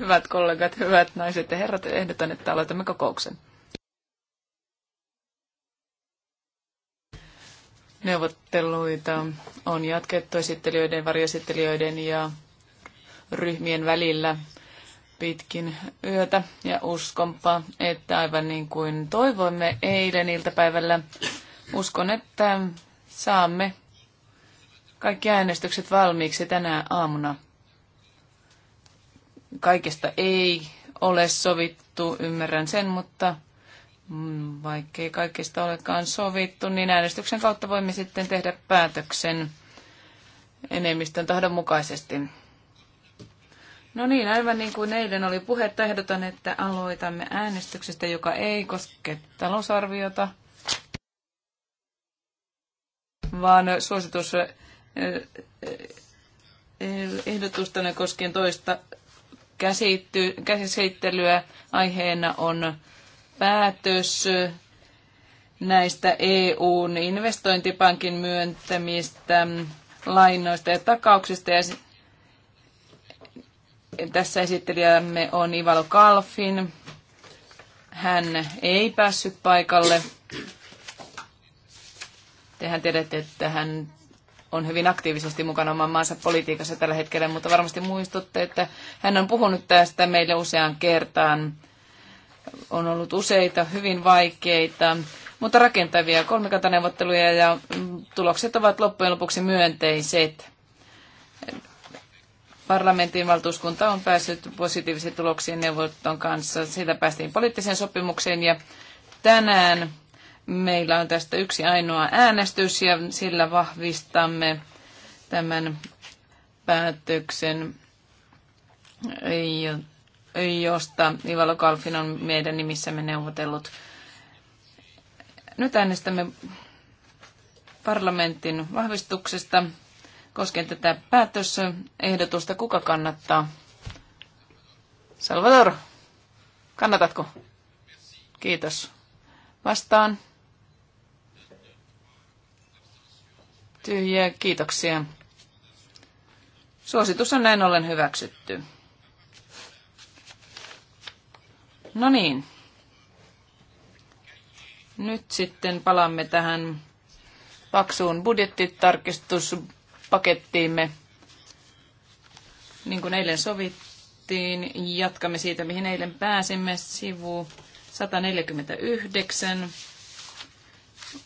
Hyvät kollegat, hyvät naiset ja herrat, ehdotan, että aloitamme kokouksen. Neuvotteluita on jatkettu esittelijöiden, varjoesittelijöiden ja ryhmien välillä pitkin yötä ja uskonpa, että aivan niin kuin toivoimme eilen iltapäivällä, uskon, että saamme kaikki äänestykset valmiiksi tänä aamuna. Kaikesta ei ole sovittu, ymmärrän sen, mutta mm, vaikkei kaikesta olekaan sovittu, niin äänestyksen kautta voimme sitten tehdä päätöksen enemmistön tahdon mukaisesti. No niin, aivan niin kuin eilen oli puhetta, ehdotan, että aloitamme äänestyksestä, joka ei koske talousarviota, vaan suositus ehdotustanne koskien toista käsitty, käsittelyä. Aiheena on päätös näistä EUn investointipankin myöntämistä lainoista ja takauksista. Ja tässä esittelijämme on Ivalo Kalfin. Hän ei päässyt paikalle. Tehän tiedätte, että hän on hyvin aktiivisesti mukana oman maansa politiikassa tällä hetkellä, mutta varmasti muistutte, että hän on puhunut tästä meille useaan kertaan. On ollut useita hyvin vaikeita, mutta rakentavia kolmikantaneuvotteluja ja tulokset ovat loppujen lopuksi myönteiset. Parlamentin valtuuskunta on päässyt positiivisiin tuloksiin neuvoston kanssa. Siitä päästiin poliittiseen sopimukseen ja tänään Meillä on tästä yksi ainoa äänestys ja sillä vahvistamme tämän päätöksen, josta Ivalo Kalfin on meidän nimissämme neuvotellut. Nyt äänestämme parlamentin vahvistuksesta koskien tätä päätösehdotusta. Kuka kannattaa? Salvador, kannatatko? Kiitos. Vastaan. Tyhjiä, kiitoksia. Suositus on näin ollen hyväksytty. No niin. Nyt sitten palaamme tähän paksuun budjettitarkistuspakettiimme. Niin kuin eilen sovittiin, jatkamme siitä, mihin eilen pääsimme. Sivu 149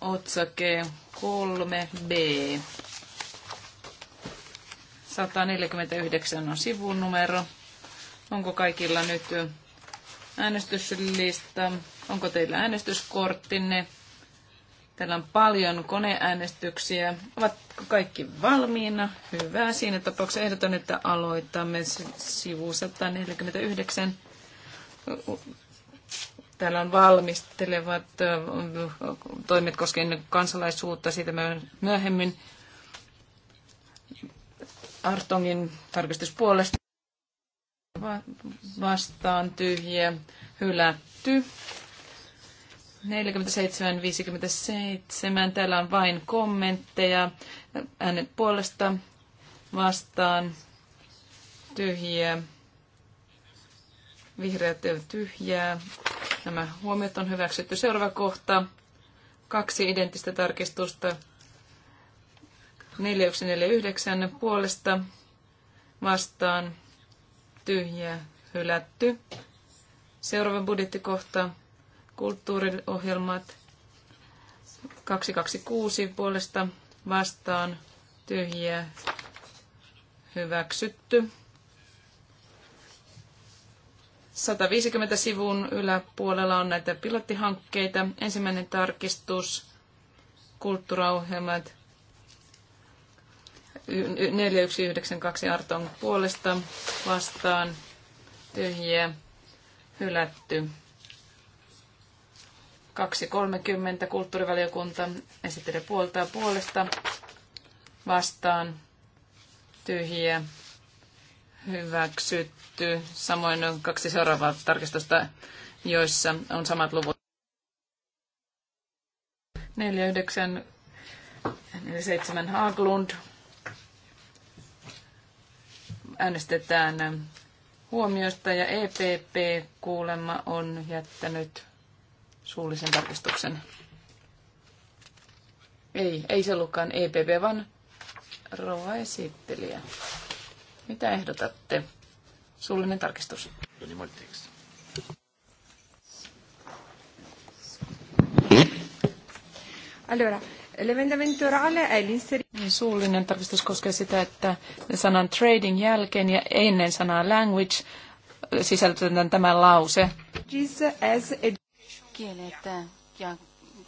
otsake 3b. 149 on sivun numero. Onko kaikilla nyt äänestyslista? Onko teillä äänestyskorttinne? Täällä on paljon koneäänestyksiä. Ovatko kaikki valmiina? Hyvä. Siinä tapauksessa ehdotan, että aloitamme sivu 149 Täällä on valmistelevat toimet koskien kansalaisuutta, siitä myöhemmin. Artongin tarkistuspuolesta vastaan tyhjiä, hylätty. 47-57, täällä on vain kommentteja. Äänet puolesta vastaan tyhjiä, vihreät tyhjää, Nämä huomiot on hyväksytty. Seuraava kohta. Kaksi identtistä tarkistusta. 4149 puolesta vastaan tyhjä hylätty. Seuraava budjettikohta. Kulttuuriohjelmat. 226 puolesta vastaan tyhjä hyväksytty. 150 sivun yläpuolella on näitä pilottihankkeita. Ensimmäinen tarkistus, kulttuuraohjelmat, 4192 Arton puolesta vastaan, tyhjiä, hylätty. 2.30 kulttuurivaliokunta esittelee puoltaa puolesta vastaan, tyhjiä, hyväksytty. Samoin on kaksi seuraavaa tarkistusta, joissa on samat luvut. 49, 47 Haaglund. Äänestetään huomiosta ja EPP kuulemma on jättänyt suullisen tarkistuksen. Ei, ei se ollutkaan EPP, vaan rouva esittelijä. Mitä ehdotatte? Suullinen tarkistus. Allora, l'emendamento orale è l'inserimento... Niin, suullinen tarkistus koskee sitä, että sanan trading jälkeen ja ennen sanaa language sisältetään tämä lause. Kielet ja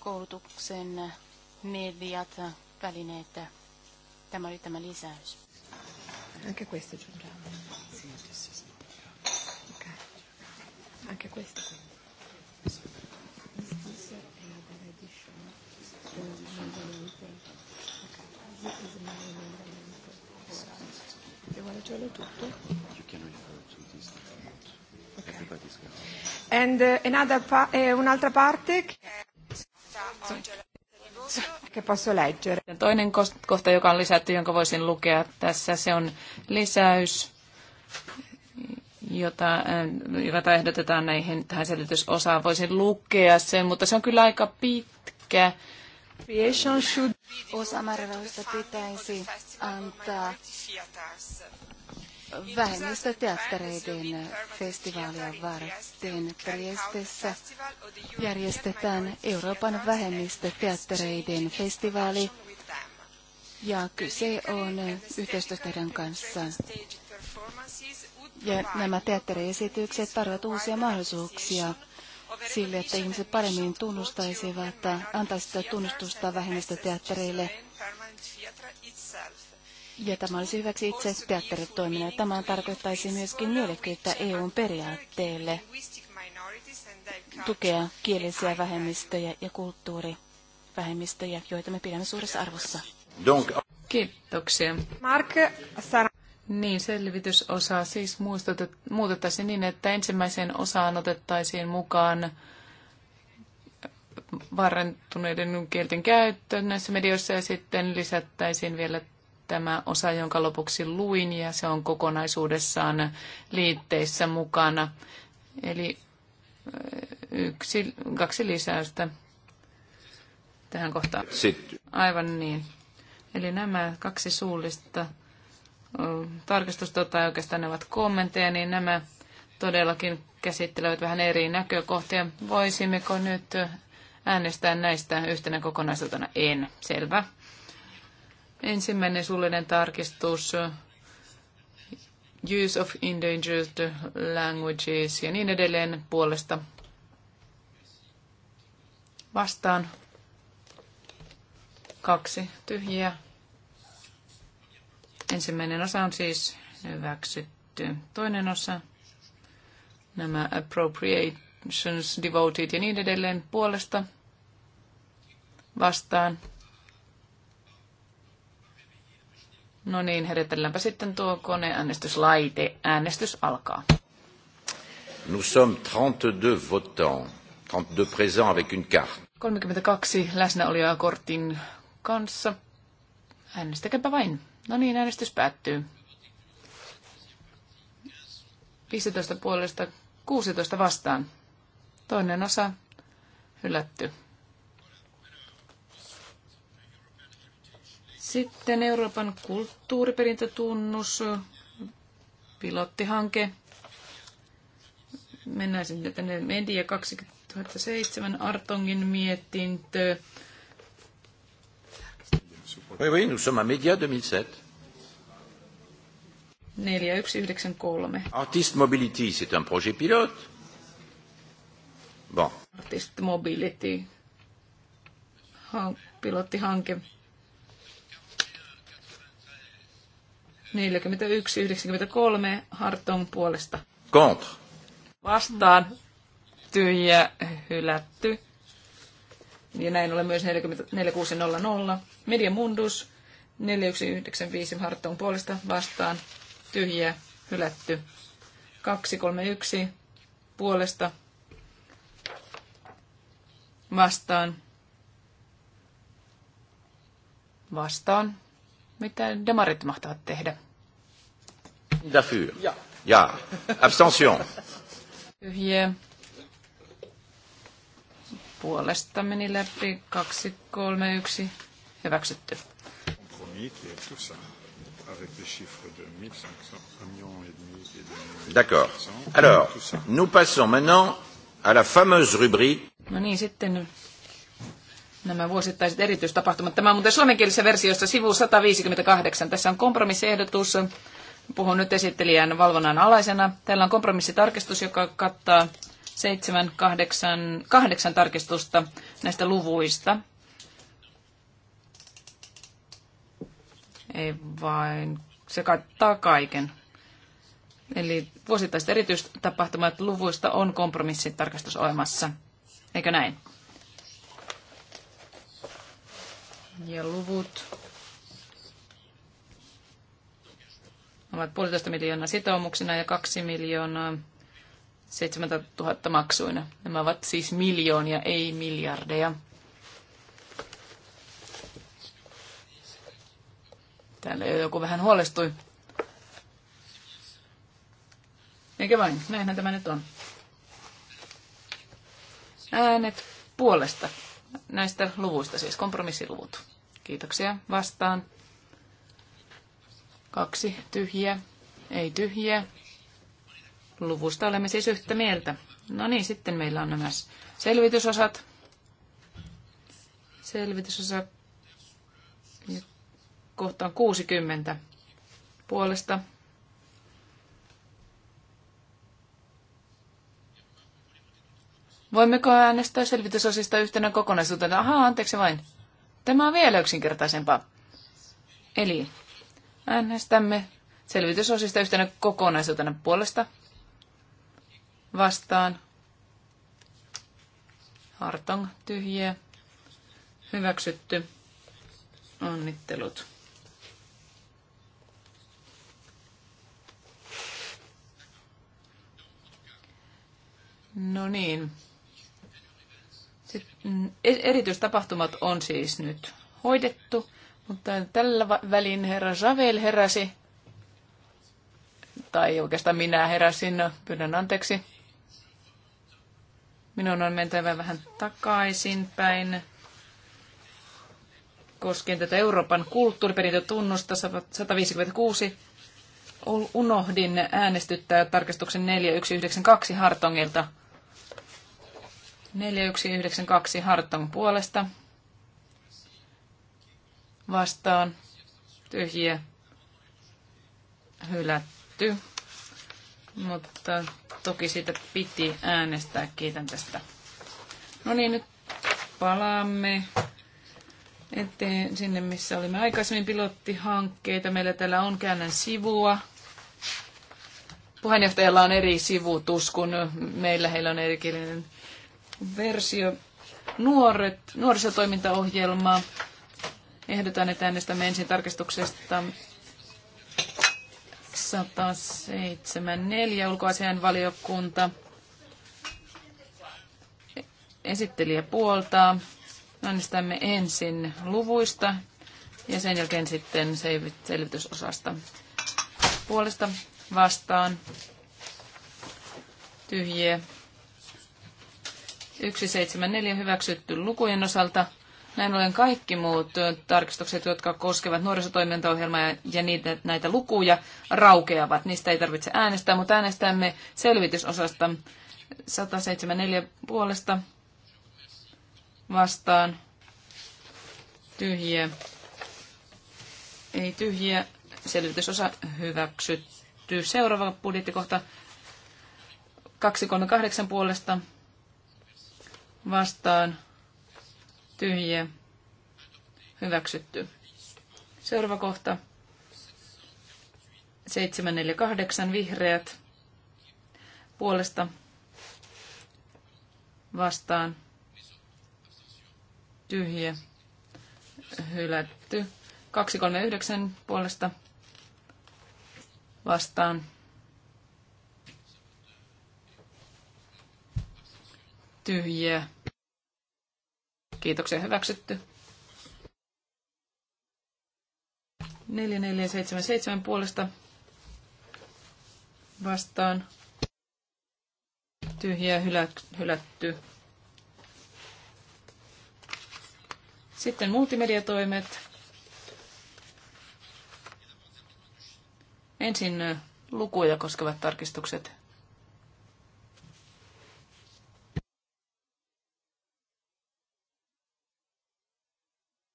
koulutuksen mediat, välineet. Tämä oli tämä lisäys. Anche questo aggiungiamo. Sì, okay. Anche questo. And uh, another pa- eh, un'altra parte che è stata oggi alla ja toinen kohta, joka on lisätty, jonka voisin lukea tässä, se on lisäys, jota, äh, jota ehdotetaan näihin, tähän selitysosaan. Voisin lukea sen, mutta se on kyllä aika pitkä. Creation Osa pitäisi antaa teattereiden festivaalia varten. Triestessä järjestetään Euroopan vähemmistöteattereiden festivaali ja kyse on yhteistyöteiden kanssa. Ja nämä teatteriesitykset tarjoavat uusia mahdollisuuksia sille, että ihmiset paremmin tunnustaisivat, antaisivat tunnustusta vähemmistöteattereille ja tämä olisi hyväksi itse teatteritoiminnalle. Tämä tarkoittaisi myöskin mielekkyyttä EUn periaatteelle tukea kielisiä vähemmistöjä ja kulttuurivähemmistöjä, joita me pidämme suuressa arvossa. Kiitoksia. Mark niin, selvitysosa siis muutettaisiin niin, että ensimmäiseen osaan otettaisiin mukaan varrentuneiden kielten käyttö näissä medioissa ja sitten lisättäisiin vielä tämä osa, jonka lopuksi luin, ja se on kokonaisuudessaan liitteissä mukana. Eli yksi, kaksi lisäystä tähän kohtaan. Sitten. Aivan niin. Eli nämä kaksi suullista tarkistusta tai oikeastaan ne ovat kommentteja, niin nämä todellakin käsittelevät vähän eri näkökohtia. Voisimmeko nyt äänestää näistä yhtenä kokonaisuutena? En. Selvä. Ensimmäinen suullinen tarkistus, use of endangered languages ja niin edelleen puolesta vastaan. Kaksi tyhjiä. Ensimmäinen osa on siis hyväksytty. Toinen osa, nämä appropriations, devoted ja niin edelleen puolesta vastaan No niin, herätelläänpä sitten tuo koneäänestyslaite. Äänestys alkaa. Nous sommes 32 votants, 32 présents avec une carte. 32 läsnäolijaa kortin kanssa. Äänestäkääpä vain. No niin, äänestys päättyy. 15 puolesta 16 vastaan. Toinen osa hylätty. Sitten Euroopan kulttuuriperintötunnus, pilottihanke. Mennään sitten tänne Media 2007, Artongin mietintö. Oui, oui, nous sommes à Media 2007. 4193. Artist Mobility, c'est un projet pilote. Bon. Artist Mobility, Han, pilottihanke. 41-93 Harton puolesta. Contre. Vastaan. Tyhjä, hylätty. Ja näin ole myös 4600. Media Mundus 4195 Harton puolesta vastaan. Tyhjä, hylätty. 231 puolesta vastaan. Vastaan. Mitä demarit mahtavat tehdä? Dafür. Ja. ja. Abstention. Tyhjää. Puolesta meni läpi 2, 3, 1. Hyväksytty. D'accord. Alors, nous passons maintenant à la fameuse rubrique. No niin, sitten nämä vuosittaiset erityistapahtumat. Tämä on muuten suomenkielisessä versiossa sivu 158. Tässä on kompromissiehdotus. Puhun nyt esittelijän valvonnan alaisena. Täällä on kompromissitarkistus, joka kattaa seitsemän, kahdeksan, kahdeksan tarkistusta näistä luvuista. Ei vain, se kattaa kaiken. Eli vuosittaiset erityistapahtumat luvuista on kompromissitarkastus olemassa. Eikö näin? ja luvut ovat puolitoista miljoonaa sitoumuksina ja kaksi miljoonaa 7 000 maksuina. Nämä ovat siis miljoonia, ei miljardeja. Täällä joku vähän huolestui. Eikä vain, näinhän tämä nyt on. Äänet puolesta näistä luvuista, siis kompromissiluvut. Kiitoksia. Vastaan. Kaksi tyhjiä. Ei tyhjiä. Luvusta olemme siis yhtä mieltä. No niin, sitten meillä on nämä selvitysosat. Selvitysosa kohtaan 60 puolesta. Voimmeko äänestää selvitysosista yhtenä kokonaisuutena? Ahaa, anteeksi vain. Tämä on vielä yksinkertaisempaa. Eli äänestämme selvitysosista yhtenä kokonaisuutena puolesta vastaan. Hartong tyhjiä. Hyväksytty. Onnittelut. No niin. E- Erityistapahtumat on siis nyt hoidettu, mutta tällä välin herra Javel heräsi, tai oikeastaan minä heräsin, no, pyydän anteeksi. Minun on mentävä vähän takaisinpäin koskien tätä Euroopan kulttuuriperintötunnusta 156 unohdin äänestyttää tarkastuksen 4192 Hartongilta. 4192 Harton puolesta. Vastaan. Tyhjiä. Hylätty. Mutta toki siitä piti äänestää. Kiitän tästä. No niin, nyt palaamme eteen sinne, missä olimme aikaisemmin pilottihankkeita. Meillä täällä on käännän sivua. Puheenjohtajalla on eri sivutus, kun meillä heillä on erikielinen versio nuoret, nuorisotoimintaohjelmaa. Ehdotan, että äänestämme ensin tarkistuksesta 174 ulkoasian valiokunta. Esittelijä puoltaa. Äänestämme ensin luvuista ja sen jälkeen sitten selvitysosasta puolesta vastaan tyhjiä 174 hyväksytty lukujen osalta. Näin ollen kaikki muut tarkistukset, jotka koskevat nuorisotoimintaohjelmaa ja niitä, näitä lukuja, raukeavat. Niistä ei tarvitse äänestää, mutta äänestämme selvitysosasta 174 puolesta vastaan tyhjiä. Ei tyhjiä. Selvitysosa hyväksytty. Seuraava budjettikohta 238 puolesta vastaan tyhjiä hyväksytty. Seuraava kohta. 748 vihreät puolesta vastaan tyhjä hylätty. 239 puolesta vastaan tyhjiä. Kiitoksia, hyväksytty. 4477 puolesta vastaan. Tyhjiä hylätty. Sitten multimediatoimet. Ensin lukuja koskevat tarkistukset.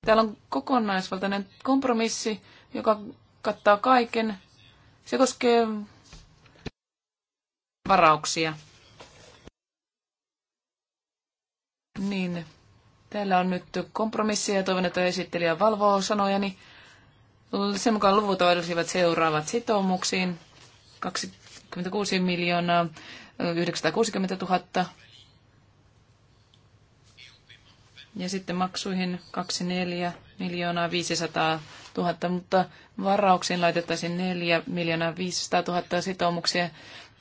Täällä on kokonaisvaltainen kompromissi, joka kattaa kaiken. Se koskee varauksia. Niin, täällä on nyt kompromissia ja toivon, että esittelijä valvoo sanojani. Sen mukaan luvut olisivat seuraavat sitoumuksiin. 26 miljoonaa 960 000 ja sitten maksuihin 24 miljoonaa 500 000, mutta varauksiin laitettaisiin 4 miljoonaa 500 000 sitoumuksia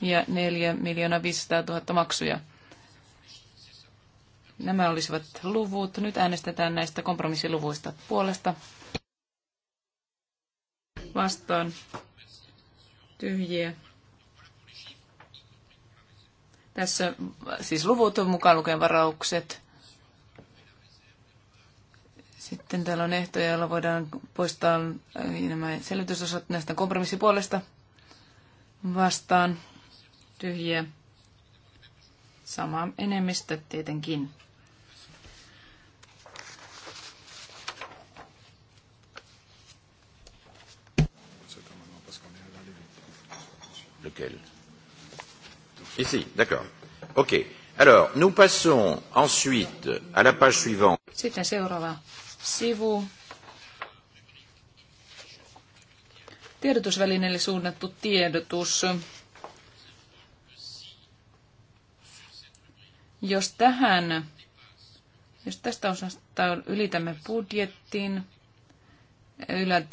ja 4 miljoonaa 500 000 maksuja. Nämä olisivat luvut. Nyt äänestetään näistä kompromissiluvuista puolesta. Vastaan. Tyhjiä. Tässä siis luvut mukaan lukien varaukset. Sitten täällä on ehtoja, joilla voidaan poistaa äh, nämä selvitysosat näistä kompromissipuolesta vastaan. Tyhjiä. Sama enemmistö tietenkin. Lequel Ici, d'accord. OK. Alors, nous passons ensuite à la page suivante. Sitten seuraava sivu. Tiedotusvälineelle suunnattu tiedotus. Jos tähän, jos tästä osasta ylitämme budjettiin,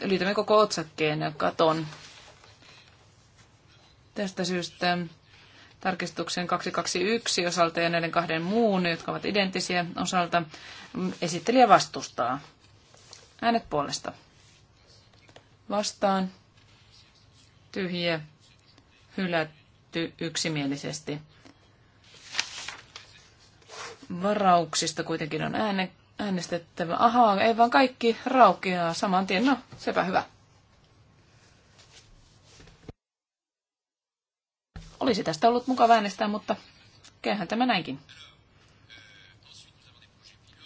ylitämme koko otsakkeen ja katon. Tästä syystä tarkistuksen 221 osalta ja näiden kahden muun, jotka ovat identtisiä osalta. Esittelijä vastustaa. Äänet puolesta. Vastaan. Tyhjä. Hylätty yksimielisesti. Varauksista kuitenkin on äänestettävä. Ahaa, ei vaan kaikki raukeaa saman tien. No, sepä hyvä. Olisi tästä ollut mukava äänestää, mutta käyhän tämä näinkin.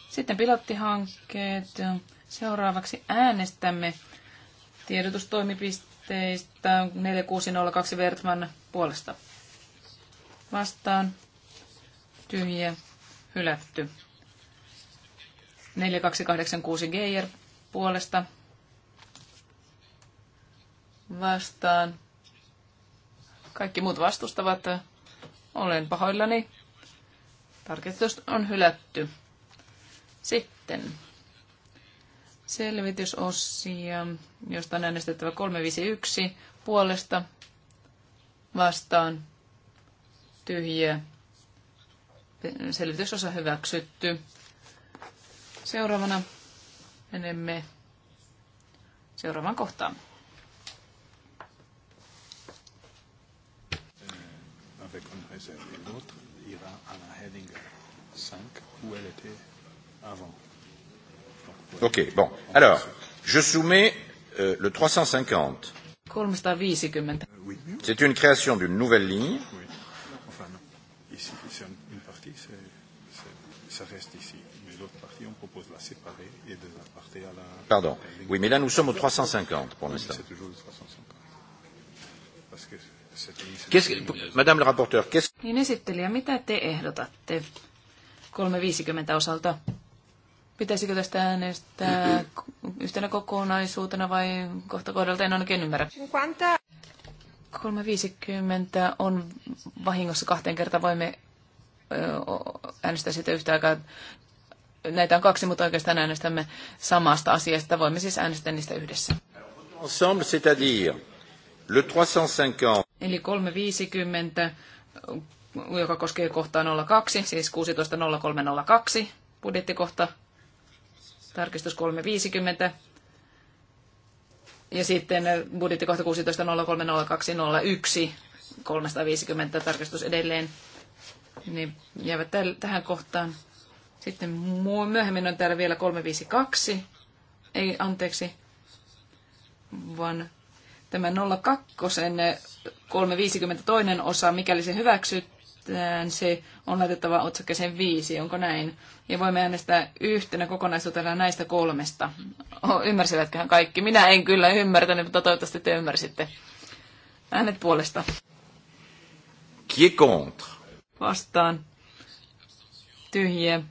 Sitten pilottihankkeet. Seuraavaksi äänestämme tiedotustoimipisteistä 4602 Vertman puolesta. Vastaan. Tyhjä. Hylätty. 4286 Geijer puolesta. Vastaan. Kaikki muut vastustavat. Olen pahoillani. Tarkistus on hylätty. Sitten selvitysosia, josta on äänestettävä 351 puolesta vastaan tyhjiä. Selvitysosa hyväksytty. Seuraavana menemme seuraavaan kohtaan. présent. l'autre ira à la heading 5 où elle était avant. Donc, ok, bon. Alors, je soumets euh, le 350. 350. Euh, c'est une création d'une nouvelle ligne. Oui. Enfin, non. Ici, c'est une partie, c'est, c'est, ça reste ici. Mais l'autre partie, on propose la séparer et de la à la. Pardon. Oui, mais là, nous sommes au 350 pour l'instant. C'est toujours le 350. Madame rapporteur, kes... Niin esittelijä, mitä te ehdotatte 350 osalta? Pitäisikö tästä äänestää yhtenä kokonaisuutena vai kohta kohdalta? En ainakin ymmärrä. 350 on vahingossa kahteen kertaan. Voimme äänestää sitä yhtä aikaa. Näitä on kaksi, mutta oikeastaan äänestämme samasta asiasta. Voimme siis äänestää niistä yhdessä. Ensemble, c'est-à-dire Le 350. Eli 350, joka koskee kohtaa 02, siis 160302, budjettikohta, tarkistus 350. Ja sitten budjettikohta 16.03.02.01, 350 tarkistus edelleen, niin jäävät täl, tähän kohtaan. Sitten myöhemmin on täällä vielä 352, ei anteeksi, vaan Tämä 02 350 toinen osa, mikäli se hyväksytään, se on laitettava otsakkeeseen 5, onko näin? Ja voimme äänestää yhtenä kokonaisuutena näistä kolmesta. Oh, ymmärsivätköhän kaikki? Minä en kyllä ymmärtänyt, mutta toivottavasti te ymmärsitte. Äänet puolesta. Qui est contre? Vastaan. Tyhjiä.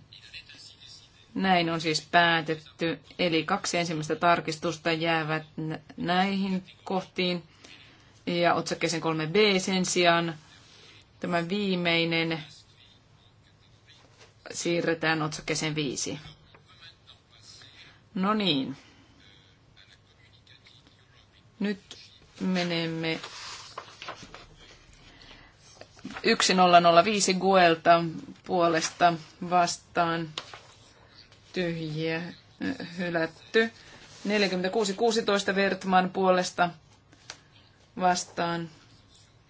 Näin on siis päätetty. Eli kaksi ensimmäistä tarkistusta jäävät näihin kohtiin. Ja otsakkeeseen 3b sen sijaan tämä viimeinen siirretään otsakkeeseen 5. No niin. Nyt menemme 1005 Guelta puolesta vastaan tyhjiä hylätty. 46-16 Vertman puolesta vastaan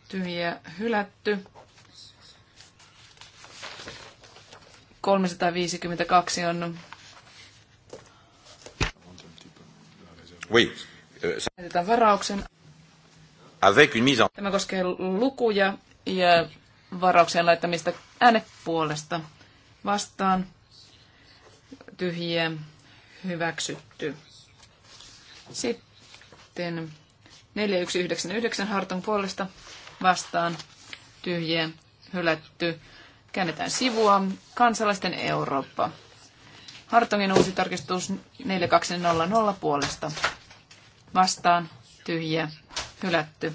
tyhjiä hylätty. 352 on... Oui. Laitetaan varauksen. Avec une mise en... Tämä koskee lukuja ja varauksen laittamista äänepuolesta vastaan tyhjiä hyväksytty. Sitten 4199 Harton puolesta vastaan tyhjiä hylätty. Käännetään sivua. Kansalaisten Eurooppa. Hartongin uusi tarkistus 4200 puolesta. Vastaan tyhjiä hylätty.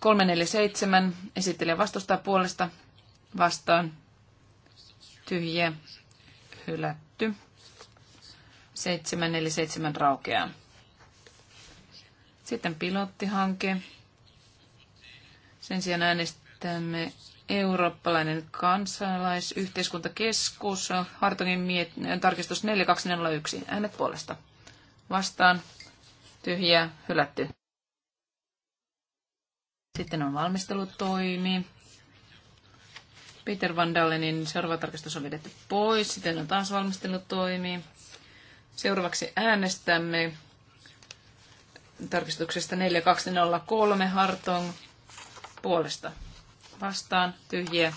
347 esittelijä vastustaa puolesta vastaan tyhjiä hylätty. 747 raukeaa. Sitten pilottihanke. Sen sijaan äänestämme eurooppalainen kansalaisyhteiskuntakeskus. Hartongin miet- tarkistus 4201. Äänet puolesta. Vastaan. Tyhjä. Hylätty. Sitten on valmistelutoimi. Peter Van Dallenin seuraava tarkastus on vedetty pois. Sitten on taas valmistelu toimii. Seuraavaksi äänestämme tarkistuksesta 4203 Hartong puolesta. Vastaan tyhjiä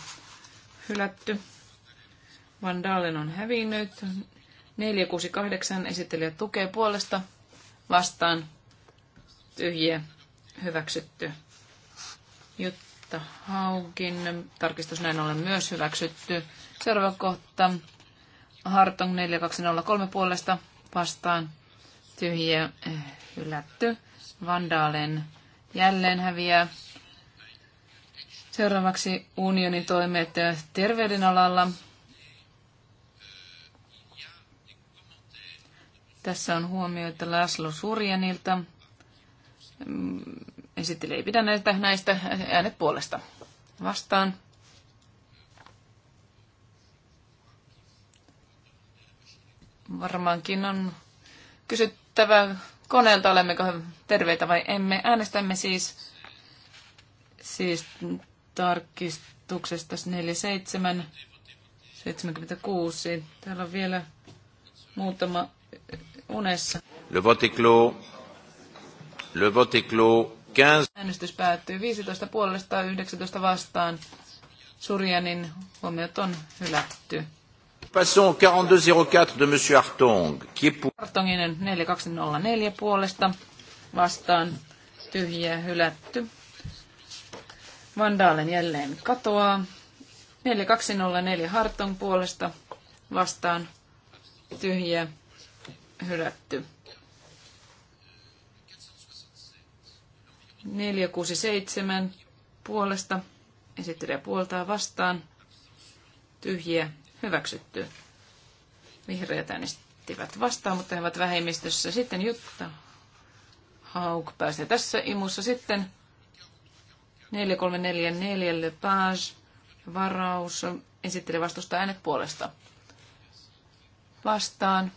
hylätty. Van Dalen on hävinnyt. 468 esittelijä tukee puolesta. Vastaan tyhjiä hyväksytty. Jutta kohta Haukin tarkistus näin ollen myös hyväksytty. Seuraava kohta. Hartong 4203 puolesta vastaan. Tyhjä eh, hylätty. Vandaalen jälleen häviää. Seuraavaksi unionin toimet terveydenalalla. Tässä on huomioita Laslo Surjanilta. Mm, esittelijä ei pidä näistä, näistä äänet puolesta. Vastaan. Varmaankin on kysyttävä koneelta, olemmeko terveitä vai emme. Äänestämme siis, siis tarkistuksesta 47, 76. Täällä on vielä muutama unessa. Le vote est clos. Le vote est clos. 15. Äänestys päättyy 15 puolesta 19 vastaan. Surjanin huomiot on hylätty. Passons 4204 de Monsieur Artong. Qui est pour... Hartonginen 4204 puolesta vastaan tyhjä hylätty. Vandaalen jälleen katoaa. 4204 Hartong puolesta vastaan tyhjä hylätty. 467 puolesta esittelijä puoltaa vastaan. Tyhjiä hyväksytty. Vihreät äänestivät vastaan, mutta he ovat vähemmistössä. Sitten Jutta Hauk pääsee tässä imussa. Sitten 4344 Lepage varaus. Esittelijä vastustaa äänet puolesta. Vastaan.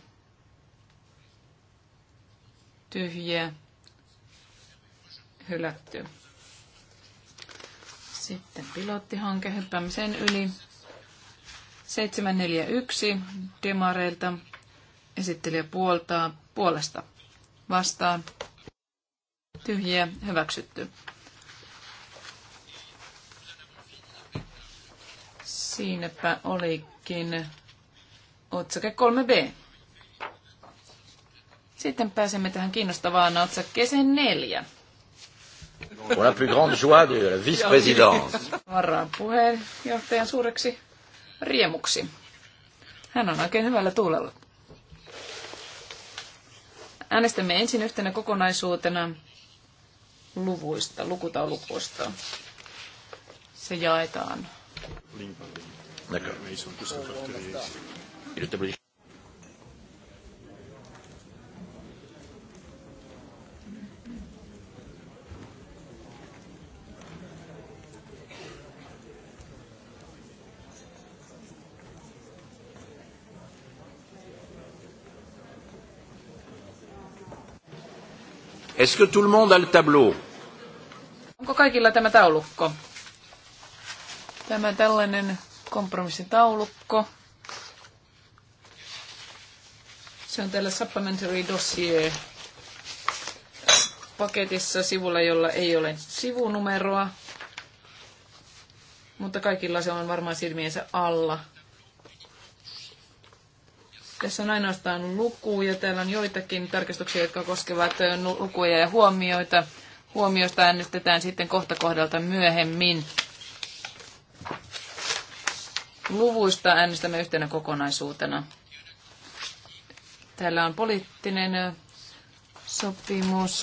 Tyhjiä hylätty. Sitten pilottihanke hyppäämisen yli. 741 demareilta esittelijä puoltaa puolesta vastaan. Tyhjiä hyväksytty. Siinäpä olikin otsake 3b. Sitten pääsemme tähän kiinnostavaan otsakkeeseen 4. Pour la plus grande joie de la vice-présidence. Varapuheenjohtajan suureksi riemuksi. Hän on oikein hyvällä tuulella. Äänestämme ensin yhtenä kokonaisuutena luvuista, lukutaulukosta. Se jaetaan. D'accord. Il est Est-ce que tout le monde a le tableau? Onko kaikilla tämä taulukko? Tämä tällainen kompromissitaulukko. Se on täällä supplementary dossier paketissa sivulla, jolla ei ole sivunumeroa, mutta kaikilla se on varmaan silmiensä alla. Tässä on ainoastaan luku ja täällä on joitakin tarkistuksia, jotka koskevat lukuja ja huomioita. Huomioista äänestetään sitten kohta kohdalta myöhemmin. Luvuista äänestämme yhtenä kokonaisuutena. Täällä on poliittinen sopimus,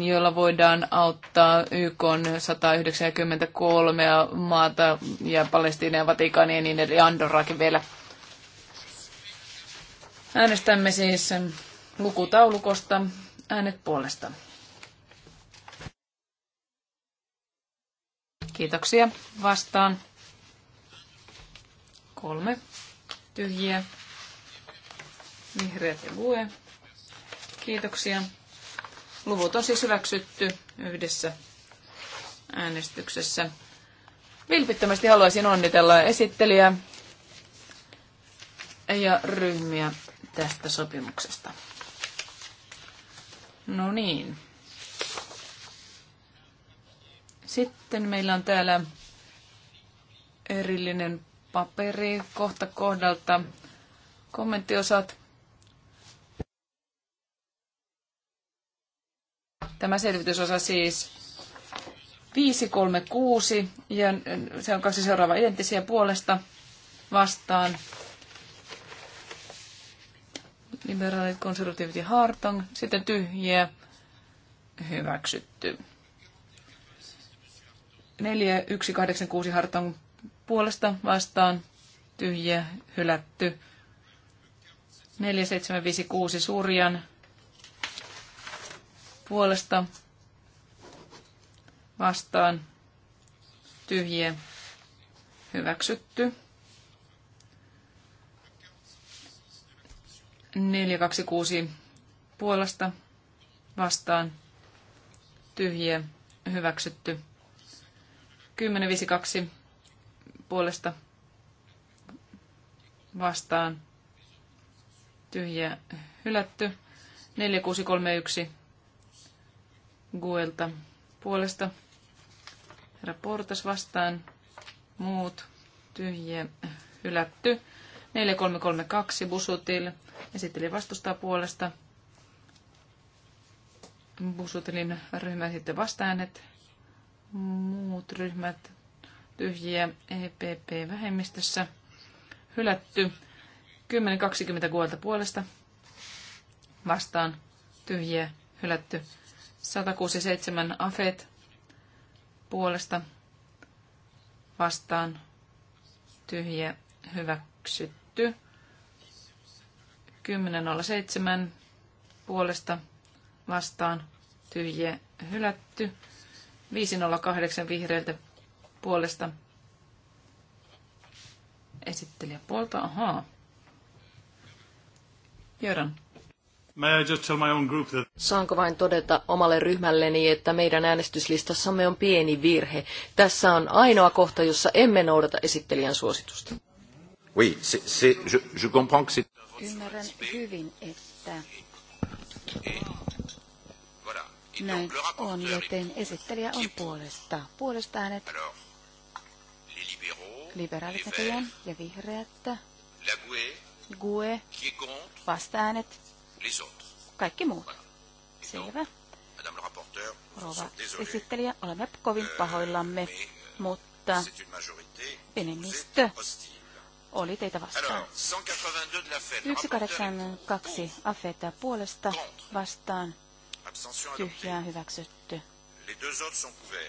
jolla voidaan auttaa YK 193 maata ja Palestiina ja Vatikaania ja niin edelleen Andorraakin vielä – Äänestämme siis lukutaulukosta äänet puolesta. Kiitoksia. Vastaan kolme tyhjiä. Vihreät ja lue. Kiitoksia. Luvut on siis hyväksytty yhdessä äänestyksessä. Vilpittömästi haluaisin onnitella esittelijää ja ryhmiä tästä sopimuksesta. No niin. Sitten meillä on täällä erillinen paperi kohta kohdalta kommenttiosat. Tämä selvitysosa siis 536 ja se on kaksi seuraavaa identtisiä puolesta vastaan liberaalit, konservatiivit ja Hartong, sitten tyhjiä, hyväksytty. 4186 Hartong puolesta vastaan, tyhjiä, hylätty. 4756 Surjan puolesta vastaan, tyhjiä, hyväksytty. 426 puolesta vastaan tyhjiä hyväksytty. 1052 puolesta vastaan tyhjiä hylätty. 4631 Guelta puolesta. Raportas vastaan muut tyhjiä hylätty. 4332 Busutil esitteli vastustaa puolesta. Busutilin ryhmä sitten vastaäänet. Muut ryhmät tyhjiä EPP-vähemmistössä. Hylätty. 10.20 kuolta puolesta. Vastaan. Tyhjiä. Hylätty. 167 afet puolesta. Vastaan. Tyhjiä hyväksytty. 10.07 puolesta vastaan tyhjiä hylätty. 5.08 vihreiltä puolesta esittelijä puolta. Ahaa. Jöran. May I just tell my own group that... Saanko vain todeta omalle ryhmälleni, että meidän äänestyslistassamme on pieni virhe. Tässä on ainoa kohta, jossa emme noudata esittelijän suositusta. Oui, c'est, c'est, je, je comprends que c'est... Ymmärrän hyvin, että näin on, joten esittelijä on puolesta. Puolesta hänet liberaalit näköjään ja vihreät. GUE, vasta-äänet, kaikki muut. Selvä. Rova esittelijä, olemme kovin pahoillamme, mutta enemmistö oli teitä vastaan. 182 afeta puolesta vastaan. Tyhjää hyväksytty.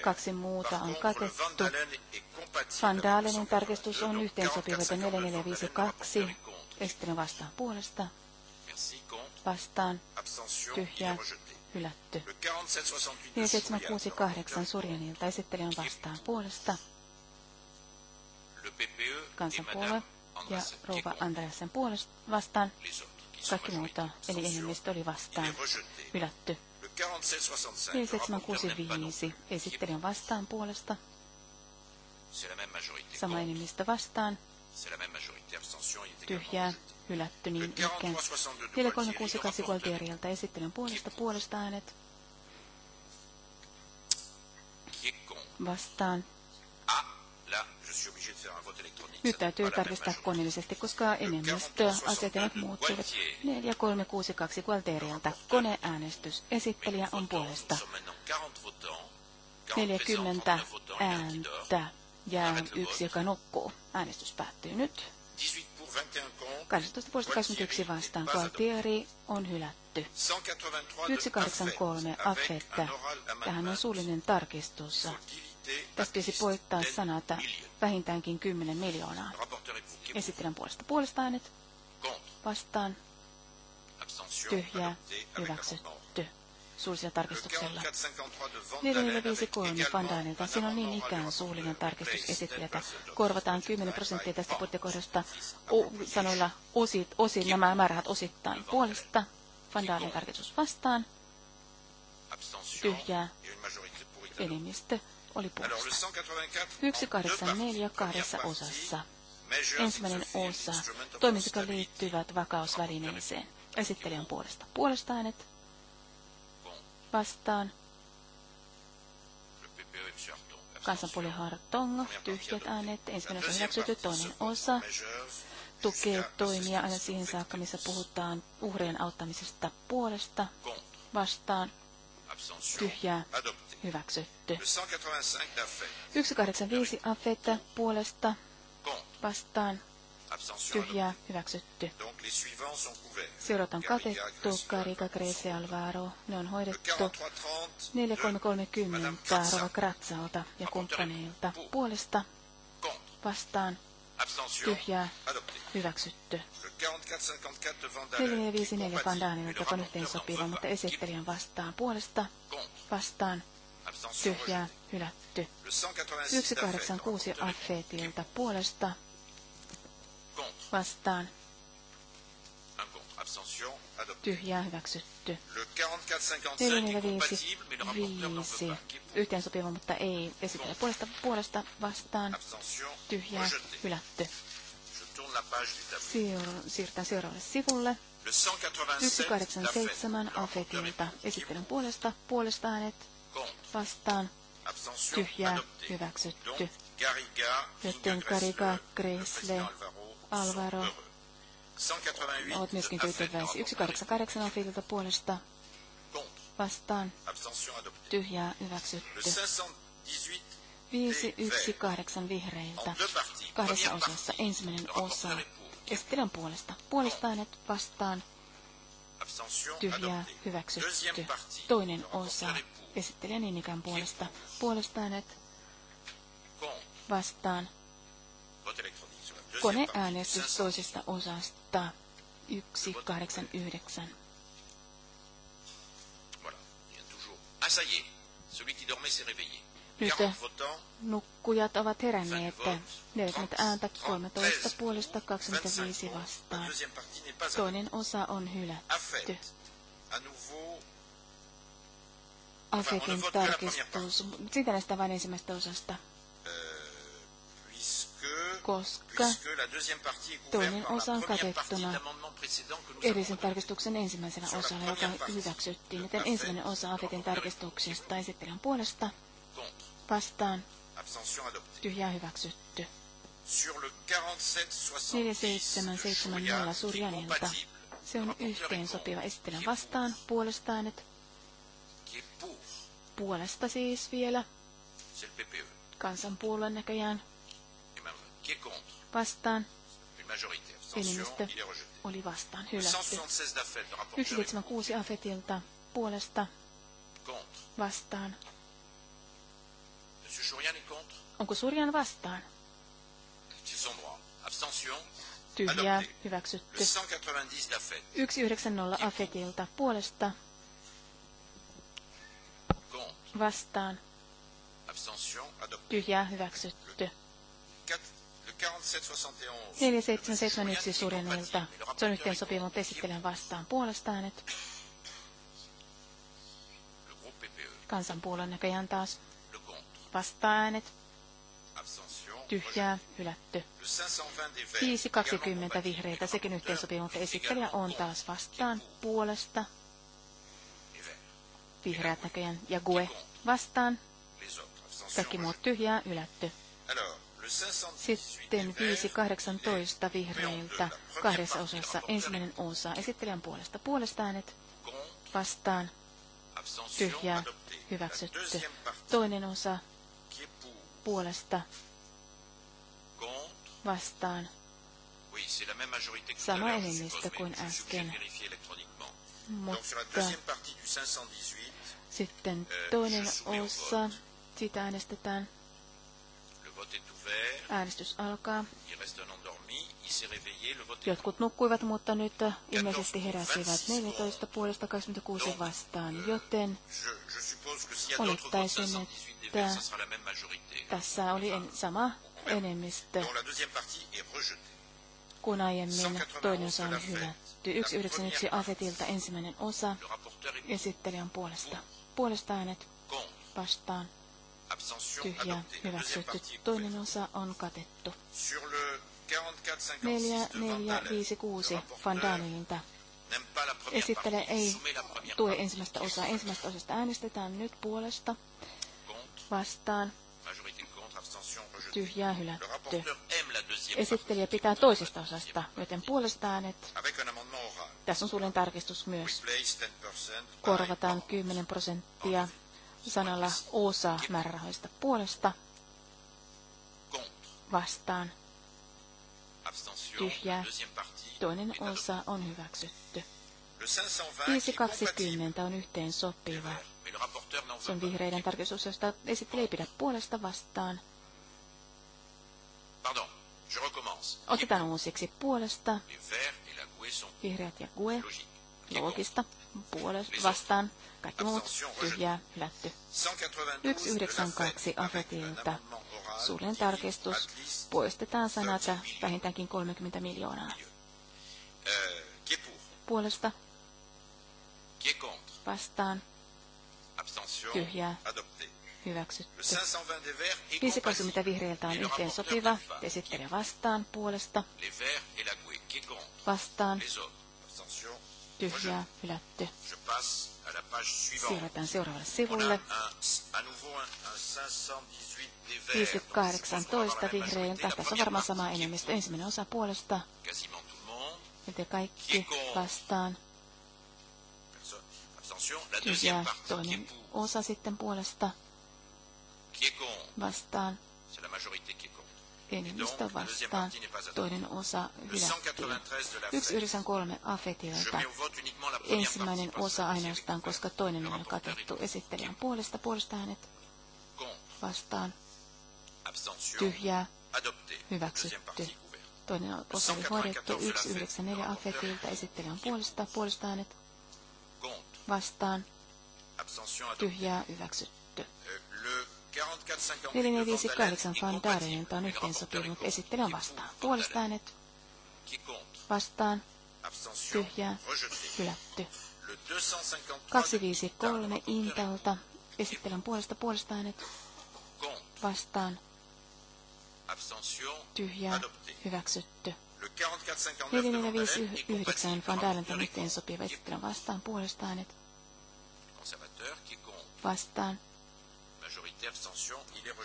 Kaksi muuta on katettu. Van Dalenin tarkistus on yhteensopiva, että 4452 esittelen vastaan puolesta. Vastaan. Tyhjää hylätty. 4768 surjanilta esittelen vastaan puolesta kansanpuolue ja rouva Andreasen puolesta vastaan. Kaikki muuta, eli enemmistö oli vastaan. Hylätty. 4765 on vastaan puolesta. Sama enemmistö vastaan. Tyhjää, hylätty niin ikään. 4368 Gualtierilta on puolesta puolesta äänet. Vastaan nyt täytyy tarkistaa koneellisesti, koska enemmistö asetelmat muuttuvat. 4362 Gualterialta. koneäänestys. Esittelijä on puolesta. 40 ääntä ja yksi, joka nukkuu. Äänestys päättyy nyt. 18 vuodesta 21 vastaan Gualtieri on hylätty. 183 affetta. Tähän on suullinen tarkistus tässä poittaa sanata vähintäänkin 10 miljoonaa. Esittelen puolesta puolesta äänet. Vastaan. Tyhjää. Hyväksytty. Suullisella tarkistuksella. 4453 Vandaanilta. Siinä on niin ikään suullinen tarkistus esittelijätä. Korvataan 10 prosenttia tästä budjettikohdasta sanoilla osit, osin, nämä määrät osittain puolesta. Vandaalin tarkistus vastaan. Tyhjää. Enemmistö oli puolesta. 184 kahdessa osassa. Ensimmäinen osa, toimet, jotka liittyvät vakausvälineeseen. Esittelijän puolesta. Puolesta äänet. Vastaan. E Kansanpuoli Hartongo. Tyhjät äänet. Ensimmäinen osa hyväksytty. Toinen osa tukee toimia aina siihen saakka, missä puhutaan uhrien auttamisesta puolesta. Vastaan. Tyhjää hyväksytty. 185 affetta puolesta vastaan tyhjää hyväksytty. Seurot on katettu, Karika, Grace Alvaro, ne on hoidettu 4330 Rova Kratsalta ja kumppaneilta puolesta vastaan tyhjää hyväksytty. 454 Vandaanilta Daanilta on yhteensopiva, mutta esittelijän vastaan puolesta vastaan tyhjää hylätty. 186 affeetilta puolesta vastaan tyhjää hyväksytty. 445 5 yhteensopiva, mutta ei esitellä puolesta, puolesta vastaan tyhjää hylätty. siirrytään seuraavalle sivulle. 187 Afetilta esittelyn puolesta, puolesta äänet vastaan tyhjää hyväksytty. Joten Kariga, Gresle, Alvaro olet myöskin tyytyväisiä. 188 on Filta puolesta vastaan tyhjää hyväksytty. 518 vihreiltä kahdessa osassa ensimmäinen osa. esittelen puolesta. Puolesta äänet vastaan tyhjää hyväksytty. Toinen osa esittelijä niin ikään puolesta. puolestaan, että vastaan. Koneäänestys toisesta osasta 189. Nyt nukkujat ovat heränneet. 40 ääntä 13 puolesta 25 vastaan. Toinen osa on hylätty. Asetin tarkistus. Siitä näistä vain ensimmäistä osasta. Koska toinen osa on katettuna edellisen tarkistuksen ensimmäisenä osana, joka hyväksyttiin. Joten ensimmäinen osa Afetin tarkistuksesta esittelyn puolesta vastaan tyhjää hyväksytty. 4770 Surjanilta. Se on yhteensopiva esittelyn vastaan puolesta äänet Puolesta siis vielä. Kansanpuolueen näköjään. Vastaan. Enemmistö oli vastaan hylätty. 176 Afetilta puolesta vastaan. Onko Surjan vastaan? Tyhjää hyväksytty. 190 Afetilta puolesta vastaan tyhjää hyväksytty. 4771 suurenilta. Se on yhteen sopiva, mutta esittelen vastaan puolestaan, että kansanpuolueen näköjään taas vasta-äänet tyhjää, hylätty. 5.20 vihreitä, sekin yhteensopimus, mutta esittelijä on taas vastaan puolesta vihreät näköjään ja GUE vastaan. Kaikki muut tyhjää, ylätty. Sitten 5.18 vihreiltä kahdessa osassa. Ensimmäinen osa esittelijän puolesta. Puolesta äänet vastaan. Tyhjää hyväksytty. Toinen osa puolesta vastaan. Sama enemmistö kuin äsken. Mutta sitten eh, siis toinen osa. sitä äänestetään. Äänestys alkaa. Jotkut nukkuivat, mutta nyt eh, ilmeisesti heräsivät 14 puolesta 26 vastaan, euh, joten olettaisin, että tässä oli sama enemmistö kun aiemmin toinen osa on hylätty. 191 Afetilta ensimmäinen osa esittelijän puolesta puolesta äänet vastaan. Tyhjä hyväksytty. Toinen osa on katettu. 4, 4, 5, 6 Van Dalenilta. Esittele ei tue ensimmäistä osaa. Ensimmäistä osasta äänestetään nyt puolesta vastaan. Tyhjää hylätty. Esittelijä pitää toisesta osasta, joten puolesta äänet tässä on suullinen tarkistus myös. Korvataan 10 prosenttia sanalla osa määrärahoista puolesta vastaan. Tyhjää. Toinen osa on hyväksytty. 5.20 on yhteen sopiva. Se on vihreiden tarkistus, josta esittelee pidä puolesta vastaan. Otetaan uusiksi puolesta Vihreät ja kue, Loogista. Puolesta vastaan. Kaikki muut. Tyhjää. Hylätty. 192 Afetilta. Suuren tarkistus. Poistetaan sanat vähintäänkin 30 miljoonaa. Euh, puolesta. Vastaan. Tyhjää. Hyväksytty. 520 vihreiltä on yhteen sopiva. Esittelijä vastaan puolesta vastaan tyhjää hylätty. Siirretään seuraavalle sivulle. 518 vihreän. Tässä on varmaan sama enemmistö. Ensimmäinen osa puolesta. Miten kaikki vastaan. Tyhjää toinen osa sitten puolesta. Vastaan enemmistö vastaan. Toinen osa hylättiin. 193 afetilta. Ensimmäinen osa ainoastaan, koska toinen on katettu esittelijän puolesta. Puolesta hänet vastaan. Tyhjää. Hyväksytty. Toinen osa oli hoidettu. 194 afetilta esittelijän puolesta. Puolesta hänet vastaan. Tyhjää. Hyväksytty. 458 Van Daren, jonka on yhteensopimus, esittelyn vastaan. Puolesta äänet vastaan, tyhjää, hylätty. 253 Intalta, esittelen puolesta puolesta äänet vastaan, tyhjää, hyväksytty. 4459 Van Dalen on yhteensopiva, esittelen vastaan puolesta äänet vastaan,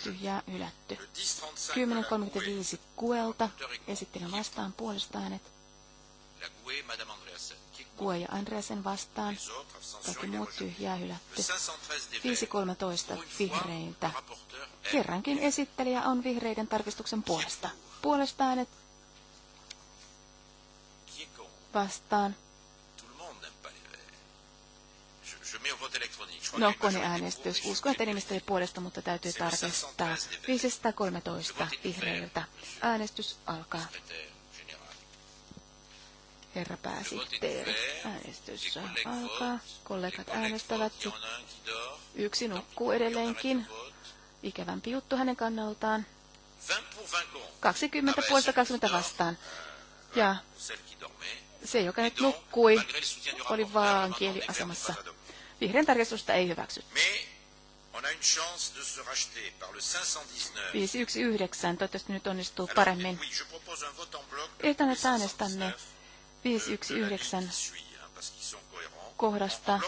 tyhjää ylätty. 10.35 Kuelta esittelen vastaan puolestaan, että Kue ja Andreasen vastaan. Kaikki muut tyhjää hylätty. 5.13 Vihreiltä. Kerrankin esittelijä on vihreiden tarkistuksen puolesta. Puolestaan, että vastaan. No, koneäänestys. Uskon, että enemmistö oli puolesta, mutta täytyy tarkistaa. 513 vihreiltä. Äänestys alkaa. Herra pääsihteeri, äänestys alkaa. Kollegat äänestävät. Yksi nukkuu edelleenkin. Ikävämpi juttu hänen kannaltaan. 20 ah puolesta 20 vastaan. Ja se, joka nyt nukkui, oli vaan kieliasemassa. Vihreän tarkistusta ei hyväksytty. On une chance de se racheter par le 519, toivottavasti nyt onnistuu paremmin. Ehdotan, että äänestämme 519 euh, kohdasta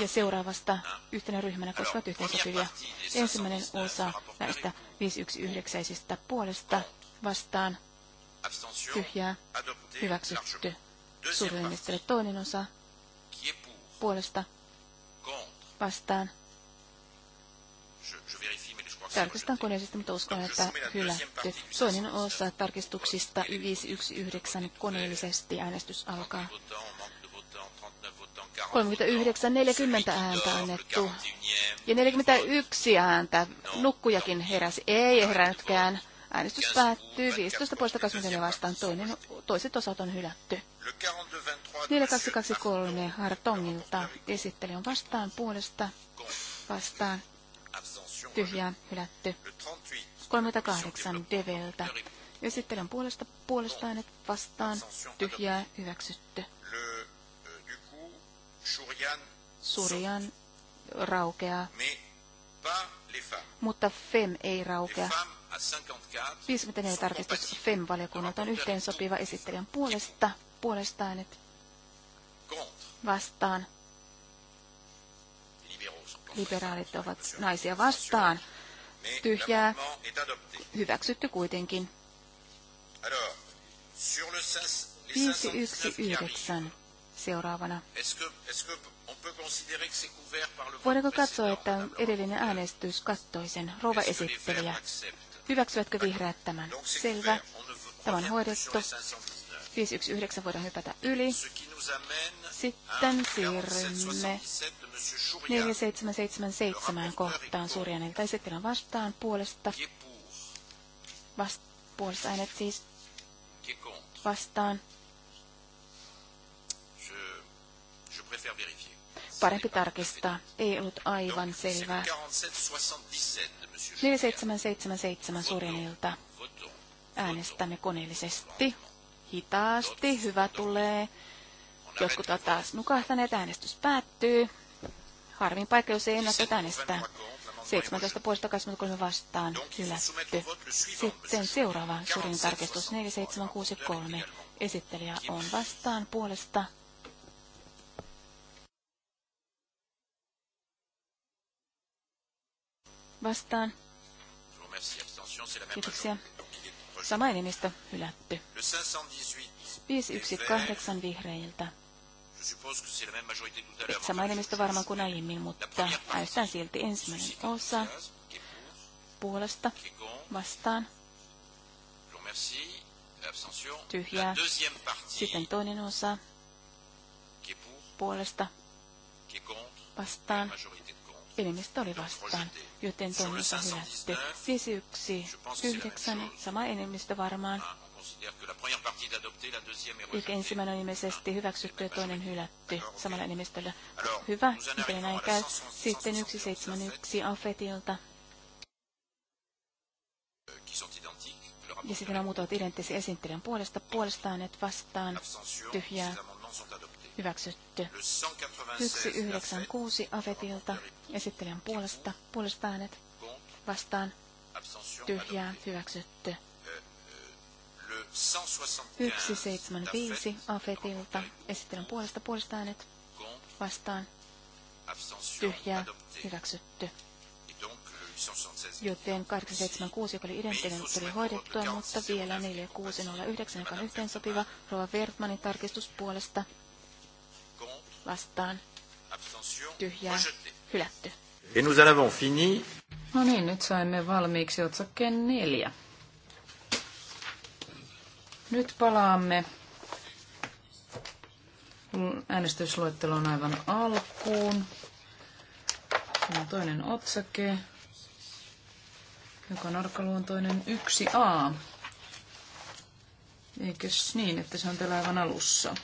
ja seuraavasta yhtenä ryhmänä, koska ovat yhteensopivia. Ensimmäinen osa näistä 519 puolesta vastaan tyhjää hyväksytty. Suurelle toinen osa puolesta vastaan. Tarkistan koneellisesti, mutta uskon, että hylätty. Toinen osa tarkistuksista 519 koneellisesti äänestys alkaa. 39-40 ääntä annettu. Ja 41 ääntä. Nukkujakin heräsi. Ei herännytkään. Äänestys päättyy 15 poista vastaan. Toinen, toiset osat on hylätty. 4223 Hartongilta esitteli on vastaan puolesta vastaan tyhjään hylätty. 38 Develtä esitteli on puolesta puolestaan että vastaan tyhjää hyväksytty. Surjan raukeaa, mutta FEM ei raukea. 54 tarkistus FEM-valiokunnalta on yhteensopiva esittelijän puolesta, puolestaan äänet vastaan. Liberaalit ovat naisia vastaan. Tyhjää hyväksytty kuitenkin. 519 seuraavana. Voidaanko katsoa, että edellinen äänestys kattoi sen? Rova esittelijä. Hyväksyvätkö vihreät tämän? Selvä. Tämä on hoidettu. 519 voidaan hypätä yli, sitten siirrymme 4777 kohtaan Surjanilta Esittelen vastaan puolesta. Vast, puolesta äänet siis vastaan. Parempi tarkistaa. Ei ollut aivan selvää. 4777 Surjanilta äänestämme koneellisesti. Hitaasti, hyvä tulee. Jotkut ovat taas nukahtaneet, äänestys päättyy. Harvin paikka, jos ei ennätä äänestää. 17 puolesta 23 vastaan hylätty. Sitten seuraava suurin tarkistus 4763. Esittelijä on vastaan puolesta. Vastaan. Kiitoksia. Sama enemmistö hylätty. 518 vihreiltä. Sama enemmistö varmaan kuin aiemmin, mutta äästään silti ensimmäinen osa puolesta vastaan. Tyhjää. Sitten toinen osa puolesta vastaan. Enemmistö oli vastaan, joten toinen osa hylätty. 5-1-9, siis sama enemmistö varmaan ah, Yksi ensimmäinen on ilmeisesti hyväksytty ja toinen hylätty samalla enemmistöllä. Hyvä, miten näin käy. Sitten 171 Afetilta. Euh, ja sitten nämä muut ovat identtisiä esittelijän puolesta, puolestaan, että vastaan, tyhjää, hyväksytty. 196 Afetilta, esittelijän puolesta, puolestaan, että vastaan, tyhjää, hyväksytty. 175 Afetilta. Esittelyn puolesta puolesta äänet vastaan. Tyhjää hyväksytty. Joten 876, joka oli identtinen, tuli hoidettua, mutta vielä 4609, joka on yhteensopiva, Rova Wertmanin tarkistus puolesta vastaan tyhjää hylätty. Et nous en avons fini. No niin, nyt saimme valmiiksi otsakkeen neljä. Nyt palaamme äänestysluettelon aivan alkuun. Siinä on toinen otsake, joka on arkaluontoinen 1a. Eikös niin, että se on täällä aivan alussa?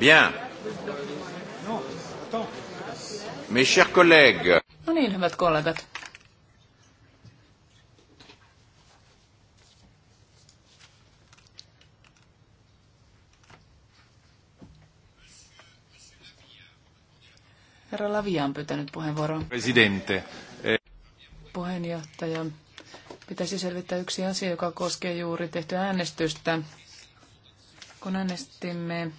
Bien. Mes chers collègues. No niin, hyvät kollegat. Herra Lavia on pyytänyt puheenvuoroa. Presidente. Puheenjohtaja. Pitäisi selvittää yksi asia, joka koskee juuri tehtyä äänestystä. Kun äänestimme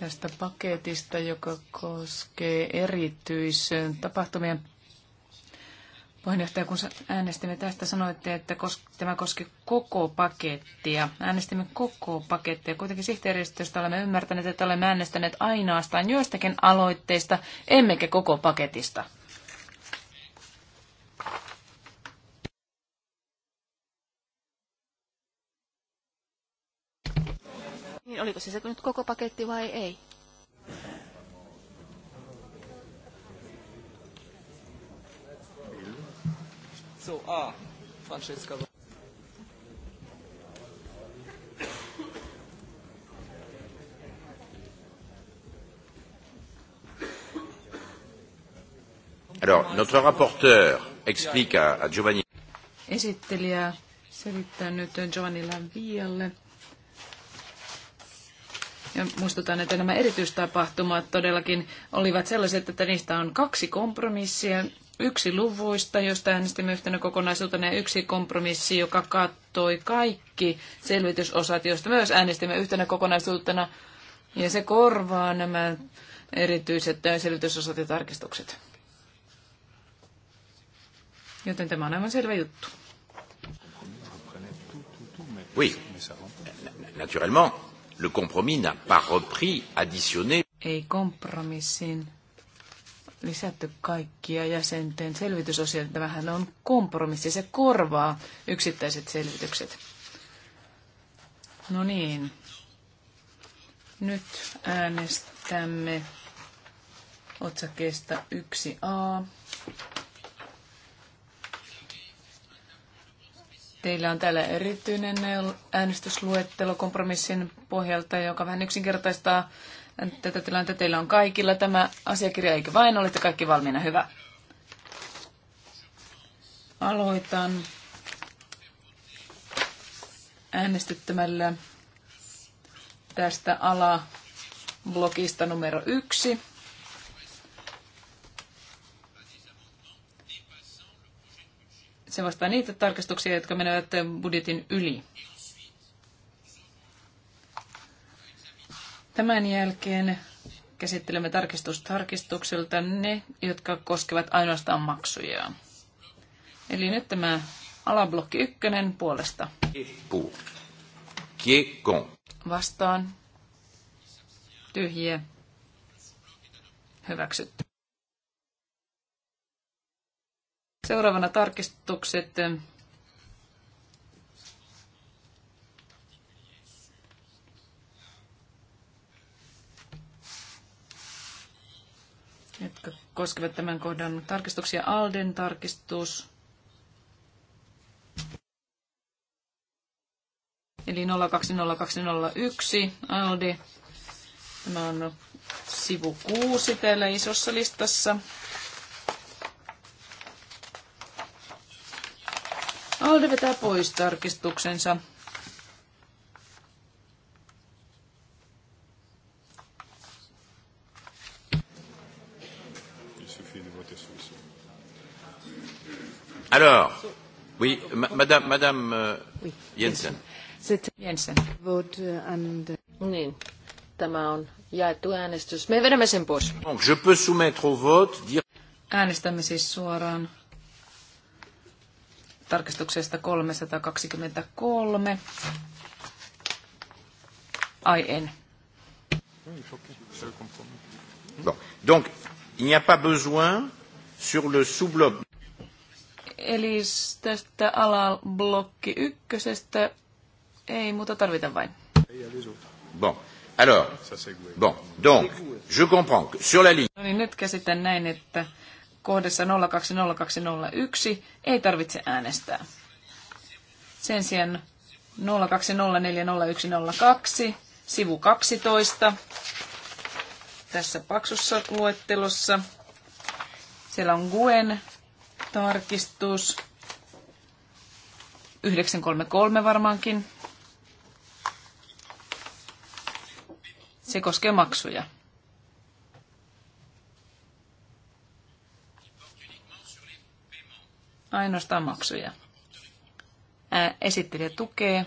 tästä paketista, joka koskee erityisen tapahtumien puheenjohtaja, kun äänestimme tästä, sanoitte, että tämä koski koko pakettia. Äänestimme koko pakettia. Kuitenkin sihteeristöstä olemme ymmärtäneet, että olemme äänestäneet ainoastaan joistakin aloitteista, emmekä koko paketista. Onko se nyt koko paketti vai ei? So, ah, Francesca. Alors, notre rapporteur explique à, à Giovanni. Esittelijä selittää nyt Giovanni vielä. Ja muistutan, että nämä erityistapahtumat todellakin olivat sellaiset, että niistä on kaksi kompromissia. Yksi luvuista, josta äänestimme yhtenä kokonaisuutena, ja yksi kompromissi, joka kattoi kaikki selvitysosat, joista myös äänestimme yhtenä kokonaisuutena. Ja se korvaa nämä erityiset selvitysosat ja tarkistukset. Joten tämä on aivan selvä juttu. Oui, naturellement. Le compromis n'a pas repris, additionné. Ei kompromissin lisätty kaikkia jäsenten selvitysosia. Tämähän on kompromissi, se korvaa yksittäiset selvitykset. No niin. Nyt äänestämme otsakkeesta 1a. Teillä on täällä erityinen äänestysluettelo kompromissin pohjalta, joka vähän yksinkertaistaa tätä tilannetta. Teillä on kaikilla tämä asiakirja, eikö vain? Olette kaikki valmiina. Hyvä. Aloitan äänestyttämällä tästä alablogista numero yksi. se vastaa niitä tarkastuksia, jotka menevät budjetin yli. Tämän jälkeen käsittelemme tarkistustarkistukselta ne, jotka koskevat ainoastaan maksuja. Eli nyt tämä alablokki ykkönen puolesta. Vastaan. Tyhjiä. Hyväksytty. Seuraavana tarkistukset. jotka koskevat tämän kohdan tarkistuksia. Alden tarkistus. Eli 020201 Aldi. Tämä on sivu 6 täällä isossa listassa. Alde vetää pois tarkistuksensa. Alors, oui, madame, madame euh, Jensen. Jensen. Vote euh, and... Euh, niin, tämä on jaettu äänestys. Me vedämme sen pois. Donc, je peux soumettre au vote, dire... Äänestämme siis suoraan tarkistuksesta 323. Ai en. Bon. Donc, il n'y a pas besoin sur le sous-bloc. Eli tästä alablokki ykkösestä ei muuta tarvita vain. Bon. Alors, bon, donc, je comprends que sur la ligne... No niin, nyt käsitän näin, että kohdassa 020201 ei tarvitse äänestää. Sen sijaan 02040102, sivu 12, tässä paksussa luettelossa. Siellä on Guen tarkistus, 933 varmaankin. Se koskee maksuja. ainoastaan maksuja. Esittelijä tukee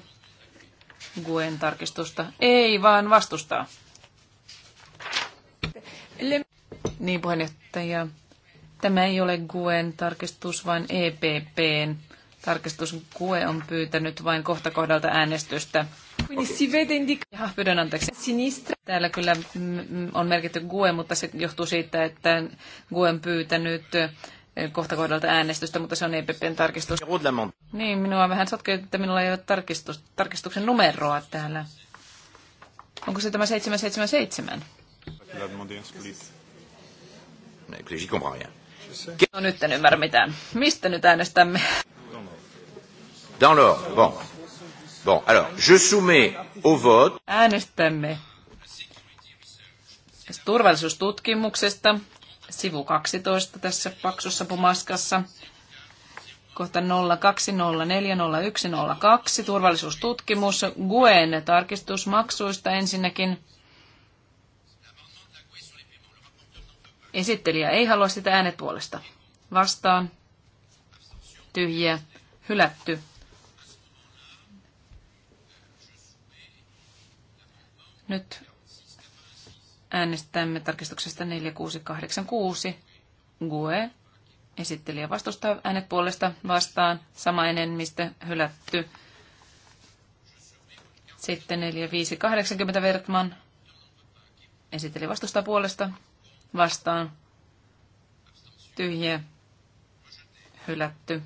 Guen tarkistusta. Ei, vaan vastustaa. Niin, puheenjohtaja. Tämä ei ole Guen tarkistus, vaan EPPn tarkistus. Gue on pyytänyt vain kohta kohdalta äänestystä. Jaha, pyydän anteeksi. Sinistra. Täällä kyllä on merkitty Gue, mutta se johtuu siitä, että Gue on pyytänyt kohta kohdalta äänestystä, mutta se on EPPn tarkistus. Niin, minua vähän sotkee, että minulla ei ole tarkistus, tarkistuksen numeroa täällä. Onko se tämä 777? No, no nyt en ymmärrä mitään. Mistä nyt äänestämme? Dans l'ordre. Bon. Bon, alors, je soumets au vote. Äänestämme turvallisuustutkimuksesta sivu 12 tässä paksussa pomaskassa. Kohta 02040102, turvallisuustutkimus, GUEN tarkistusmaksuista ensinnäkin. Esittelijä ei halua sitä äänet puolesta. Vastaan. Tyhjiä. Hylätty. Nyt Äänestämme tarkistuksesta 4686. GUE. Esittelijä vastustaa äänet puolesta vastaan. Sama enemmistö hylätty. Sitten 4580 Vertman. Esitteli vastustaa puolesta vastaan. Tyhjä. Hylätty.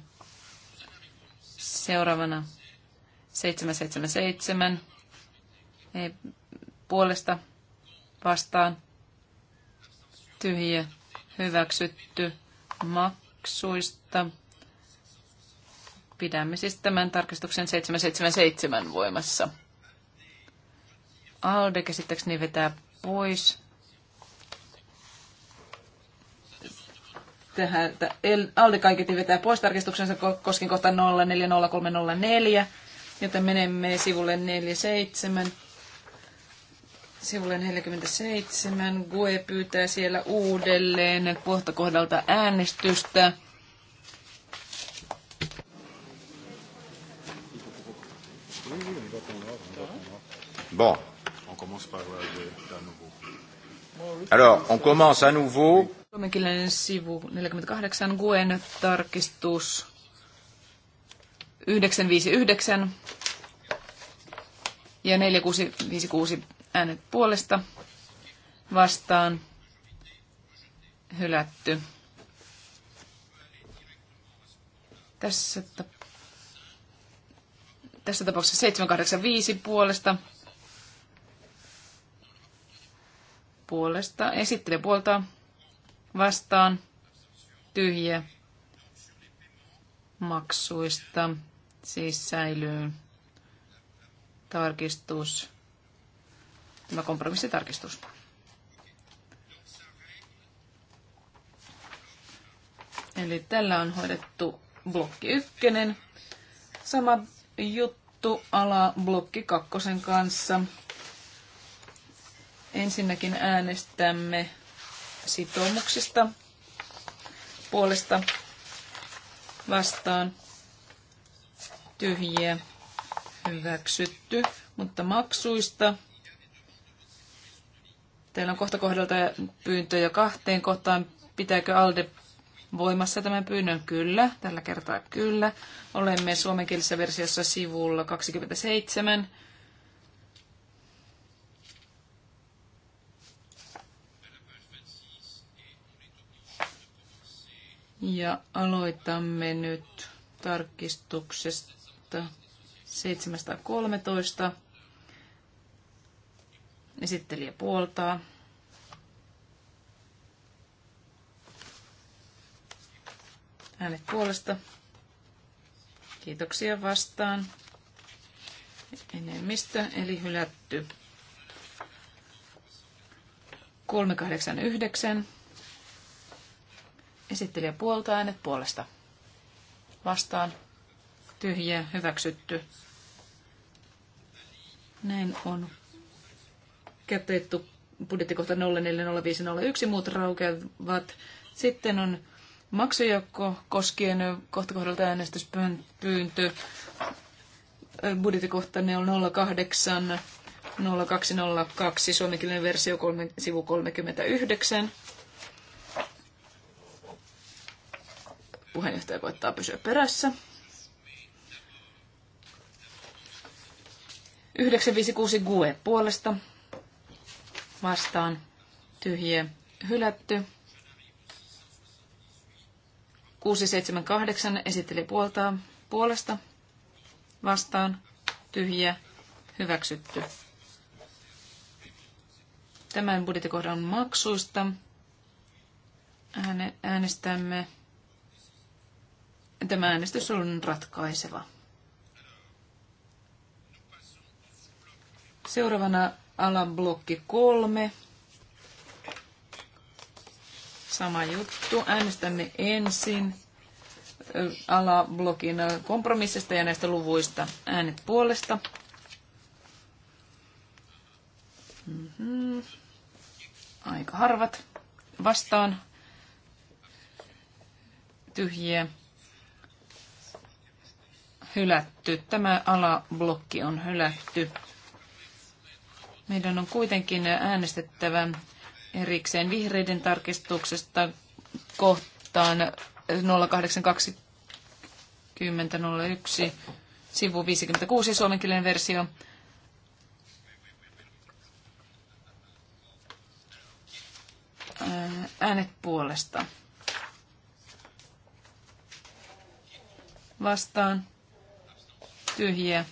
Seuraavana 777. Ei, puolesta vastaan tyhjä hyväksytty maksuista. Pidämme siis tämän tarkistuksen 777 voimassa. Alde käsittääkseni vetää pois. Tähän, Alde kaiketi vetää pois tarkistuksensa koskin kohta 040304, joten menemme sivulle 47 sivulle 47. GUE pyytää siellä uudelleen kohta kohdalta äänestystä. Bon. Euh, Alors, on commence à nouveau. Suomenkielinen sivu 48, Guen tarkistus 959 ja 4656 äänet puolesta vastaan hylätty. Tässä, tässä tapauksessa 785 puolesta puolesta, esittelee puolta vastaan, tyhjä, maksuista, siis säilyy, tarkistus tämä kompromissitarkistus. Eli tällä on hoidettu blokki ykkönen. Sama juttu ala blokki kakkosen kanssa. Ensinnäkin äänestämme sitoumuksista puolesta vastaan tyhjiä hyväksytty, mutta maksuista Teillä on kohta kohdalta pyyntö jo kahteen kohtaan. Pitääkö ALDE voimassa tämän pyynnön? Kyllä, tällä kertaa kyllä. Olemme suomenkielisessä versiossa sivulla 27. Ja aloitamme nyt tarkistuksesta 713. Esittelijä puoltaa. Äänet puolesta. Kiitoksia vastaan. Enemmistö, eli hylätty. 389. Esittelijä puolta äänet puolesta. Vastaan. tyhjä hyväksytty. Näin on katettu budjettikohta 040501, muut raukeavat. Sitten on maksujoukko koskien kohdalta äänestyspyyntö. Budjettikohta 08 0202, suomenkielinen versio kolme, sivu 39. Puheenjohtaja koittaa pysyä perässä. 956 GUE puolesta vastaan tyhjiä hylätty. 678 esitteli puolta, puolesta vastaan tyhjiä hyväksytty. Tämän budjettikohdan maksuista äänestämme. Tämä äänestys on ratkaiseva. Seuraavana alan blokki kolme. Sama juttu. Äänestämme ensin alablokin kompromissista ja näistä luvuista äänet puolesta. Mm-hmm. Aika harvat vastaan. Tyhjiä. Hylätty. Tämä alablokki on hylätty. Meidän on kuitenkin äänestettävä erikseen vihreiden tarkistuksesta kohtaan 082001 sivu 56 suomenkielinen versio. Äänet puolesta. Vastaan. Tyhjiä.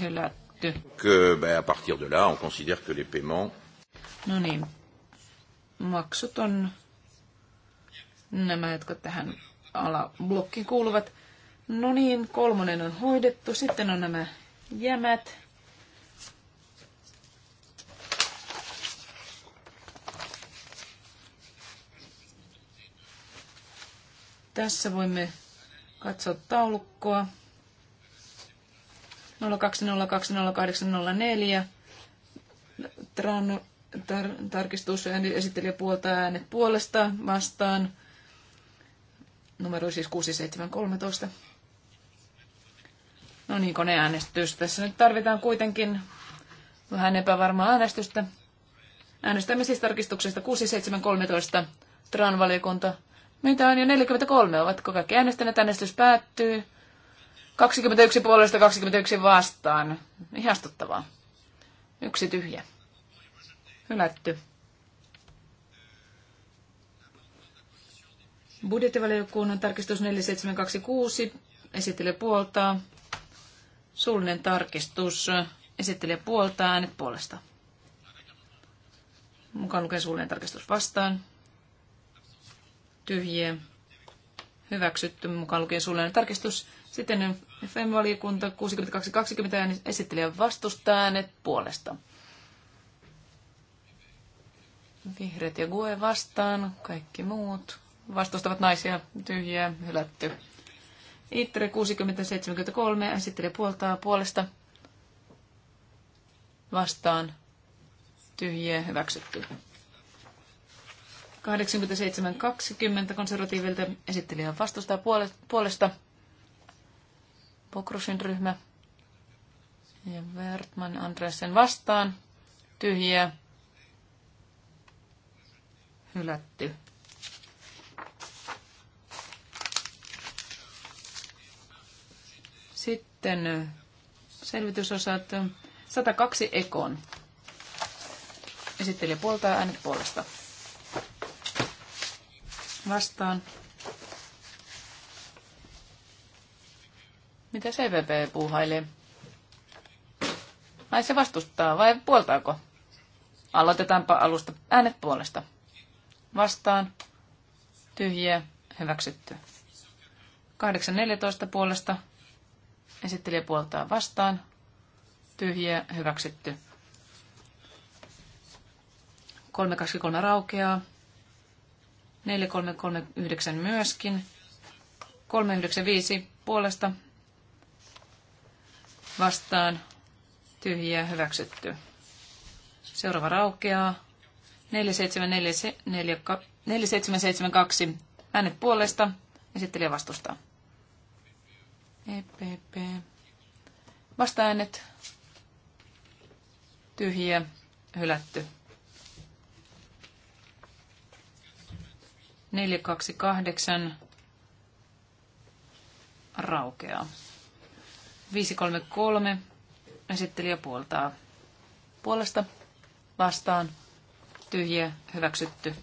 Hylät hyväksytty. ben, à partir de là, on considère que les paiements... No niin. Maksut on nämä, jotka tähän alablokkiin kuuluvat. No niin, kolmonen on hoidettu. Sitten on nämä jämät. Tässä voimme katsoa taulukkoa. 0202804. Tran, tar, tarkistus esittelijä puolta äänet puolesta vastaan. Numero siis 6713. No niin, koneäänestys. Tässä nyt tarvitaan kuitenkin vähän epävarmaa äänestystä. Äänestämme siis tarkistuksesta 6713. Tran-valiokunta. Mitä on jo 43? Ovatko kaikki äänestäneet? Äänestys päättyy. 21 puolesta 21 vastaan. Ihastuttavaa. Yksi tyhjä. Hylätty. Budjettivaliokunnan tarkistus 4726 esittelee puoltaa. Suullinen tarkistus esittelee puoltaa äänet puolesta. Mukaan lukee suullinen tarkistus vastaan. Tyhjiä. Hyväksytty. Mukaan lukee suullinen tarkistus sitten FM-valiokunta 62-20 ääni esittelijän vastusta äänet puolesta. Vihreät ja GUE vastaan, kaikki muut. Vastustavat naisia, tyhjää, hylätty. Itre 60-73 esittelijä puoltaa puolesta vastaan, tyhjää, hyväksytty. 87-20 konservatiivilta esittelijä vastustaa puolesta Pokrusin ryhmä. Ja Wertman Andresen vastaan. Tyhjiä. Hylätty. Sitten selvitysosat 102 ekon. Esittelijä puoltaa äänet puolesta. Vastaan Mitä CVP puuhailee? Ai se vastustaa vai puoltaako? Aloitetaanpa alusta äänet puolesta. Vastaan. Tyhjiä. Hyväksytty. 8.14 puolesta. Esittelijä puoltaa vastaan. Tyhjiä. Hyväksytty. 323 raukeaa. 4339 myöskin. 395 puolesta vastaan tyhjiä hyväksytty. Seuraava raukeaa. 4772 äänet puolesta. Esittelijä vastustaa. EPP. Vastaäänet. Tyhjiä. Hylätty. 428 raukeaa. 533 esittelijä puoltaa puolesta vastaan tyhjiä hyväksytty.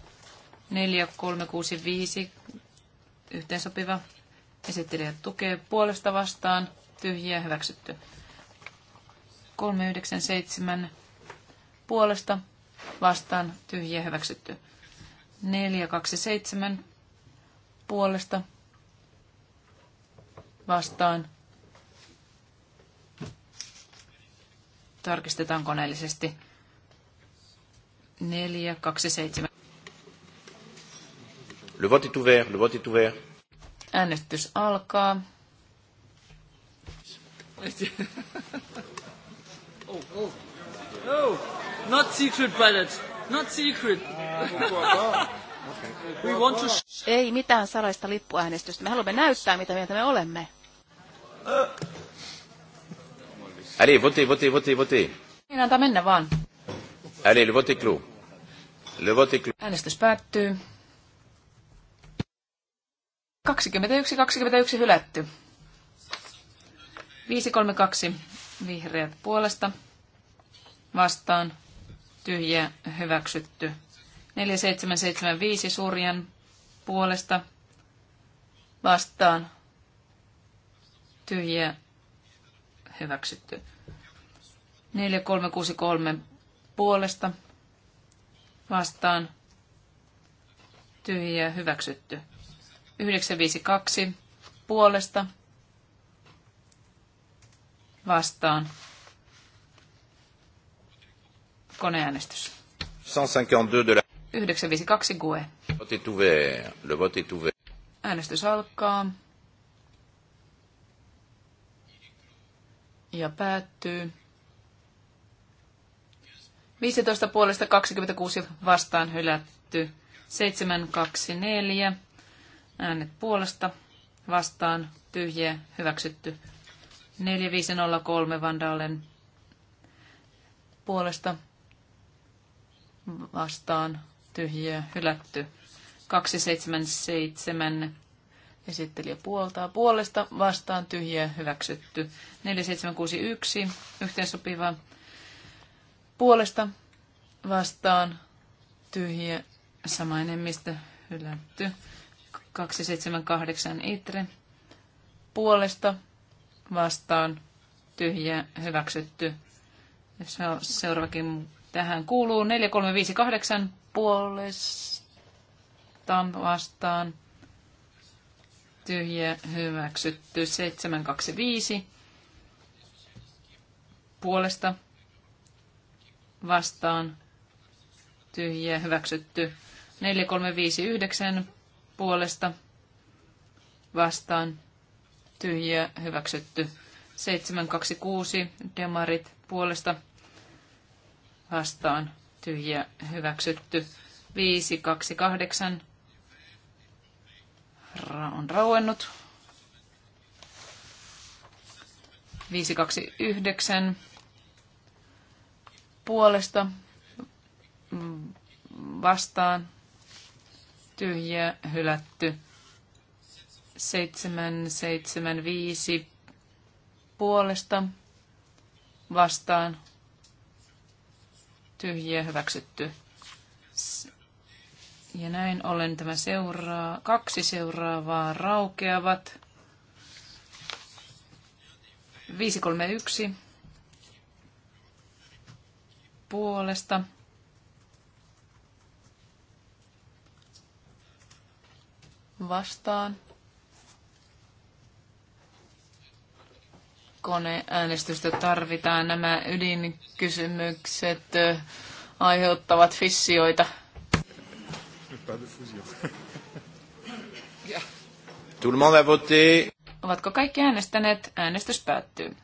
4365 yhteensopiva esittelijä tukee puolesta vastaan tyhjiä hyväksytty. 397 puolesta vastaan tyhjiä hyväksytty. 427 puolesta vastaan Tarkistetaan koneellisesti. 4, 2, 7. Le vote est ouvert, le vote est ouvert. Äänestys alkaa. oh, oh. Oh, not secret ballot. Not secret. We want to... Ei mitään salaista lippuäänestystä. Me haluamme näyttää, mitä mieltä me olemme. Uh. Allez, votez, votez, votez, votez. Niin, antaa mennä vaan. Allez, le vote est clos. Le vote est clos. Äänestys päättyy. 21, 21 hylätty. 532 vihreät puolesta. Vastaan tyhjä hyväksytty. 4775 surjan puolesta. Vastaan tyhjä hyväksytty. 4363 puolesta vastaan tyhjä hyväksytty. 952 puolesta vastaan koneäänestys. 952 GUE. Äänestys alkaa. ja päättyy. 15 puolesta 26 vastaan hylätty. 4. äänet puolesta vastaan tyhjiä hyväksytty. 3 Vandaalen puolesta vastaan tyhjiä hylätty. 7. Esittelijä puoltaa puolesta, vastaan tyhjä, hyväksytty. 4761, yhteensopiva. Puolesta, vastaan, tyhjä, sama enemmistö, hylätty. 278 itre. Puolesta, vastaan, tyhjä, hyväksytty. Seuraavakin tähän kuuluu 4358 puolesta vastaan tyhjiä hyväksytty 725 puolesta vastaan tyhjiä hyväksytty 4359 puolesta vastaan tyhjiä hyväksytty 726 demarit puolesta vastaan tyhjiä hyväksytty 528 on rauennut. 529 puolesta vastaan tyhjä hylätty. 775 puolesta vastaan tyhjä hyväksytty. Ja näin ollen tämä seuraa, kaksi seuraavaa raukeavat. 531 puolesta. Vastaan. Koneäänestystä tarvitaan. Nämä ydinkysymykset eh, aiheuttavat fissioita pas de fusion. Tout le monde a voté. Ovatko kaikki äänestäneet? Äänestys päättyy.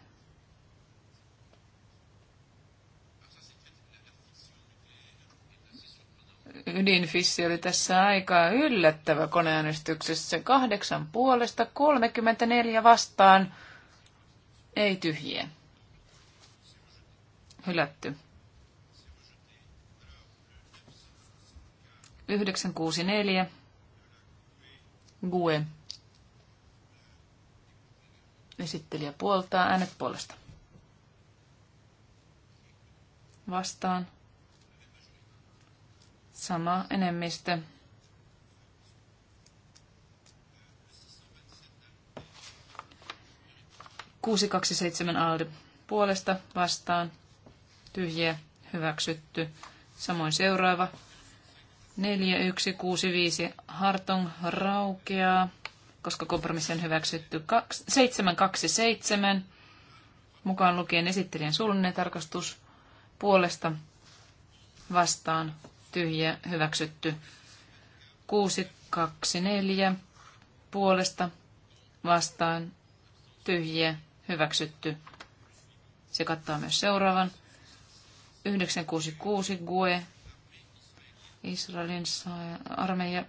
Ydinfissi oli tässä aika yllättävä koneäänestyksessä. Kahdeksan puolesta, 34 vastaan. Ei tyhjiä. Hylätty. 964. GUE. Esittelijä puoltaa. Äänet puolesta. Vastaan. Sama enemmistö. Kuusi kaksi seitsemän ALDE puolesta vastaan. Tyhjiä hyväksytty. Samoin seuraava 4165 Hartong raukeaa, koska kompromissi on hyväksytty 727, mukaan lukien esittelijän suullinen tarkastus puolesta vastaan tyhjä hyväksytty 624 puolesta vastaan tyhjä hyväksytty. Se kattaa myös seuraavan 966 GUE Israelin armeija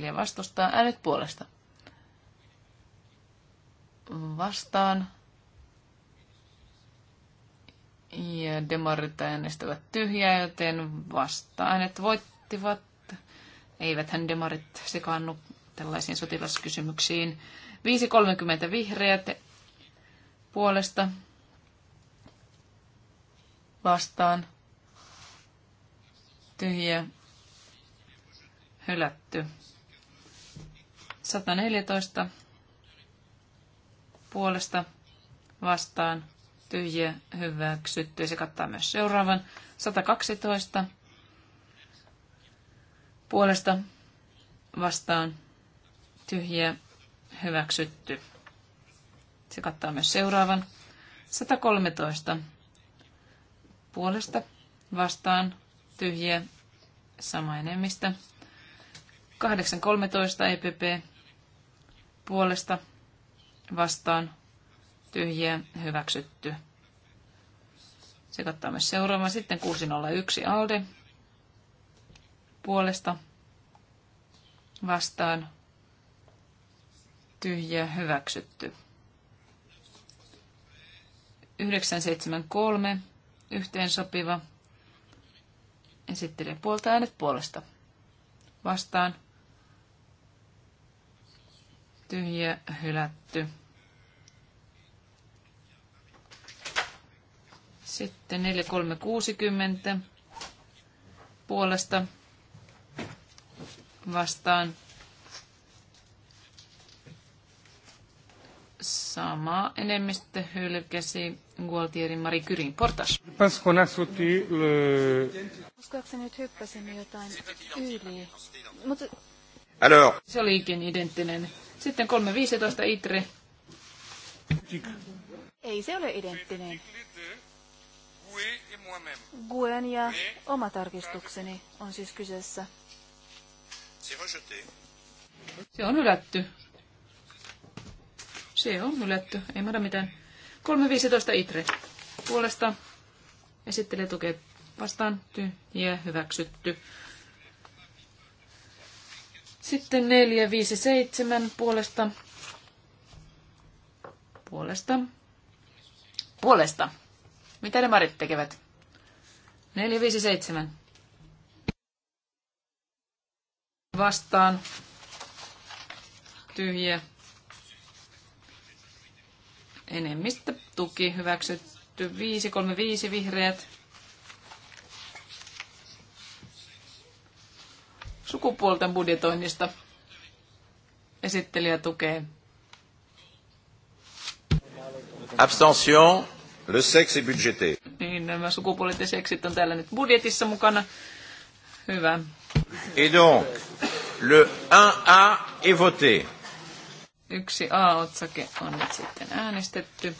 ja vastustaa äänet puolesta. Vastaan. Ja demarit äänestävät tyhjää, joten vasta-äänet voittivat. Eiväthän demarit sekaannu tällaisiin sotilaskysymyksiin. 5.30 vihreät puolesta vastaan tyhjä, hylätty. 114 puolesta vastaan tyhjä hyväksytty. se kattaa myös seuraavan. 112 puolesta vastaan tyhjä hyväksytty. Se kattaa myös seuraavan. 113 puolesta vastaan tyhjiä, sama enemmistö. 8.13 EPP puolesta vastaan tyhjiä hyväksytty. Se kattaa myös seuraava. Sitten 601 ALDE puolesta vastaan tyhjiä hyväksytty. 973 yhteensopiva Esittelee puolta äänet puolesta. Vastaan. Tyhjä hylätty. Sitten 4360 puolesta vastaan Sama enemmistö hylkäsi Gualtierin Mari Kyrin portas. Uskoakseni nyt hyppäsimme jotain yli. Mutta... Alors. Se olikin identtinen. Sitten 3.15 itre. Ei se ole identtinen. Guen ja oma tarkistukseni on siis kyseessä. Se on hylätty. Se on nyletty. Ei mahda mitään. 3.15 itre. Puolesta esittelee tukee vastaan tyhjiä hyväksytty. Sitten 457 puolesta. Puolesta. Puolesta. Mitä ne marit tekevät? 457. Vastaan. Tyhjä enemmistö tuki hyväksytty 535 vihreät. Sukupuolten budjetoinnista esittelijä tukee. Abstention, le sexe est budgété. Niin, nämä sukupuolet ja seksit on täällä nyt budjetissa mukana. Hyvä. Et donc, le 1A est voté. Yksi A-otsake on nyt sitten äänestetty.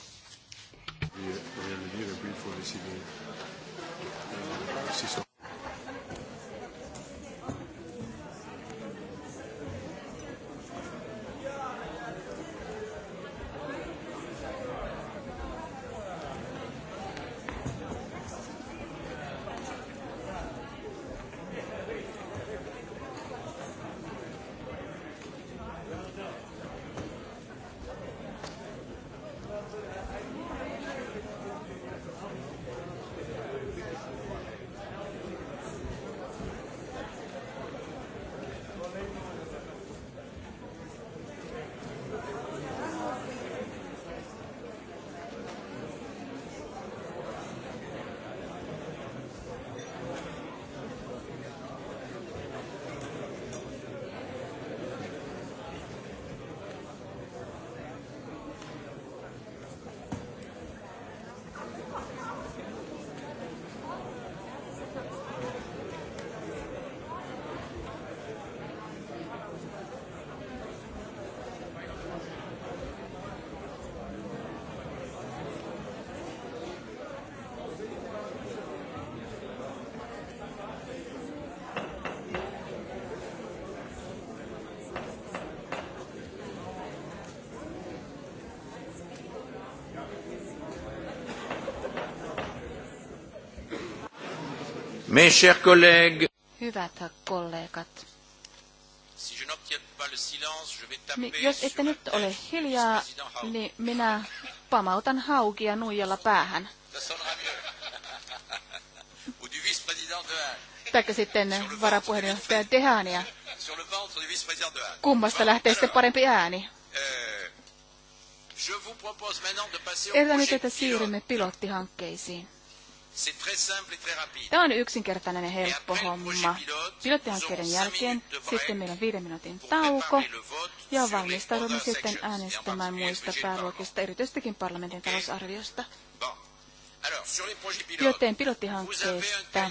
Mes chers collègues. Hyvät kollegat. Niin, jos ette nyt ole hiljaa, niin minä pamautan haukia nuijalla päähän. Taikka sitten varapuheenjohtaja Dehania. Kummasta lähtee sitten parempi ääni? Ehdän nyt, että siirrymme pilottihankkeisiin. Tämä on yksinkertainen ja helppo homma. Pilottihankkeiden jälkeen sitten meillä on viiden minuutin tauko ja valmistaudumme sitten äänestämään muista pääluokista, erityisestikin parlamentin talousarviosta. Joten pilottihankkeista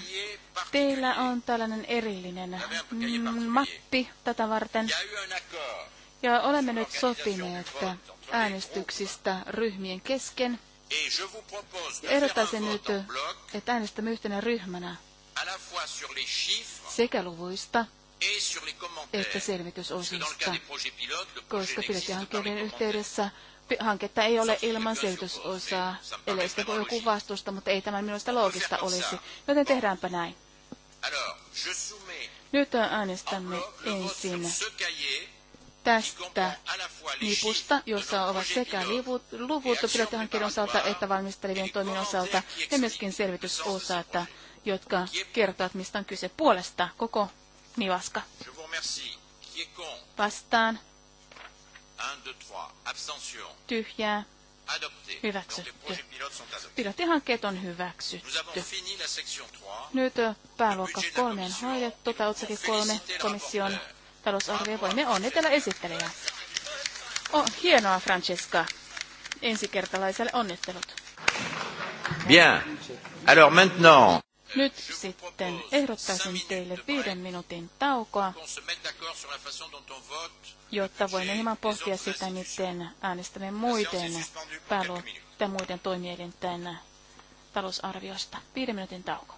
teillä on tällainen erillinen mm, mappi tätä varten. Ja olemme nyt sopineet äänestyksistä ryhmien kesken. Ehdottaisin nyt, että äänestämme yhtenä ryhmänä sekä luvuista että selvitysosista, koska pilottihankkeiden yhteydessä hanketta ei ole ilman selvitysosaa, ellei sitä voi joku vastusta, mutta ei tämän minusta loogista olisi, joten tehdäänpä näin. Nyt äänestämme ensin tästä lipusta, jossa ovat sekä luvut, luvut pilottihankkeiden osalta että valmistelevien toimien osalta ja myöskin selvitysosat, jotka kertovat, mistä on kyse puolesta koko nivaska. Vastaan. Tyhjää. Hyväksytty. Pilottihankkeet on hyväksytty. Nyt pääluokka kolmeen hoidettu, tai otsakin kolme komission talousarvio. Voimme onnitella esittelijää. Oh, hienoa, Francesca. Ensikertalaiselle onnittelut. Bien. Alors maintenant. Nyt sitten ehdottaisin teille viiden minuutin taukoa, jotta voimme hieman pohtia sitä, miten äänestämme muiden pääluokkien muiden toimielinten talousarviosta. Viiden minuutin tauko.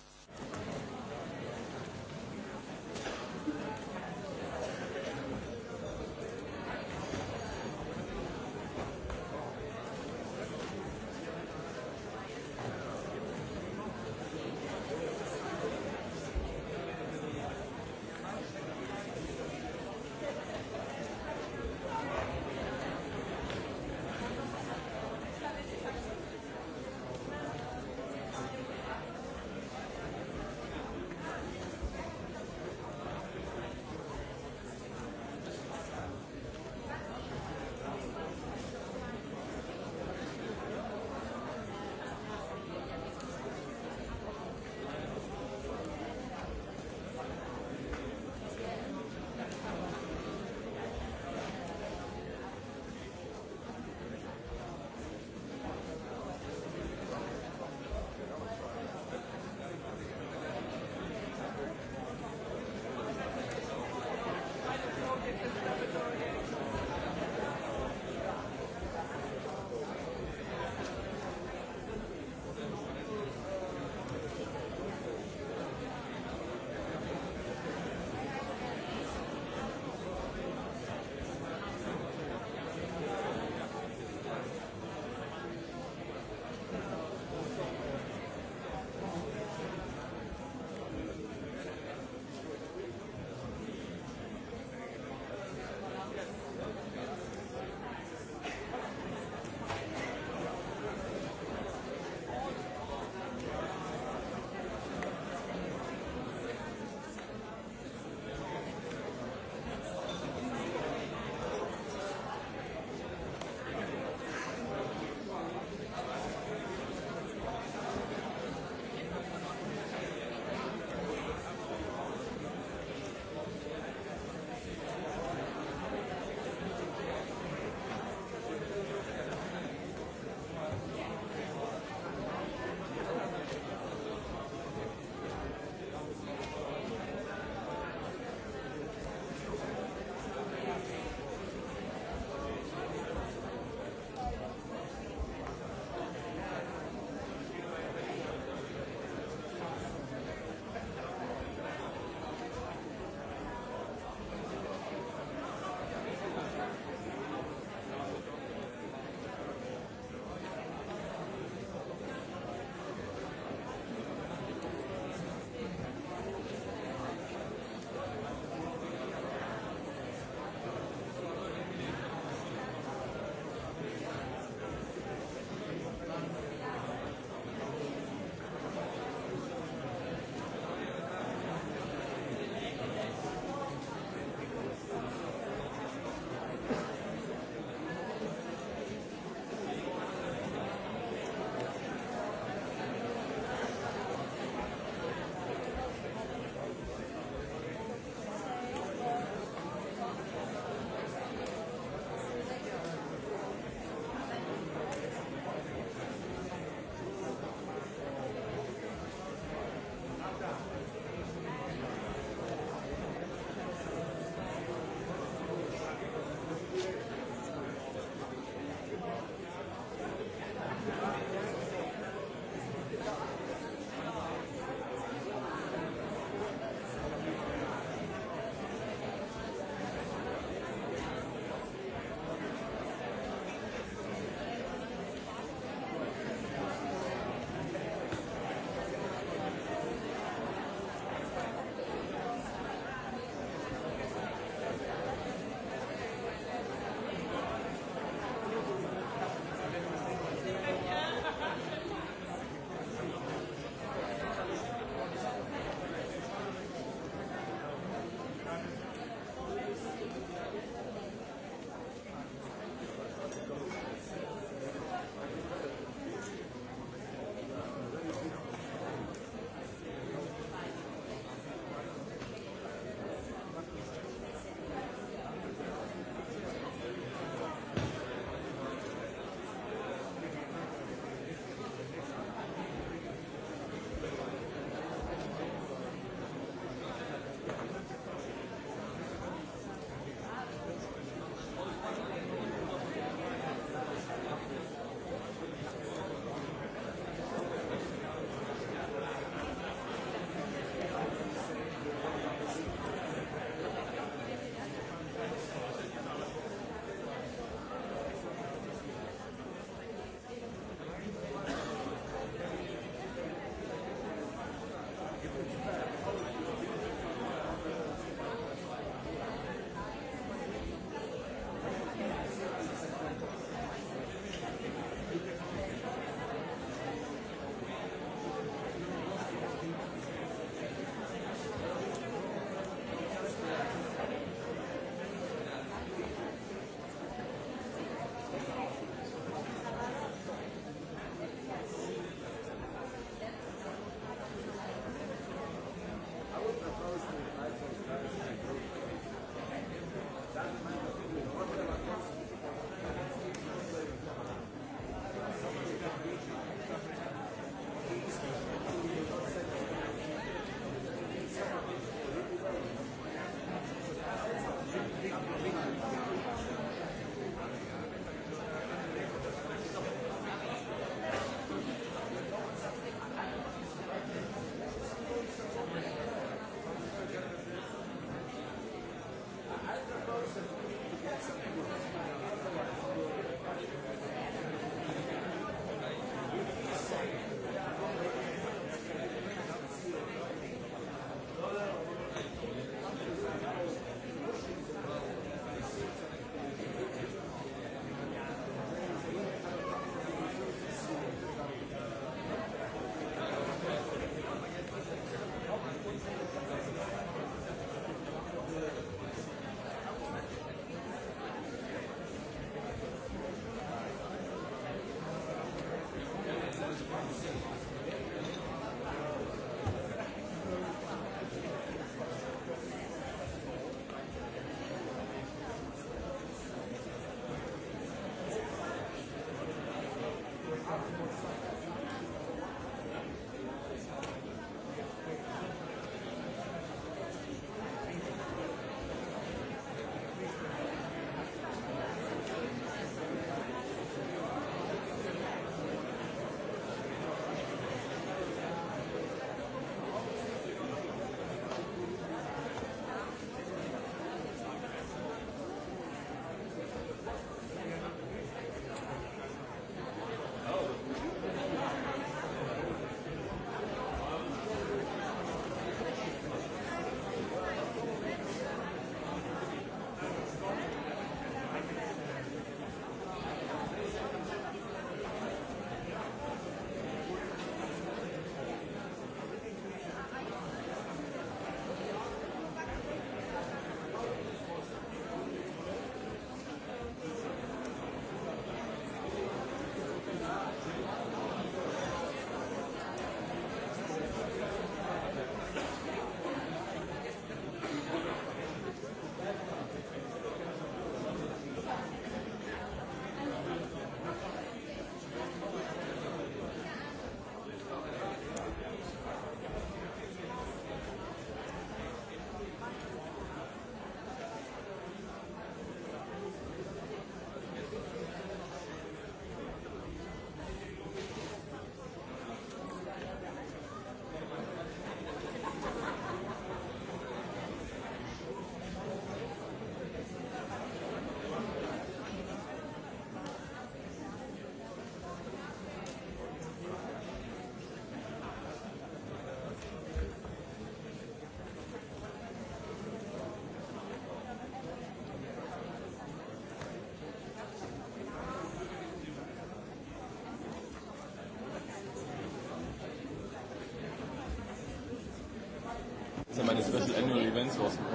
Regional Events rausgekommen.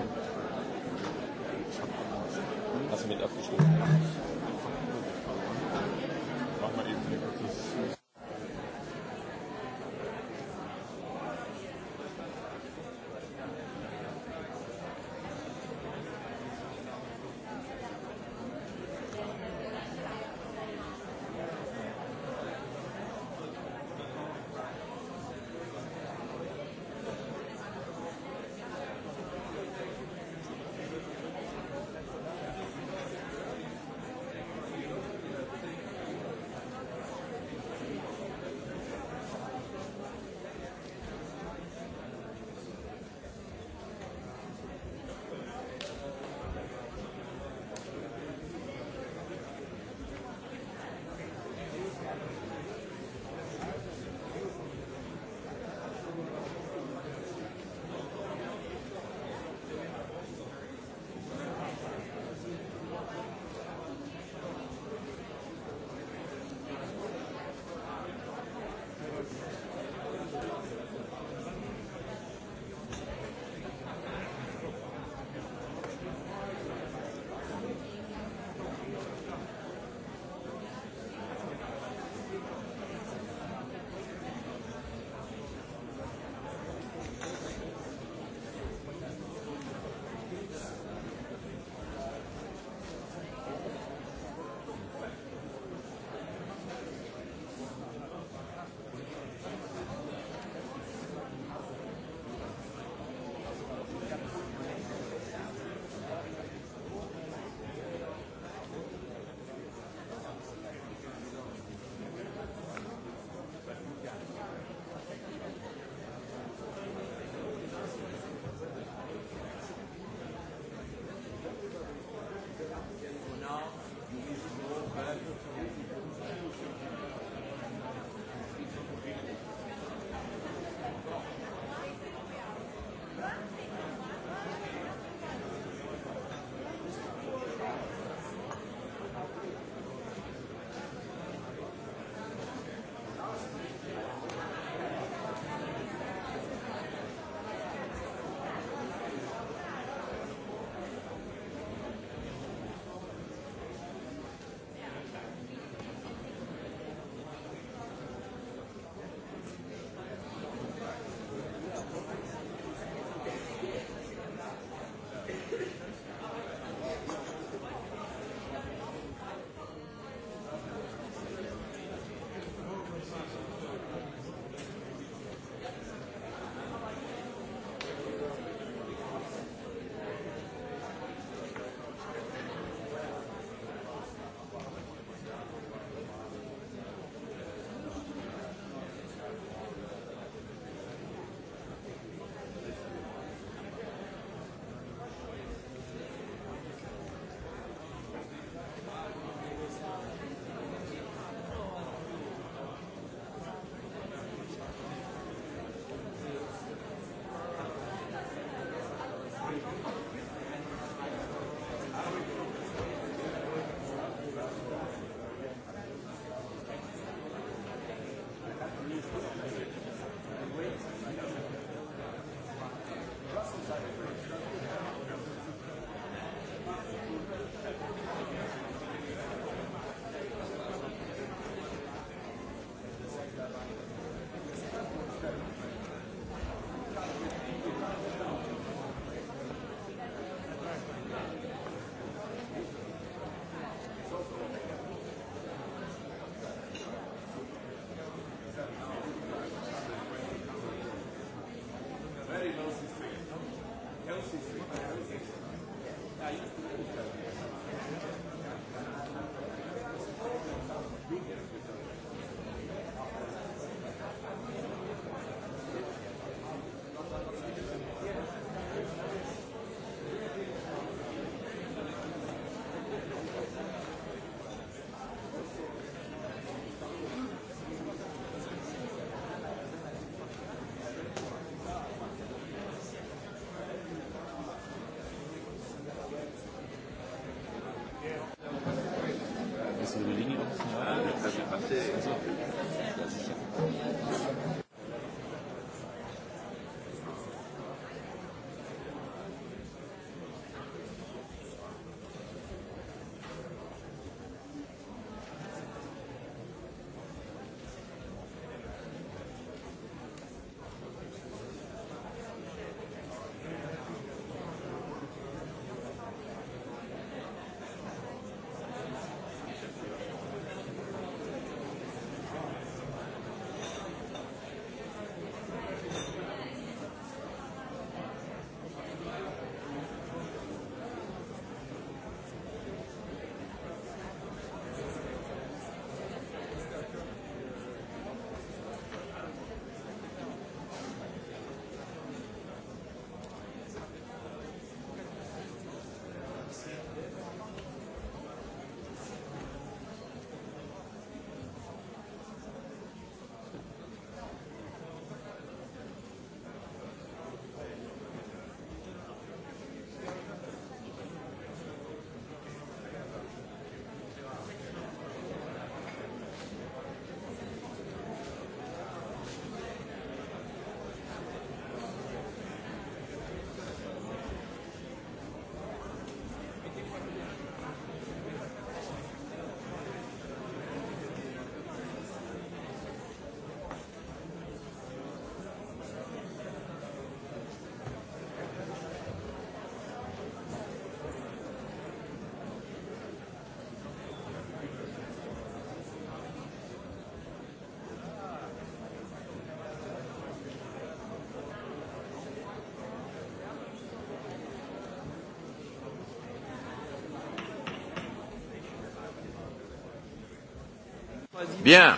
Bien.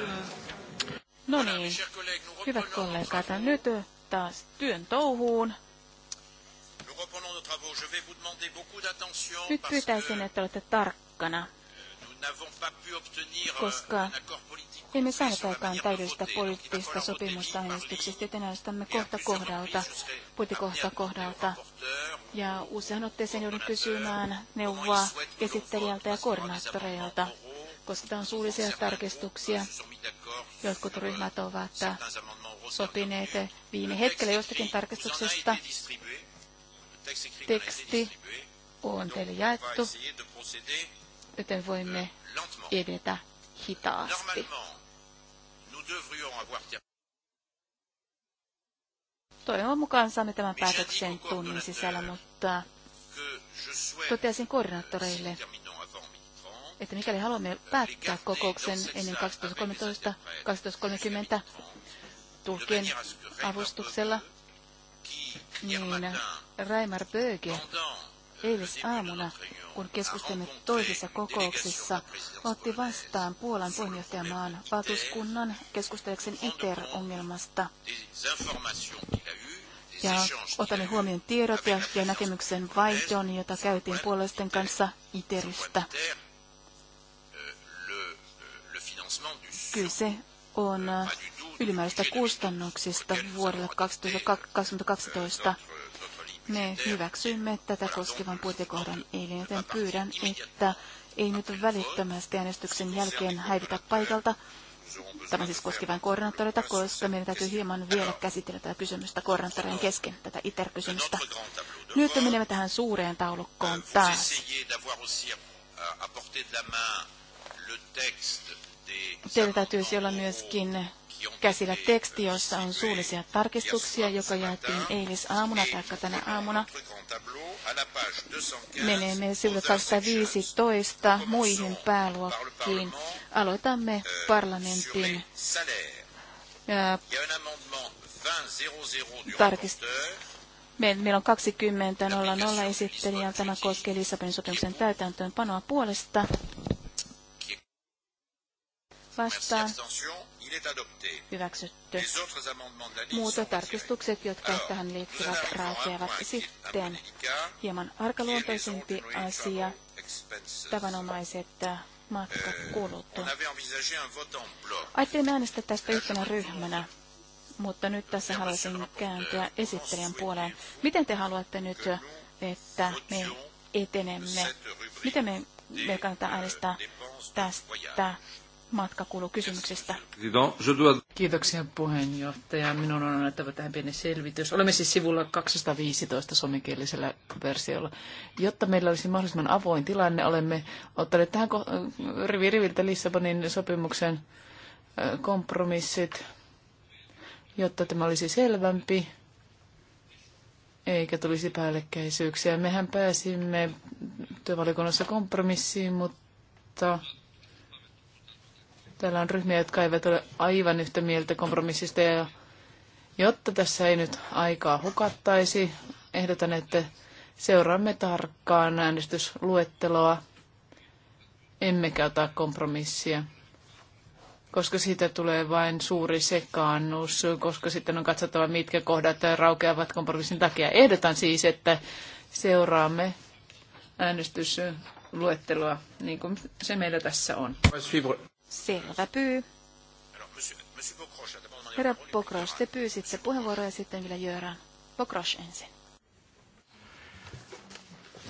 No niin, hyvät kollegat, nyt taas työn touhuun. Nyt pyytäisin, että olette tarkkana, koska emme saaneet aikaan täydellistä poliittista sopimusta äänestyksestä, joten äänestämme kohta kohdalta, puitikohta kohdalta. Ja usein otteeseen joudun kysymään neuvoa esittelijältä ja koordinaattoreilta koska on suullisia tarkistuksia. Jotkut ryhmät ovat sopineet viime hetkellä jostakin tarkistuksesta. Teksti on teille jaettu, joten voimme edetä hitaasti. Toivon mukaan saamme tämän päätöksen tunnin sisällä, mutta totesin koordinaattoreille, että mikäli haluamme päättää kokouksen ennen 2013-2030 tulkien avustuksella, niin Raimar Böge eilis aamuna, kun keskustelimme toisessa kokouksessa, otti vastaan Puolan puheenjohtajamaan valtuuskunnan keskustelijaksen ITER-ongelmasta. Ja otamme huomioon tiedot ja, ja näkemyksen vaihdon, jota käytiin puolueisten kanssa ITERistä. se on äh, ylimääräistä kustannuksista vuodelle 2012. Me hyväksymme tätä koskevan puitekohdan eilen, joten pyydän, että ei nyt välittömästi äänestyksen jälkeen häivitä paikalta. Tämä siis koski vain koordinaattoreita, koska meidän täytyy hieman vielä käsitellä tätä kysymystä koordinaattoreiden kesken, tätä ITER-kysymystä. Nyt menemme tähän suureen taulukkoon taas. Teillä täytyisi olla myöskin käsillä teksti, jossa on suullisia tarkistuksia, joka jaettiin eilis aamuna tai tänä aamuna. Menemme sivulle 215 muihin pääluokkiin. Aloitamme parlamentin äh, tarkistuksen. Meillä on 20.00 esittelijä. Tämä koskee Lissabonin sopimuksen täytäntöönpanoa puolesta vastaan hyväksytty. tarkistukset, jotka tähän liittyvät, raukeavat sitten. Hieman arkaluontoisempi asia, tavanomaiset äh, matkakulut. Euh, Ajattelin äänestää tästä yhtenä ryhmänä, mutta nyt tässä haluaisin kääntyä esittelijän puoleen. Miten te haluatte nyt, että me etenemme? Miten me, me kannattaa äänestää tästä matkakulukysymyksistä. Kiitoksia puheenjohtaja. Minun on annettava tähän pieni selvitys. Olemme siis sivulla 215 suomenkielisellä versiolla. Jotta meillä olisi mahdollisimman avoin tilanne, olemme ottaneet tähän rivi riviltä Lissabonin sopimuksen kompromissit, jotta tämä olisi selvämpi eikä tulisi päällekkäisyyksiä. Mehän pääsimme työvalikunnossa kompromissiin, mutta Täällä on ryhmiä, jotka eivät ole aivan yhtä mieltä kompromissista. Ja jotta tässä ei nyt aikaa hukattaisi, ehdotan, että seuraamme tarkkaan äänestysluetteloa, emmekä ota kompromissia koska siitä tulee vain suuri sekaannus, koska sitten on katsottava, mitkä kohdat raukeavat kompromissin takia. Ehdotan siis, että seuraamme äänestysluetteloa, niin kuin se meillä tässä on. Selvä pyy. Herra Pokros, te pyysitte puheenvuoroa ja sitten vielä Jöran. Pokros ensin.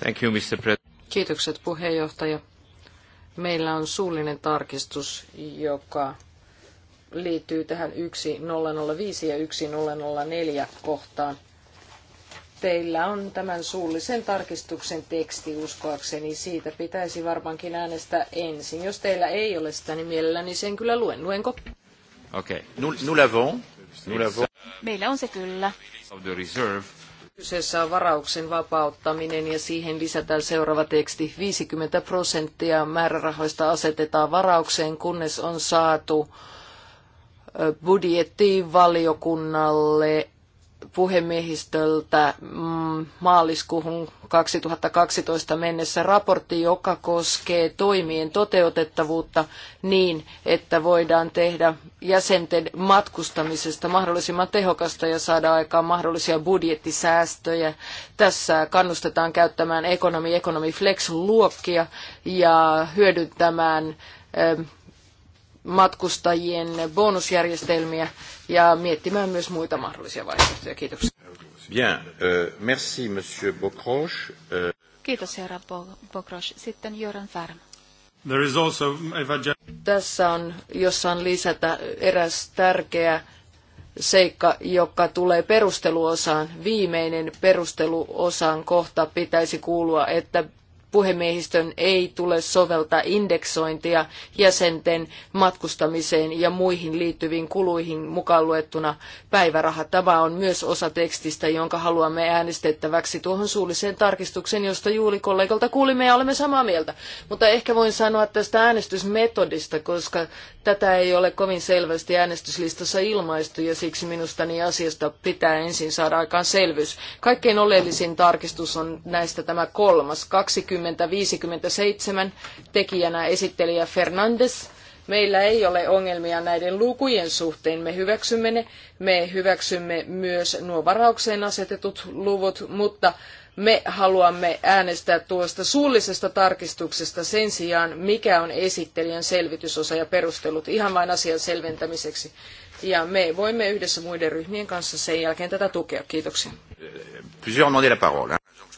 Thank you, Mr. President. Kiitokset puheenjohtaja. Meillä on suullinen tarkistus, joka liittyy tähän 1005 ja 1004 kohtaan. Teillä on tämän suullisen tarkistuksen teksti uskoakseni. Siitä pitäisi varmaankin äänestää ensin. Jos teillä ei ole sitä, niin mielelläni sen kyllä luen. Luenko? Okei. Okay. Nous, nous Nous Meillä on se kyllä. Kyseessä on varauksen vapauttaminen ja siihen lisätään seuraava teksti. 50 prosenttia määrärahoista asetetaan varaukseen, kunnes on saatu budjettiin valiokunnalle puhemiehistöltä mm, maaliskuuhun 2012 mennessä raportti, joka koskee toimien toteutettavuutta niin, että voidaan tehdä jäsenten matkustamisesta mahdollisimman tehokasta ja saada aikaan mahdollisia budjettisäästöjä. Tässä kannustetaan käyttämään ekonomi-ekonomi flex-luokkia ja hyödyntämään matkustajien bonusjärjestelmiä ja miettimään myös muita mahdollisia vaihtoehtoja. Kiitoksia. Bien, euh, merci monsieur Bocroche. Euh... Kiitos herra Bocroche. Sitten Jöran Färm. There is also, if I... Tässä on, jos saan lisätä, eräs tärkeä seikka, joka tulee perusteluosaan. Viimeinen perusteluosan kohta pitäisi kuulua, että puhemiehistön ei tule soveltaa indeksointia jäsenten matkustamiseen ja muihin liittyviin kuluihin mukaan luettuna päiväraha. Tämä on myös osa tekstistä, jonka haluamme äänestettäväksi tuohon suulliseen tarkistukseen, josta juuri kollegalta kuulimme ja olemme samaa mieltä. Mutta ehkä voin sanoa tästä äänestysmetodista, koska Tätä ei ole kovin selvästi äänestyslistassa ilmaistu ja siksi minusta niin asiasta pitää ensin saada aikaan selvyys. Kaikkein oleellisin tarkistus on näistä tämä kolmas, 2057, tekijänä esittelijä Fernandes. Meillä ei ole ongelmia näiden lukujen suhteen. Me hyväksymme ne. Me hyväksymme myös nuo varaukseen asetetut luvut, mutta me haluamme äänestää tuosta suullisesta tarkistuksesta sen sijaan, mikä on esittelijän selvitysosa ja perustelut ihan vain asian selventämiseksi. Ja me voimme yhdessä muiden ryhmien kanssa sen jälkeen tätä tukea. Kiitoksia.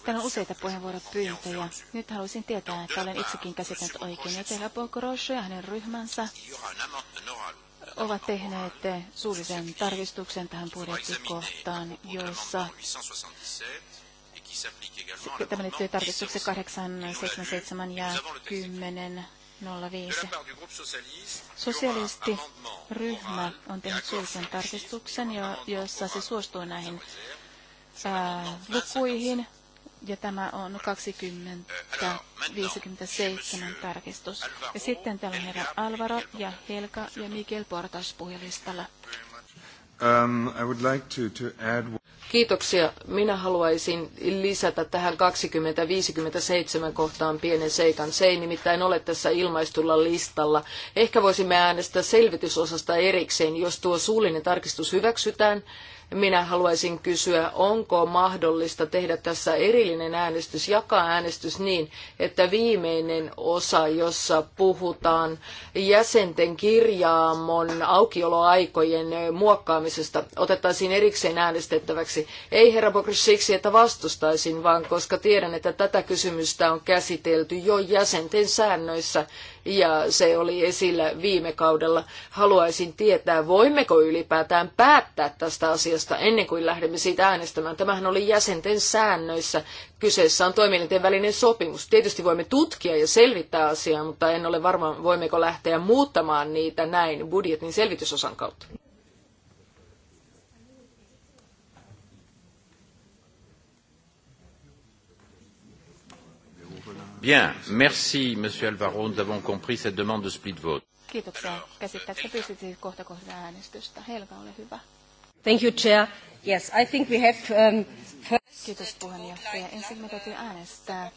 Täällä on useita puheenvuoropyyntöjä. Nyt haluaisin tietää, että olen itsekin käsitellyt oikein. Etelä Pokorosho ja hänen ryhmänsä ovat tehneet suullisen tarkistuksen tähän budjettikohtaan, jossa Tämä liittyy tarkistukset 8, 7, 7 ja 10. 05. Sosialistiryhmä on tehnyt suullisen tarkistuksen, jossa se suostui näihin ää, lukuihin, ja tämä on 2057 euh, tarkistus. Ja sitten täällä on herra Alvaro ja Helka ja Miguel Portas puhelistalla. Um, I would like to, to add... Kiitoksia. Minä haluaisin lisätä tähän 2057 kohtaan pienen seikan. Se ei nimittäin ole tässä ilmaistulla listalla. Ehkä voisimme äänestää selvitysosasta erikseen, jos tuo suullinen tarkistus hyväksytään minä haluaisin kysyä, onko mahdollista tehdä tässä erillinen äänestys, jakaa äänestys niin, että viimeinen osa, jossa puhutaan jäsenten kirjaamon aukioloaikojen muokkaamisesta, otettaisiin erikseen äänestettäväksi. Ei herra Bokris siksi, että vastustaisin, vaan koska tiedän, että tätä kysymystä on käsitelty jo jäsenten säännöissä ja se oli esillä viime kaudella. Haluaisin tietää, voimmeko ylipäätään päättää tästä asiasta sopimuksesta ennen kuin lähdemme siitä äänestämään. Tämähän oli jäsenten säännöissä. Kyseessä on toimielinten välinen sopimus. Tietysti voimme tutkia ja selvittää asiaa, mutta en ole varma, voimmeko lähteä muuttamaan niitä näin budjetin selvitysosan kautta. Bien, merci Monsieur Alvaro, nous avons compris cette demande de split vote. Kiitoksia. Käsittääkseni pystytti kohta kohta äänestystä. Helga, ole hyvä. Thank you, Chair. Yes, I think we have... Um, Kiitos puheenjohtaja. Ensin me täytyy äänestää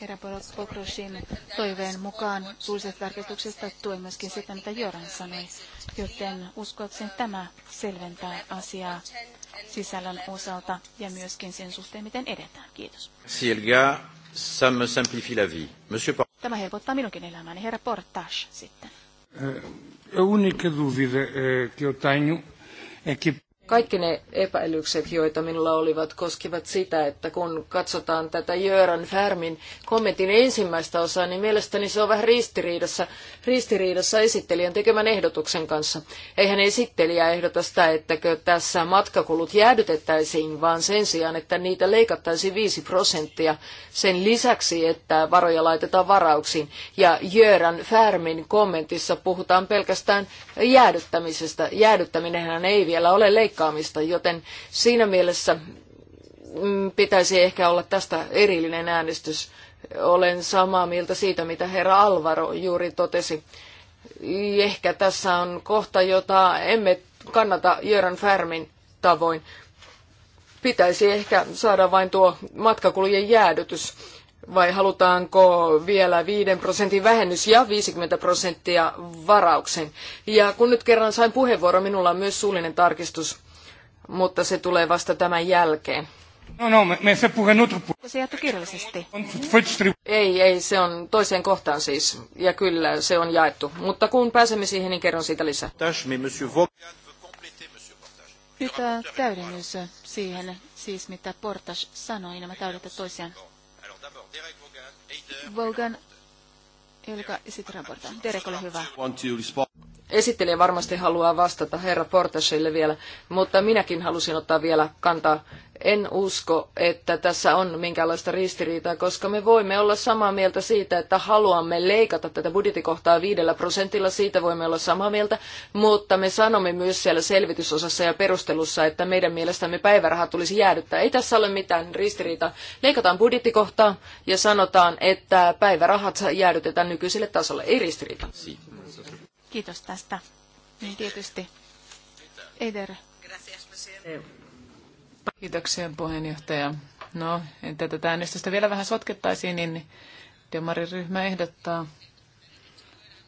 herra Pokrosin toiveen mukaan suullisesta tarkistuksesta tuen myöskin sitä, mitä Joran sanoi, joten uskoakseni tämä selventää asiaa sisällön osalta ja myöskin sen suhteen, miten edetään. Kiitos. Tämä helpottaa minunkin elämääni. Herra Portage sitten. A única dúvida que kaikki ne epäilykset, joita minulla olivat, koskivat sitä, että kun katsotaan tätä Jöran Färmin kommentin ensimmäistä osaa, niin mielestäni se on vähän ristiriidassa, ristiriidassa esittelijän tekemän ehdotuksen kanssa. Eihän esittelijä ehdota sitä, että tässä matkakulut jäädytettäisiin, vaan sen sijaan, että niitä leikattaisiin 5 prosenttia sen lisäksi, että varoja laitetaan varauksiin. Ja Jöran Färmin kommentissa puhutaan pelkästään jäädyttämisestä. Jäädyttäminenhän ei vielä ole leikkaus leikkaamista, joten siinä mielessä mm, pitäisi ehkä olla tästä erillinen äänestys. Olen samaa mieltä siitä, mitä herra Alvaro juuri totesi. Ehkä tässä on kohta, jota emme kannata Jörän Färmin tavoin. Pitäisi ehkä saada vain tuo matkakulujen jäädytys vai halutaanko vielä 5 prosentin vähennys ja 50 prosenttia varauksen. Ja kun nyt kerran sain puheenvuoron, minulla on myös suullinen tarkistus mutta se tulee vasta tämän jälkeen. No, no, me, me se puhunut... Se jaettu kirjallisesti. Ei, ei, se on toiseen kohtaan siis. Ja kyllä, se on jaettu. Mutta kun pääsemme siihen, niin kerron siitä lisää. Pitää täydennys siihen, siis mitä Portas sanoi, nämä niin täydentä toisiaan. Vogan joka Derek, ole hyvä. Esittelijä varmasti haluaa vastata herra Portasille vielä, mutta minäkin halusin ottaa vielä kantaa en usko, että tässä on minkäänlaista ristiriitaa, koska me voimme olla samaa mieltä siitä, että haluamme leikata tätä budjettikohtaa viidellä prosentilla, siitä voimme olla samaa mieltä, mutta me sanomme myös siellä selvitysosassa ja perustelussa, että meidän mielestämme päiväraha tulisi jäädyttää. Ei tässä ole mitään ristiriitaa. Leikataan budjettikohtaa ja sanotaan, että päivärahat jäädytetään nykyiselle tasolle. Ei ristiriita. Kiitos tästä. Niin tietysti. Eder. Gracias, Kiitoksia puheenjohtaja. No, että tätä äänestystä vielä vähän sotkettaisiin, niin ryhmä ehdottaa,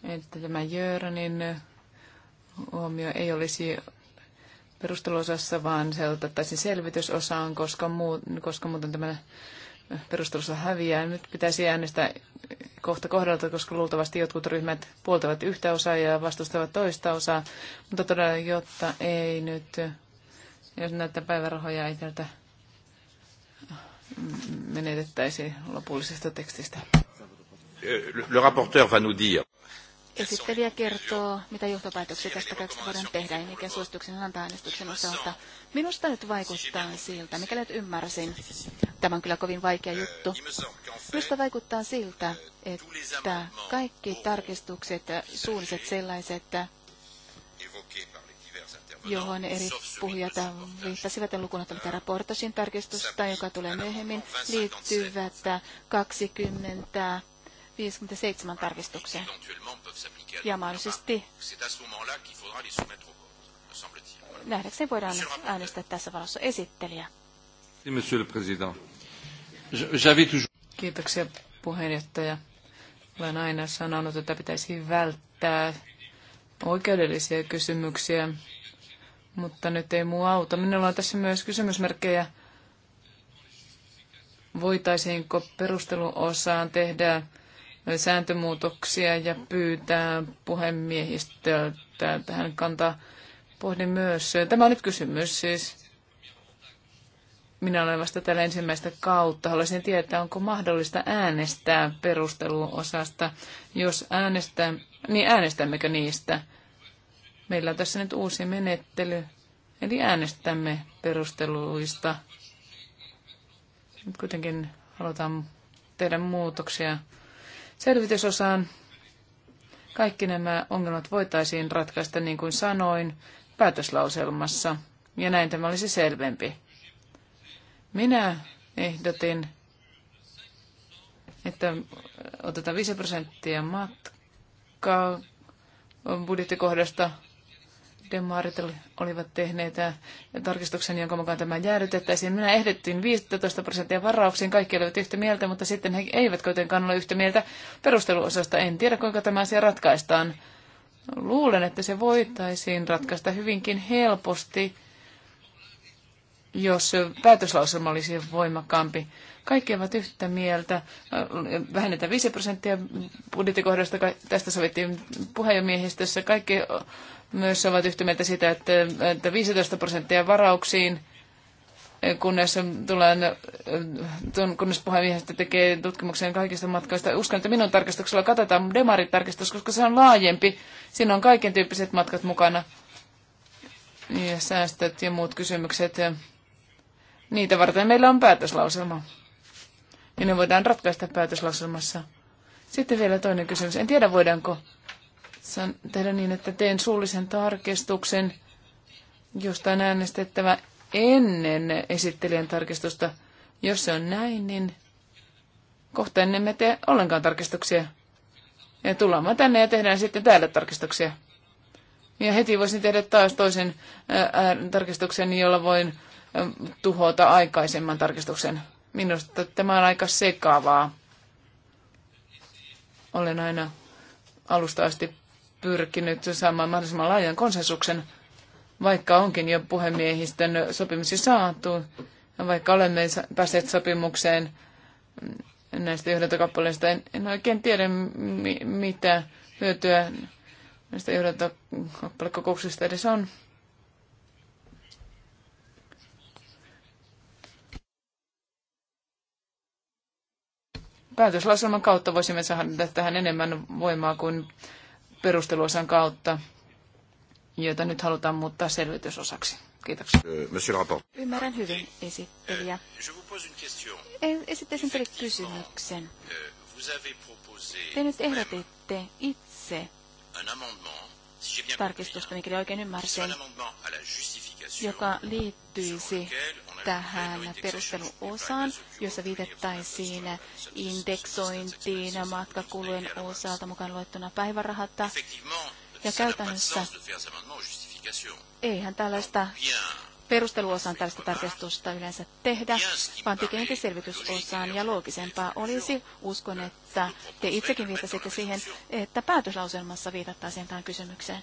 että tämä Jörnin huomio ei olisi perusteluosassa, vaan se otettaisiin selvitysosaan, koska, muu, koska muuten tämä perustelussa häviää. Nyt pitäisi äänestää kohta kohdalta, koska luultavasti jotkut ryhmät puoltavat yhtä osaa ja vastustavat toista osaa, mutta todella, jotta ei nyt jos näitä päivärahoja ei tältä menetettäisi lopullisesta tekstistä. Le rapporteur va nous dire. Esittelijä kertoo, mitä johtopäätöksiä tästä tekstistä voidaan tehdä ja mikä suosituksen antaa äänestyksen osalta. Minusta nyt vaikuttaa siltä, mikä nyt ymmärsin. Tämä on kyllä kovin vaikea juttu. Minusta vaikuttaa siltä, että kaikki tarkistukset, suulliset sellaiset, johon eri puhujat viittasivat lukuna tätä raportasin tarkistusta, joka tulee myöhemmin, liittyvät 20 57 tarkistukseen. Ja mahdollisesti nähdäkseni voidaan äänestää tässä valossa esittelijä. Kiitoksia puheenjohtaja. Olen aina sanonut, että pitäisi välttää oikeudellisia kysymyksiä mutta nyt ei muu auta. Minulla on tässä myös kysymysmerkkejä. Voitaisiinko perusteluosaan tehdä sääntömuutoksia ja pyytää puhemiehistöltä tähän kantaa? Pohdin myös. Tämä on nyt kysymys siis. Minä olen vasta täällä ensimmäistä kautta. Haluaisin tietää, onko mahdollista äänestää perusteluosasta. Jos äänestää, niin äänestämmekö niistä? Meillä on tässä nyt uusi menettely, eli äänestämme perusteluista. Nyt kuitenkin halutaan tehdä muutoksia selvitysosaan. Kaikki nämä ongelmat voitaisiin ratkaista niin kuin sanoin päätöslauselmassa, ja näin tämä olisi selvempi. Minä ehdotin, että otetaan 5 prosenttia matkaa budjettikohdasta demarit olivat tehneet äh, tarkistuksen, jonka mukaan tämä jäädytettäisiin. Minä ehdettiin 15 prosenttia varauksiin, kaikki olivat yhtä mieltä, mutta sitten he eivät kuitenkaan ole yhtä mieltä perusteluosasta. En tiedä, kuinka tämä asia ratkaistaan. Luulen, että se voitaisiin ratkaista hyvinkin helposti jos päätöslauselma olisi voimakkaampi. Kaikki ovat yhtä mieltä. Vähennetään 5 prosenttia budjettikohdasta. Tästä sovittiin puheenjohtajamiehistössä. Kaikki myös ovat yhtä mieltä sitä, että 15 prosenttia varauksiin, kunnes, tullaan, kunnes puheenjohtaja tekee tutkimuksen kaikista matkoista. Uskon, että minun tarkastuksella katsotaan demaritarkistus, koska se on laajempi. Siinä on kaiken tyyppiset matkat mukana. Ja säästöt ja muut kysymykset. Niitä varten meillä on päätöslauselma. Ja ne voidaan ratkaista päätöslauselmassa. Sitten vielä toinen kysymys. En tiedä, voidaanko tehdä niin, että teen suullisen tarkistuksen, josta on äänestettävä ennen esittelijän tarkistusta. Jos se on näin, niin kohta ennen me tee ollenkaan tarkistuksia. Ja tullaan tänne ja tehdään sitten täällä tarkistuksia. Ja heti voisin tehdä taas toisen ää, tarkistuksen, jolla voin tuhota aikaisemman tarkistuksen. Minusta tämä on aika sekavaa. Olen aina alusta asti pyrkinyt saamaan mahdollisimman laajan konsensuksen, vaikka onkin jo puhemiehistön sopimisi saatu, vaikka olemme päässeet sopimukseen näistä johdantokappaleista. En, en oikein tiedä, mi, mitä hyötyä näistä johdantokappalekokouksista edes on. päätöslauselman kautta voisimme saada tähän enemmän voimaa kuin perusteluosan kautta, joita nyt halutaan muuttaa selvitysosaksi. Kiitoksia. Monsieur le Ymmärrän hyvin esittelijä. Esittäisin teille kysymyksen. Euh, Te nyt ehdotitte itse tarkistusta, mikäli oikein ymmärsin, joka liittyisi tähän perusteluosaan, jossa viitettaisiin indeksointiin matkakulujen osalta mukaan luettuna päivärahatta. Ja käytännössä eihän tällaista perusteluosaan tällaista tarkistusta yleensä tehdä, vaan pikemminkin selvitysosaan ja loogisempaa olisi. Uskon, että te itsekin viittasitte siihen, että päätöslauselmassa viitattaisiin tähän kysymykseen.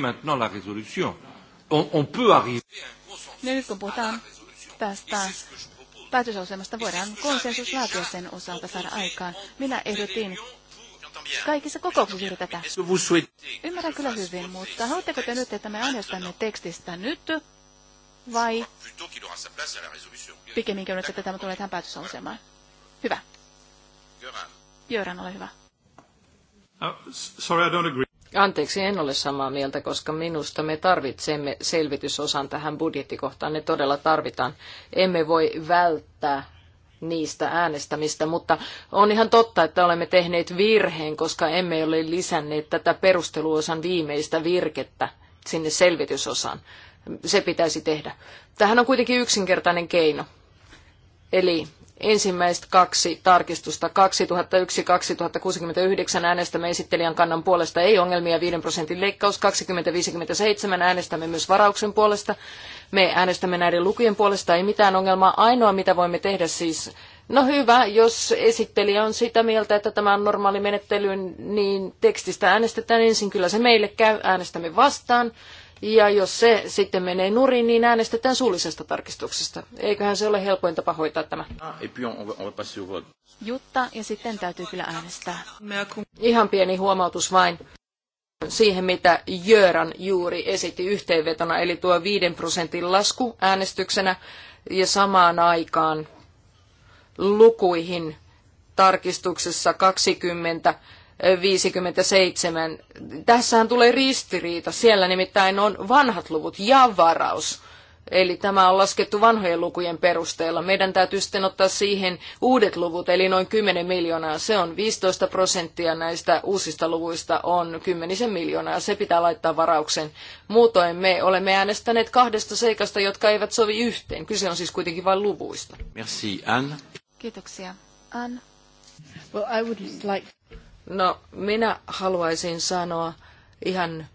maintenant la résolution on, on peut arriver. nyt kun puhutaan tästä päätösasemasta, voidaan konsensus laatia sen osalta saada aikaan. Minä ehdotin kaikissa kokouksissa juuri tätä. Ymmärrän kyllä hyvin, mutta haluatteko te nyt, että me äänestämme tekstistä nyt vai pikemminkin nyt, että tämä tulee tähän päätösasemaan? Hyvä. Jöran, ole hyvä. Uh, sorry, I don't agree. Anteeksi, en ole samaa mieltä, koska minusta me tarvitsemme selvitysosan tähän budjettikohtaan. Ne todella tarvitaan. Emme voi välttää niistä äänestämistä, mutta on ihan totta, että olemme tehneet virheen, koska emme ole lisänneet tätä perusteluosan viimeistä virkettä sinne selvitysosaan. Se pitäisi tehdä. Tähän on kuitenkin yksinkertainen keino. Eli ensimmäiset kaksi tarkistusta 2001-2069 äänestämme esittelijän kannan puolesta ei ongelmia 5 prosentin leikkaus, 2057 äänestämme myös varauksen puolesta. Me äänestämme näiden lukujen puolesta, ei mitään ongelmaa. Ainoa mitä voimme tehdä siis, no hyvä, jos esittelijä on sitä mieltä, että tämä on normaali menettely, niin tekstistä äänestetään ensin, kyllä se meille käy, äänestämme vastaan. Ja jos se sitten menee nurin, niin äänestetään suullisesta tarkistuksesta. Eiköhän se ole helpoin tapa hoitaa tämä. Ah, Jutta, ja sitten täytyy kyllä äänestää. Ihan pieni huomautus vain siihen, mitä Jöran juuri esitti yhteenvetona, eli tuo 5 prosentin lasku äänestyksenä ja samaan aikaan lukuihin tarkistuksessa 20 57. Tässähän tulee ristiriita. Siellä nimittäin on vanhat luvut ja varaus. Eli tämä on laskettu vanhojen lukujen perusteella. Meidän täytyy sitten ottaa siihen uudet luvut, eli noin 10 miljoonaa. Se on 15 prosenttia näistä uusista luvuista on kymmenisen miljoonaa. Se pitää laittaa varauksen. Muutoin me olemme äänestäneet kahdesta seikasta, jotka eivät sovi yhteen. Kyse on siis kuitenkin vain luvuista. Merci, Anne. Kiitoksia, Anne. Well, I would like... No, minä haluaisin sanoa ihan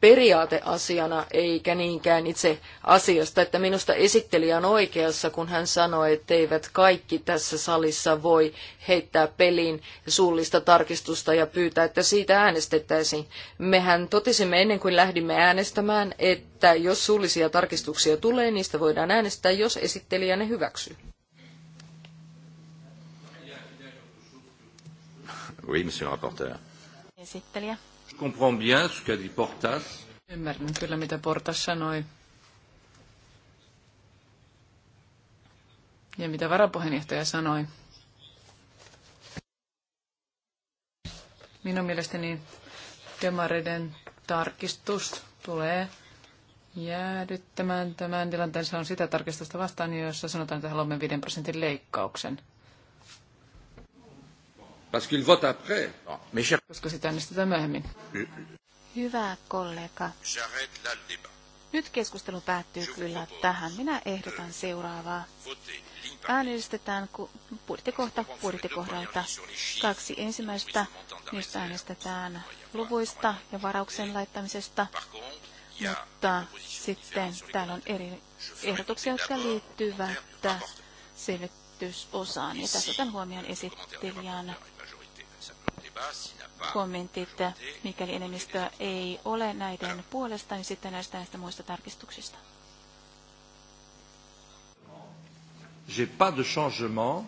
periaateasiana eikä niinkään itse asiasta, että minusta esittelijä on oikeassa, kun hän sanoi, että eivät kaikki tässä salissa voi heittää peliin suullista tarkistusta ja pyytää, että siitä äänestettäisiin. Mehän totisimme ennen kuin lähdimme äänestämään, että jos suullisia tarkistuksia tulee, niistä voidaan äänestää, jos esittelijä ne hyväksyy. Oui, monsieur le rapporteur. Esittelijä. Je comprends bien ce qu'a dit Portas. Ymmärrän kyllä, mitä Portas sanoi. Ja mitä varapuheenjohtaja sanoi. Minun mielestäni demareiden tarkistus tulee jäädyttämään tämän tilanteen. Se on sitä tarkistusta vastaan, jossa sanotaan, että haluamme 5 prosentin leikkauksen. Parce qu'il vote après. Ah, Koska sitä äänestetään myöhemmin. Hyvä kollega. Nyt keskustelu päättyy kyllä tähän. Minä ehdotan seuraavaa. Äänestetään budjettikohta budjettikohdalta. Kaksi ensimmäistä. Niistä äänestetään luvuista ja varauksen laittamisesta. Mutta sitten täällä on eri ehdotuksia, jotka liittyvät selvitysosaan. Ja tässä otan huomioon esittelijän kommentit. Mikäli enemmistö ei ole näiden puolesta, niin sitten näistä näistä muista tarkistuksista. J'ai pas de changement.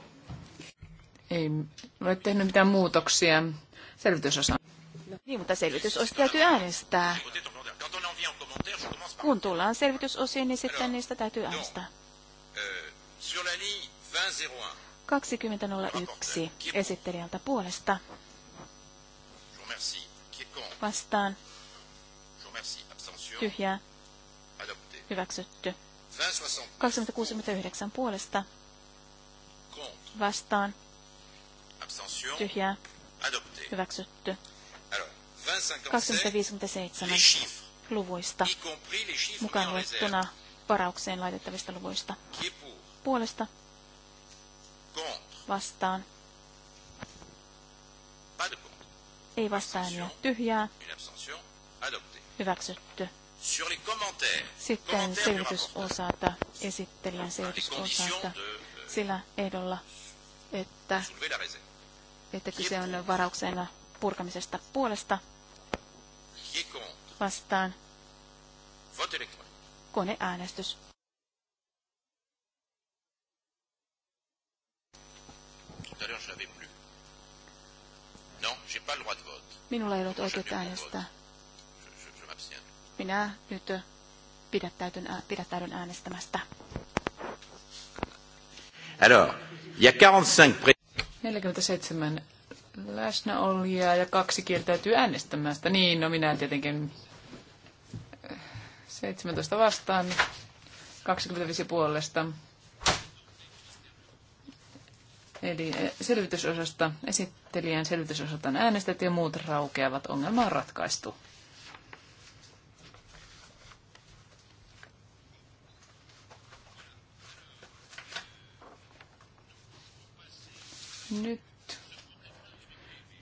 Ei ole tehnyt mitään muutoksia. Selvitysosa. niin, mutta selvitysosa täytyy äänestää. Kun tullaan selvitysosiin, niin sitten niistä täytyy äänestää. 2001 euh, esittelijältä puolesta vastaan. Tyhjää. Hyväksytty. 2069 puolesta. Vastaan. Tyhjää. Hyväksytty. 2057 luvuista, mukaan luettuna varaukseen laitettavista luvuista. Puolesta vastaan ei vastaan ja tyhjää. Hyväksytty. Sitten selvitysosalta, esittelijän selvitysosalta, sillä ehdolla, että, että kyse on varauksena purkamisesta puolesta vastaan koneäänestys. Non, j'ai pas le droit de Minulla ei ollut oikeutta äänestää. Minä nyt pidättäydyn, pidättäydyn äänestämästä. Alors, y a 47 läsnäolijaa ja kaksi kieltäytyy äänestämästä. Niin, no minä tietenkin 17 eh, vastaan, 25 puolesta. Eli eh, selvitysosasta, esittelijän selvitysosasta on ja muut raukeavat. Ongelma on ratkaistu. Nyt.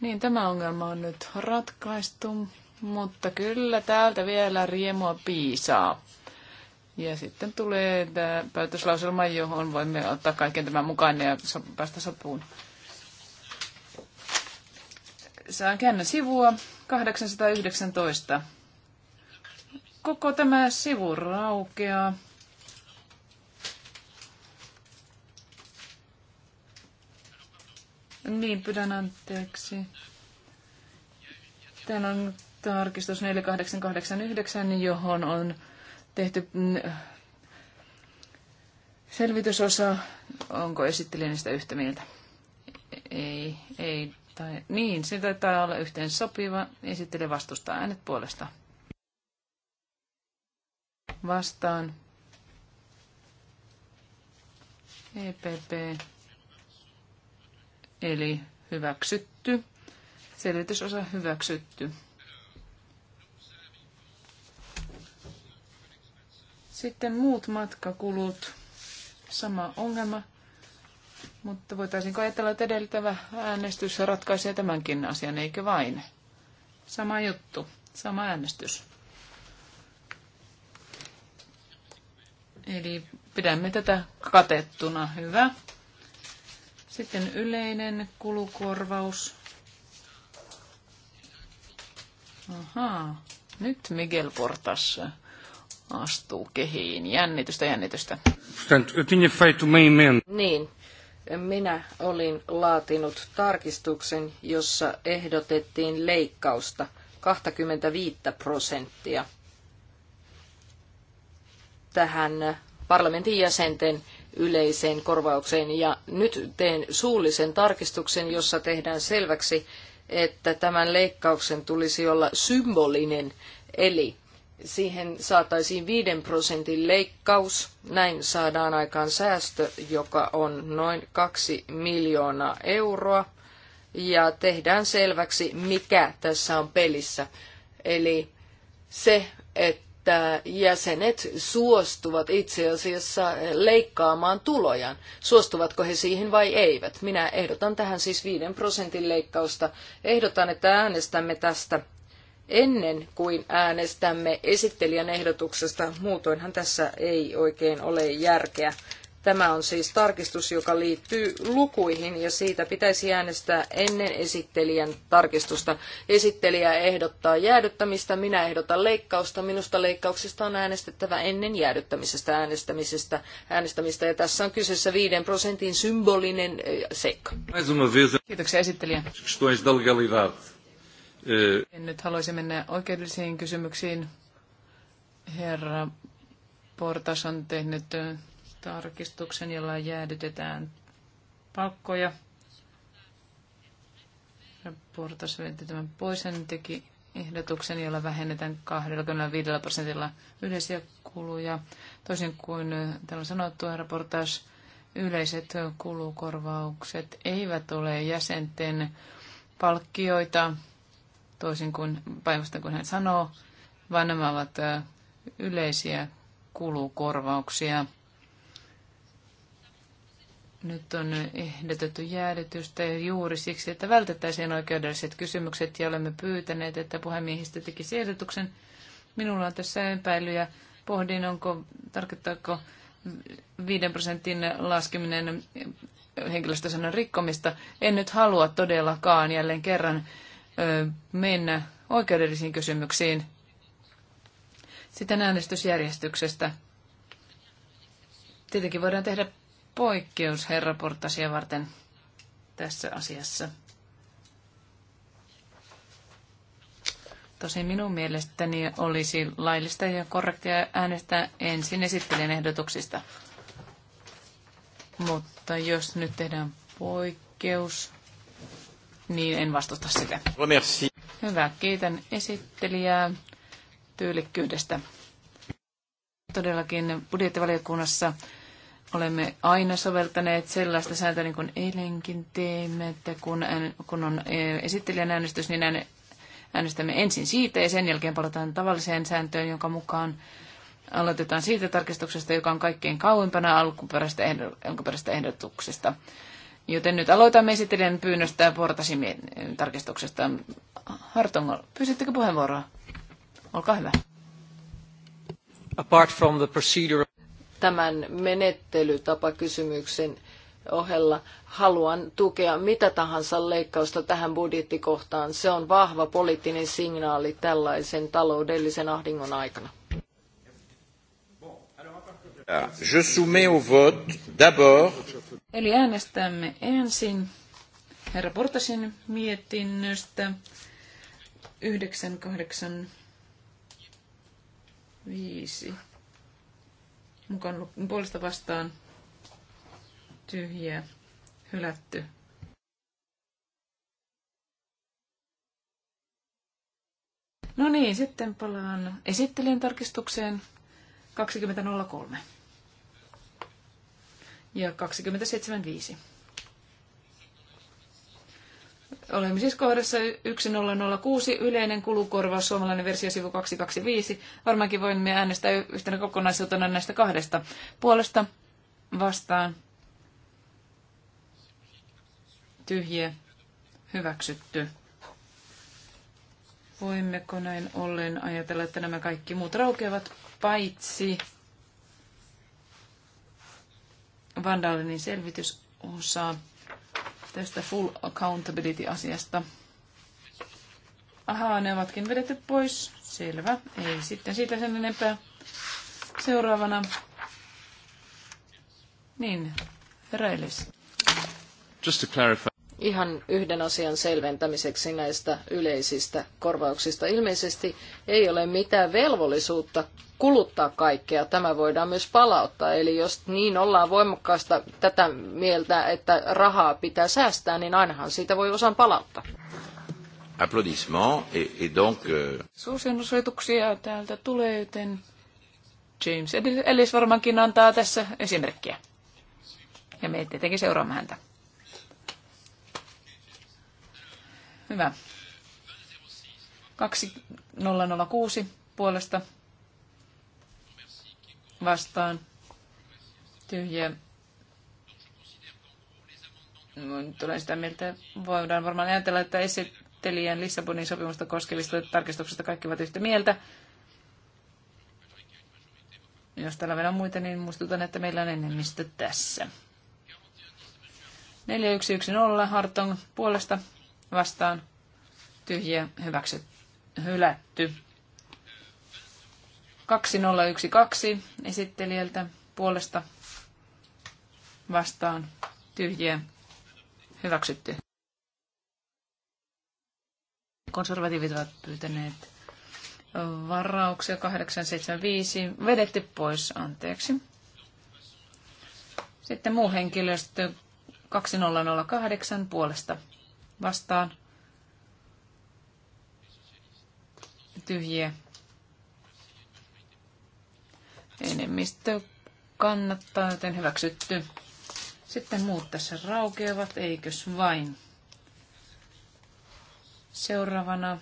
Niin, tämä ongelma on nyt ratkaistu, mutta kyllä täältä vielä riemua piisaa. Ja sitten tulee tämä päätöslauselma, johon voimme ottaa kaiken tämän mukaan ja so- päästä sopuun. Saan käännä sivua 819. Koko tämä sivu raukeaa. Niin, pyydän anteeksi. Täällä on tarkistus 4889, johon on tehty mm, selvitysosa. Onko esittelijästä yhtä mieltä? Ei, ei. Tai, niin, se taitaa olla yhteen sopiva. Esittelijä vastustaa äänet puolesta. Vastaan. EPP. Eli hyväksytty. Selvitysosa hyväksytty. Sitten muut matkakulut. Sama ongelma. Mutta voitaisiinko ajatella, että edeltävä äänestys ratkaisee tämänkin asian, eikö vain? Sama juttu, sama äänestys. Eli pidämme tätä katettuna. Hyvä. Sitten yleinen kulukorvaus. Ahaa. Nyt Miguel Portas astuu kehiin. Jännitystä, jännitystä. Uh, niin, minä olin laatinut tarkistuksen, jossa ehdotettiin leikkausta 25 prosenttia tähän parlamentin jäsenten yleiseen korvaukseen. Ja nyt teen suullisen tarkistuksen, jossa tehdään selväksi, että tämän leikkauksen tulisi olla symbolinen, eli siihen saataisiin 5 prosentin leikkaus. Näin saadaan aikaan säästö, joka on noin 2 miljoonaa euroa. Ja tehdään selväksi, mikä tässä on pelissä. Eli se, että jäsenet suostuvat itse asiassa leikkaamaan tulojaan. Suostuvatko he siihen vai eivät? Minä ehdotan tähän siis 5 prosentin leikkausta. Ehdotan, että äänestämme tästä ennen kuin äänestämme esittelijän ehdotuksesta. Muutoinhan tässä ei oikein ole järkeä. Tämä on siis tarkistus, joka liittyy lukuihin ja siitä pitäisi äänestää ennen esittelijän tarkistusta. Esittelijä ehdottaa jäädyttämistä, minä ehdotan leikkausta. Minusta leikkauksesta on äänestettävä ennen jäädyttämisestä äänestämisestä, äänestämistä ja tässä on kyseessä viiden prosentin symbolinen seikka. Kiitoksia esittelijä. En nyt haluaisi mennä oikeudellisiin kysymyksiin. Herra Portas on tehnyt tarkistuksen, jolla jäädytetään palkkoja. Herra Portas veti tämän pois. Hän teki ehdotuksen, jolla vähennetään 25 prosentilla yleisiä kuluja. Toisin kuin täällä on sanottu, herra Portas, yleiset kulukorvaukset eivät ole jäsenten palkkioita toisin kuin päivästä kun hän sanoo, vaan nämä ovat yleisiä kulukorvauksia. Nyt on ehdotettu jäädytystä juuri siksi, että vältettäisiin oikeudelliset kysymykset ja olemme pyytäneet, että puhemiehistä tekisi ehdotuksen. Minulla on tässä epäilyjä. Pohdin, onko, tarkoittaako 5 prosentin laskeminen henkilöstösäännön rikkomista. En nyt halua todellakaan jälleen kerran mennä oikeudellisiin kysymyksiin. Sitten äänestysjärjestyksestä. Tietenkin voidaan tehdä poikkeus herraporttasia varten tässä asiassa. Tosin minun mielestäni olisi laillista ja korrektia äänestää ensin esittelijän ehdotuksista. Mutta jos nyt tehdään poikkeus, niin en vastusta sitä. Merci. Hyvä, kiitän esittelijää tyylikkyydestä. Todellakin budjettivaliokunnassa olemme aina soveltaneet sellaista sääntöä, niin kuin eilenkin teimme, että kun, kun on e, esittelijän äänestys, niin äänestämme ensin siitä ja sen jälkeen palataan tavalliseen sääntöön, jonka mukaan aloitetaan siitä tarkistuksesta, joka on kaikkein kauimpana alkuperäisestä, alkuperäisestä ehdotuksesta. Joten nyt aloitamme esittelijän pyynnöstä portasimien tarkistuksesta. Hartongo, pyysittekö puheenvuoroa? Olkaa hyvä. Apart from the procedure... Tämän menettelytapakysymyksen ohella haluan tukea mitä tahansa leikkausta tähän budjettikohtaan. Se on vahva poliittinen signaali tällaisen taloudellisen ahdingon aikana. Euh, je soumets au vote d'abord Eli äänestämme ensin herra Portasin mietinnöstä 985 mukaan puolesta vastaan tyhjiä hylätty. No niin, sitten palaan esittelijän tarkistukseen 2003 ja 27.5. Olemme siis kohdassa 1006, yleinen kulukorvaus, suomalainen versio sivu 225. Varmaankin voimme äänestää yhtenä kokonaisuutena näistä kahdesta puolesta vastaan. Tyhjä, hyväksytty. Voimmeko näin ollen ajatella, että nämä kaikki muut raukeavat paitsi Vandalinin osaa tästä full accountability-asiasta. Ahaa, ne ovatkin vedetty pois. Selvä. Ei sitten siitä sen enempää. Seuraavana. Niin, Reilis. Just to clarify ihan yhden asian selventämiseksi näistä yleisistä korvauksista. Ilmeisesti ei ole mitään velvollisuutta kuluttaa kaikkea. Tämä voidaan myös palauttaa. Eli jos niin ollaan voimakkaasta tätä mieltä, että rahaa pitää säästää, niin ainahan siitä voi osan palauttaa. Applaudissement et, et donc... Euh, Suosionosoituksia täältä tulee, joten James Ellis varmaankin antaa tässä esimerkkiä. Ja me tietenkin seuraamme häntä. Hyvä. 2006 puolesta vastaan tyhjä. Tulen sitä mieltä, voidaan varmaan ajatella, että esittelijän Lissabonin sopimusta koskevista tarkistuksista kaikki ovat yhtä mieltä. Jos täällä vielä on muita, niin muistutan, että meillä on enemmistö tässä. 4110 Hartong puolesta vastaan tyhjiä hyväksy, hylätty. 2012 esittelijältä puolesta vastaan tyhjiä hyväksytty. Konservatiivit ovat pyytäneet varauksia 875. Vedetty pois, anteeksi. Sitten muu henkilöstö 2008 puolesta vastaan tyhjiä. Enemmistö kannattaa, joten hyväksytty. Sitten muut tässä raukeavat, eikös vain. Seuraavana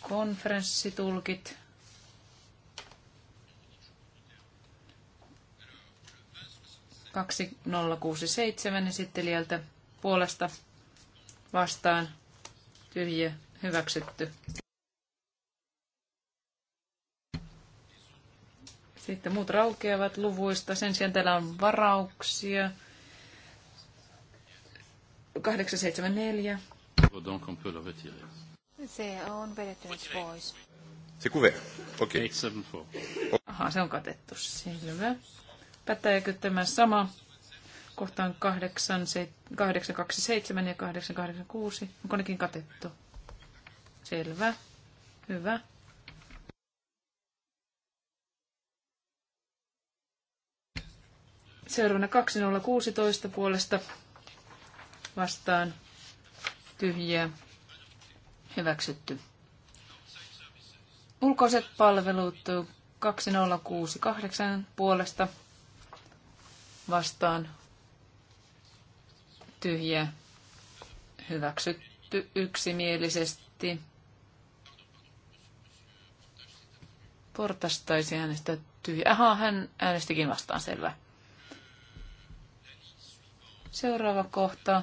konferenssitulkit. kaksi nolla kuusi seitsemän esittelijältä puolesta vastaan tyhjä hyväksytty. Sitten muut raukeavat luvuista. Sen sijaan täällä on varauksia. 874. Se on vedetty pois. Se kuvee. Okei. Okay. Aha, se on katettu. Selvä. Pätääkö tämä sama kohtaan 8, 827 ja 886. Onko nekin katettu? Selvä. Hyvä. Seuraavana 2016 puolesta vastaan tyhjiä hyväksytty. Ulkoiset palvelut 2068 puolesta vastaan tyhjä hyväksytty yksimielisesti. Portas taisi äänestää tyhjä. Aha, hän äänestikin vastaan, selvä. Seuraava kohta.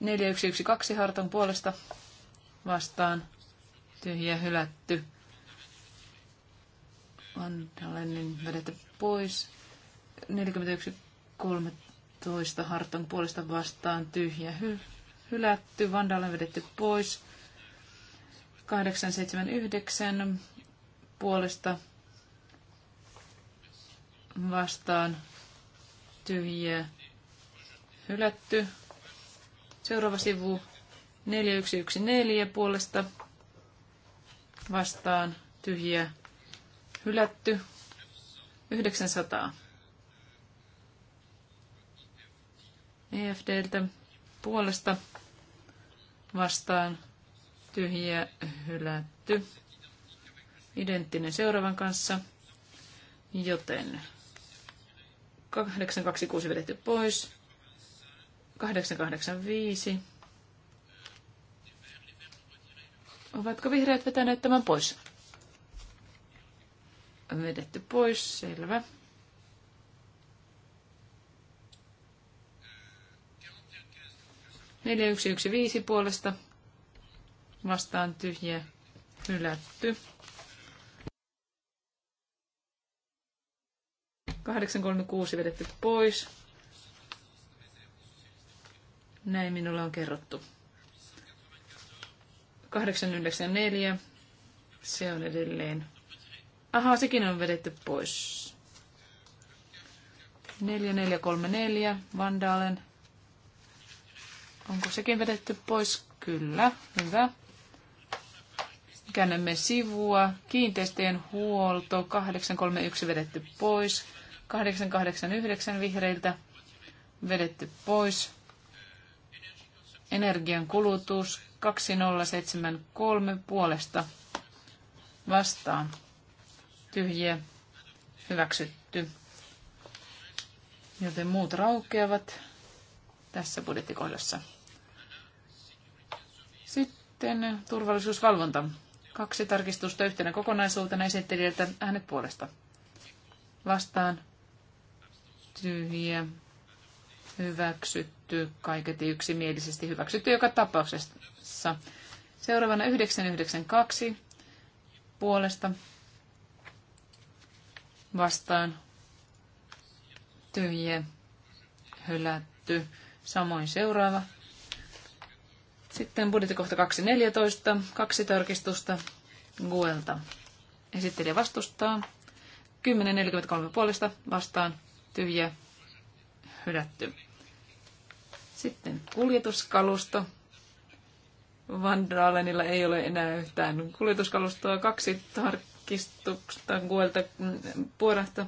4112 Harton puolesta vastaan. Tyhjä hylätty. Vandalenin vedetty pois. kolme toista Harton puolesta vastaan tyhjä hy, hylätty, on vedetty pois. 879 puolesta vastaan tyhjä hylätty. Seuraava sivu 4114 puolesta vastaan tyhjä hylätty. 900 EFDltä puolesta vastaan tyhjiä hylätty. Identtinen seuraavan kanssa, joten 826 vedetty pois. 885. Ovatko vihreät vetäneet tämän pois? Vedetty pois, selvä. 4115 puolesta vastaan tyhjä hylätty. 836 vedetty pois. Näin minulle on kerrottu. 894. Se on edelleen. Ahaa, sekin on vedetty pois. 4434 Vandaalen Onko sekin vedetty pois? Kyllä, hyvä. Käännämme sivua. Kiinteistöjen huolto 831 vedetty pois. 889 vihreiltä vedetty pois. Energian kulutus 2073 puolesta vastaan. Tyhjiä hyväksytty. Joten muut raukeavat tässä budjettikohdassa. Sitten turvallisuusvalvonta. Kaksi tarkistusta yhtenä kokonaisuutena esittelijältä hänet puolesta. Vastaan. tyhjä Hyväksytty. Kaiketi yksimielisesti hyväksytty joka tapauksessa. Seuraavana 992 puolesta. Vastaan. tyhjä Hylätty. Samoin seuraava sitten budjettikohta 214, kaksi tarkistusta Guelta. Esittelijä vastustaa. 10.43 puolesta vastaan tyhjä hylätty. Sitten kuljetuskalusto. Van ei ole enää yhtään kuljetuskalustoa. Kaksi tarkistusta Guelta puolesta.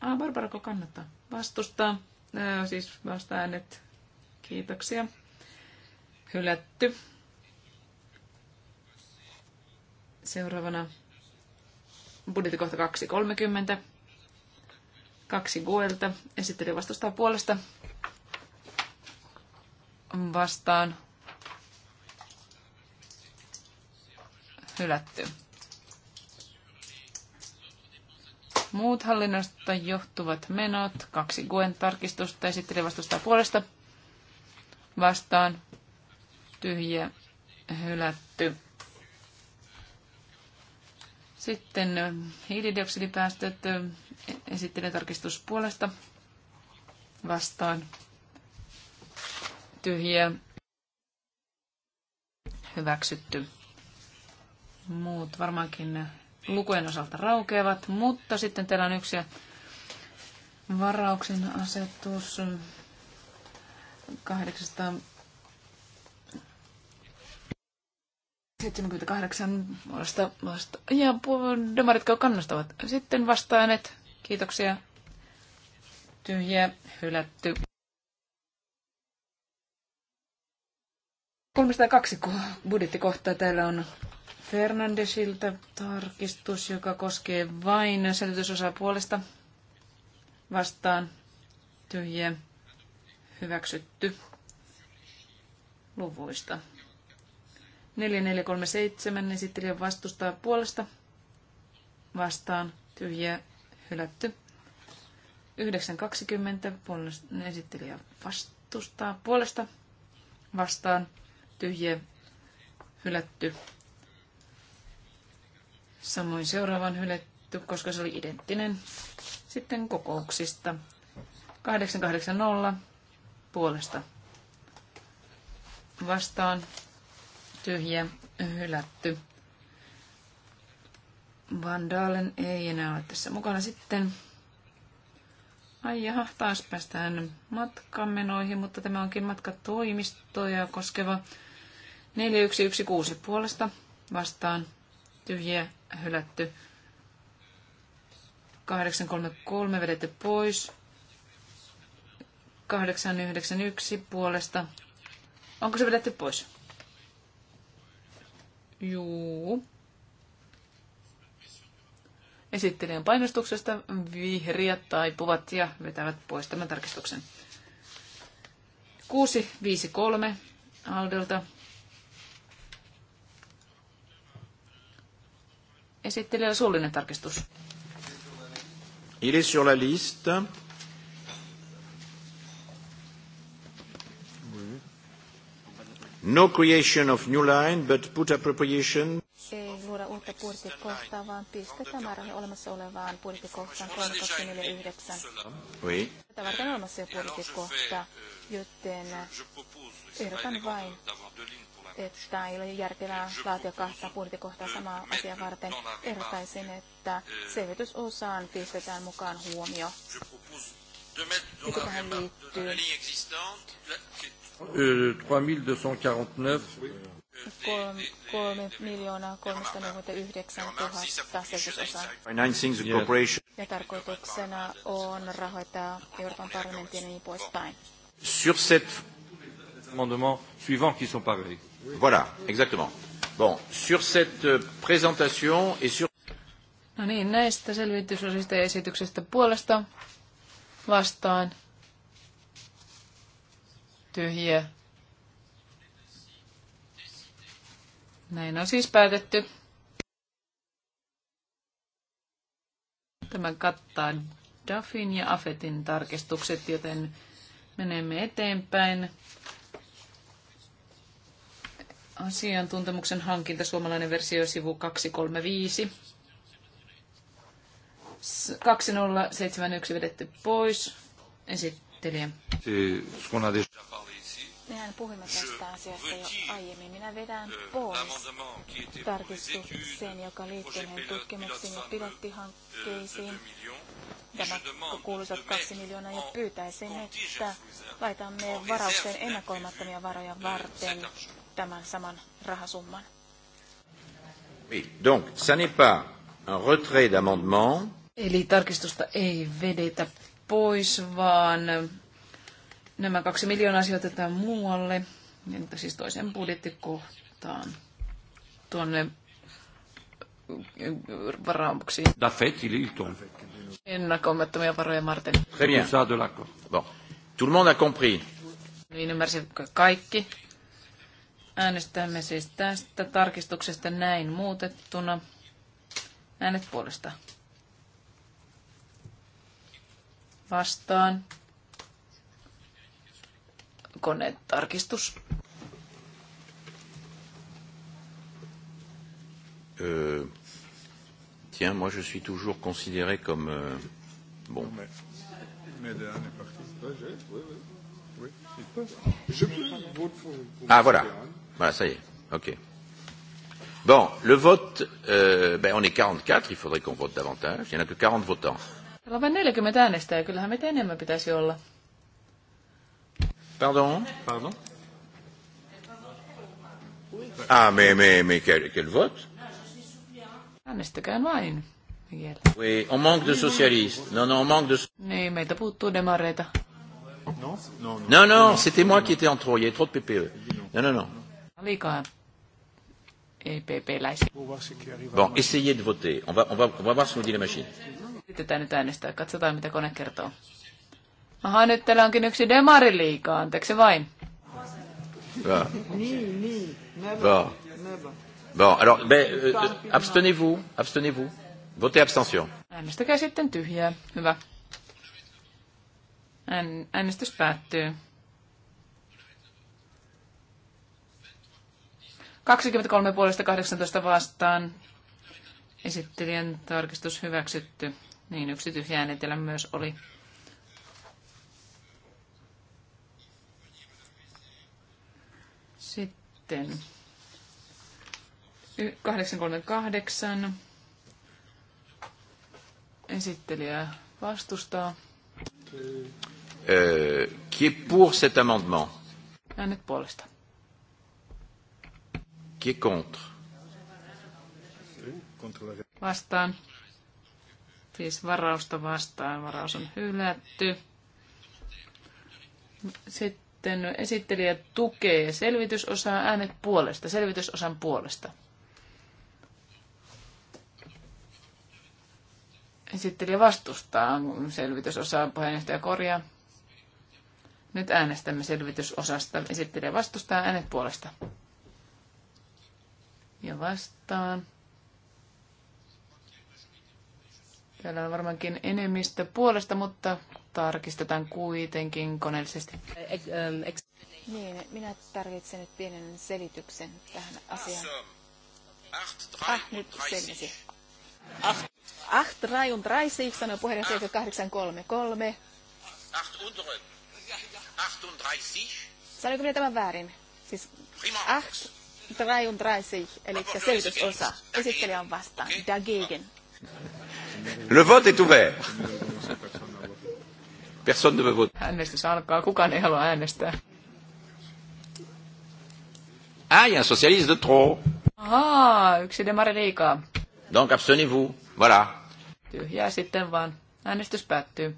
Ah, Barbarako kannattaa. Vastustaa. No, siis vasta äänet. Kiitoksia hylätty. Seuraavana budjettikohta 2.30. Kaksi Goelta. Esitteli vastustaa puolesta. Vastaan. Hylätty. Muut hallinnosta johtuvat menot. Kaksi Guen tarkistusta. Esitteli vastustaa puolesta. Vastaan tyhjiä hylätty. Sitten hiilidioksidipäästöt esittelen tarkistus puolesta vastaan tyhjiä hyväksytty. Muut varmaankin lukujen osalta raukeavat, mutta sitten teillä on yksi varauksen asetus 800 78 puolesta vasta. Ja demaritko kannustavat. Sitten vastaanet. Kiitoksia. Tyhjä, hylätty. 302 budjettikohtaa täällä on Fernandesilta tarkistus, joka koskee vain selitysosaa puolesta vastaan tyhjä hyväksytty luvuista. 4437 esittelijän vastustaa puolesta. Vastaan tyhjä hylätty. 920 esittelijä vastustaa puolesta. Vastaan tyhjä hylätty. Samoin seuraavan hylätty, koska se oli identtinen. Sitten kokouksista. 880 puolesta. Vastaan tyhjä, hylätty. Van Dalen ei enää ole tässä mukana sitten. Ai jaha, taas päästään matkamenoihin, mutta tämä onkin matkatoimistoja koskeva 4116 puolesta vastaan tyhjiä hylätty. 833 vedetty pois. 891 puolesta. Onko se vedetty pois? Juu. Esittelijän painostuksesta vihreät taipuvat ja vetävät pois tämän tarkistuksen. 653 Aldelta. Esittelijällä suullinen tarkistus. Il est sur la liste. No creation of new line, but put appropriation. Ei luoda uutta budjettikohtaa, vaan pistetään määräraha olemassa olevaan budjettikohtaan 3249. Oui. Tätä varten olemassa jo budjettikohta, euh, joten ehdotan vain, että ei ole järkevää laatia kahta budjettikohtaa samaa asiaa varten. Ehdotaisin, että euh, selvitysosaan pistetään mukaan huomio. Ja tähän liittyy 3249 3 miljoonaa 349 000 selvitysosaa. Ja tarkoituksena on rahoittaa Euroopan parlamentin ja niin poispäin. Sur cet amendement suivant qui sont parés. Voilà, exactement. Bon, sur cette euh, présentation et sur... No niin, näistä selvitysosista ja esityksestä puolesta vastaan tyhjiä. Näin on siis päätetty. Tämä kattaa Duffin ja Afetin tarkistukset, joten menemme eteenpäin. Asiantuntemuksen hankinta, suomalainen versio, sivu 235. 2071 vedetty pois. Esittelijä. Siis mehän puhuimme tästä asiasta jo aiemmin. Minä vedän pois tarkistuksen, joka liittyy näihin tutkimuksiin ja pilottihankkeisiin. Tämä kuuluisat kaksi miljoonaa ja pyytäisin, että laitamme varausten ennakoimattomia varoja varten tämän saman rahasumman. donc, ça n'est pas un retrait d'amendement. Eli tarkistusta ei vedetä pois, vaan Nämä kaksi miljoonaa sijoitetaan muualle, siis toisen budjettikohtaan, tuonne äh, varauksiin. Ennakoimattomia varoja, Martin. Très bien. Bon. Tout le monde a compris. Niin ymmärsivätkö kaikki? Äänestämme siis tästä tarkistuksesta näin muutettuna. Äänet puolesta. Vastaan konetarkistus. Euh, tiens, moi je suis toujours considéré comme... Euh, bon. ah voilà, voilà, ça y est, ok. Bon, le vote, euh, ben on est 44, il faudrait qu'on vote davantage. Il n'y en a que 40 votants. Ollaan vain 40 äänestäjä, kyllähän meitä enemmän pitäisi olla. Pardon Pardon Ah, mais, mais, mais quel, quel vote Äänestäkää vain. Miguel. Oui, on manque de socialistes. Non, non, on manque de... Niin, meiltä puuttuu demareita. Non, non, non, non c'était moi qui étais en trop. Il y avait trop de PPE. Non, non, non. Liikaa EPP-läisiä. Bon, essayez de voter. On va, on va, on va voir ce que nous dit la machine. Yritetään nyt äänestää. Katsotaan, mitä kone kertoo. Aha, nyt teillä onkin yksi demari liikaa, anteeksi vain. Bon. Niin, niin. Bon. Bon, alors, ben, euh, euh, abstenez-vous, abstenez-vous. Votez abstention. Äänestäkää sitten tyhjää. Hyvä. Ään, äänestys päättyy. 23 puolesta 18 vastaan. Esittelijän tarkistus hyväksytty. Niin yksi tyhjä äänetellä myös oli. Sitten 838 esittelijä vastustaa. Euh, qui est pour cet amendement Äänet puolesta. Qui est contre Vastaan. Siis varausta vastaan. Varaus on hylätty. Sitten sitten esittelijä tukee selvitysosaa äänet puolesta, selvitysosan puolesta. Esittelijä vastustaa selvitysosaa, puheenjohtaja korjaa. Nyt äänestämme selvitysosasta. Esittelijä vastustaa äänet puolesta. Ja vastaan. Täällä on varmaankin enemmistö puolesta, mutta tarkistetaan kuitenkin koneellisesti. Niin, minä tarvitsen nyt pienen selityksen tähän asiaan. Ah, nyt selvisi. Acht rajun traisi, sanoi puheenjohtaja 833. Sanoinko minä tämän väärin? Siis acht rajun traisi, eli selitysosa. Esittelijä on vastaan. Dagegen. Le vote est ouvert. Personne ne veut voter. Äänestys alkaa. Kukaan ei halua äänestää. Ah, il y a un socialiste de trop. Ah, yksi demari liikaa. Donc abstenez-vous. Voilà. Tyhjää sitten vaan. Äänestys päättyy.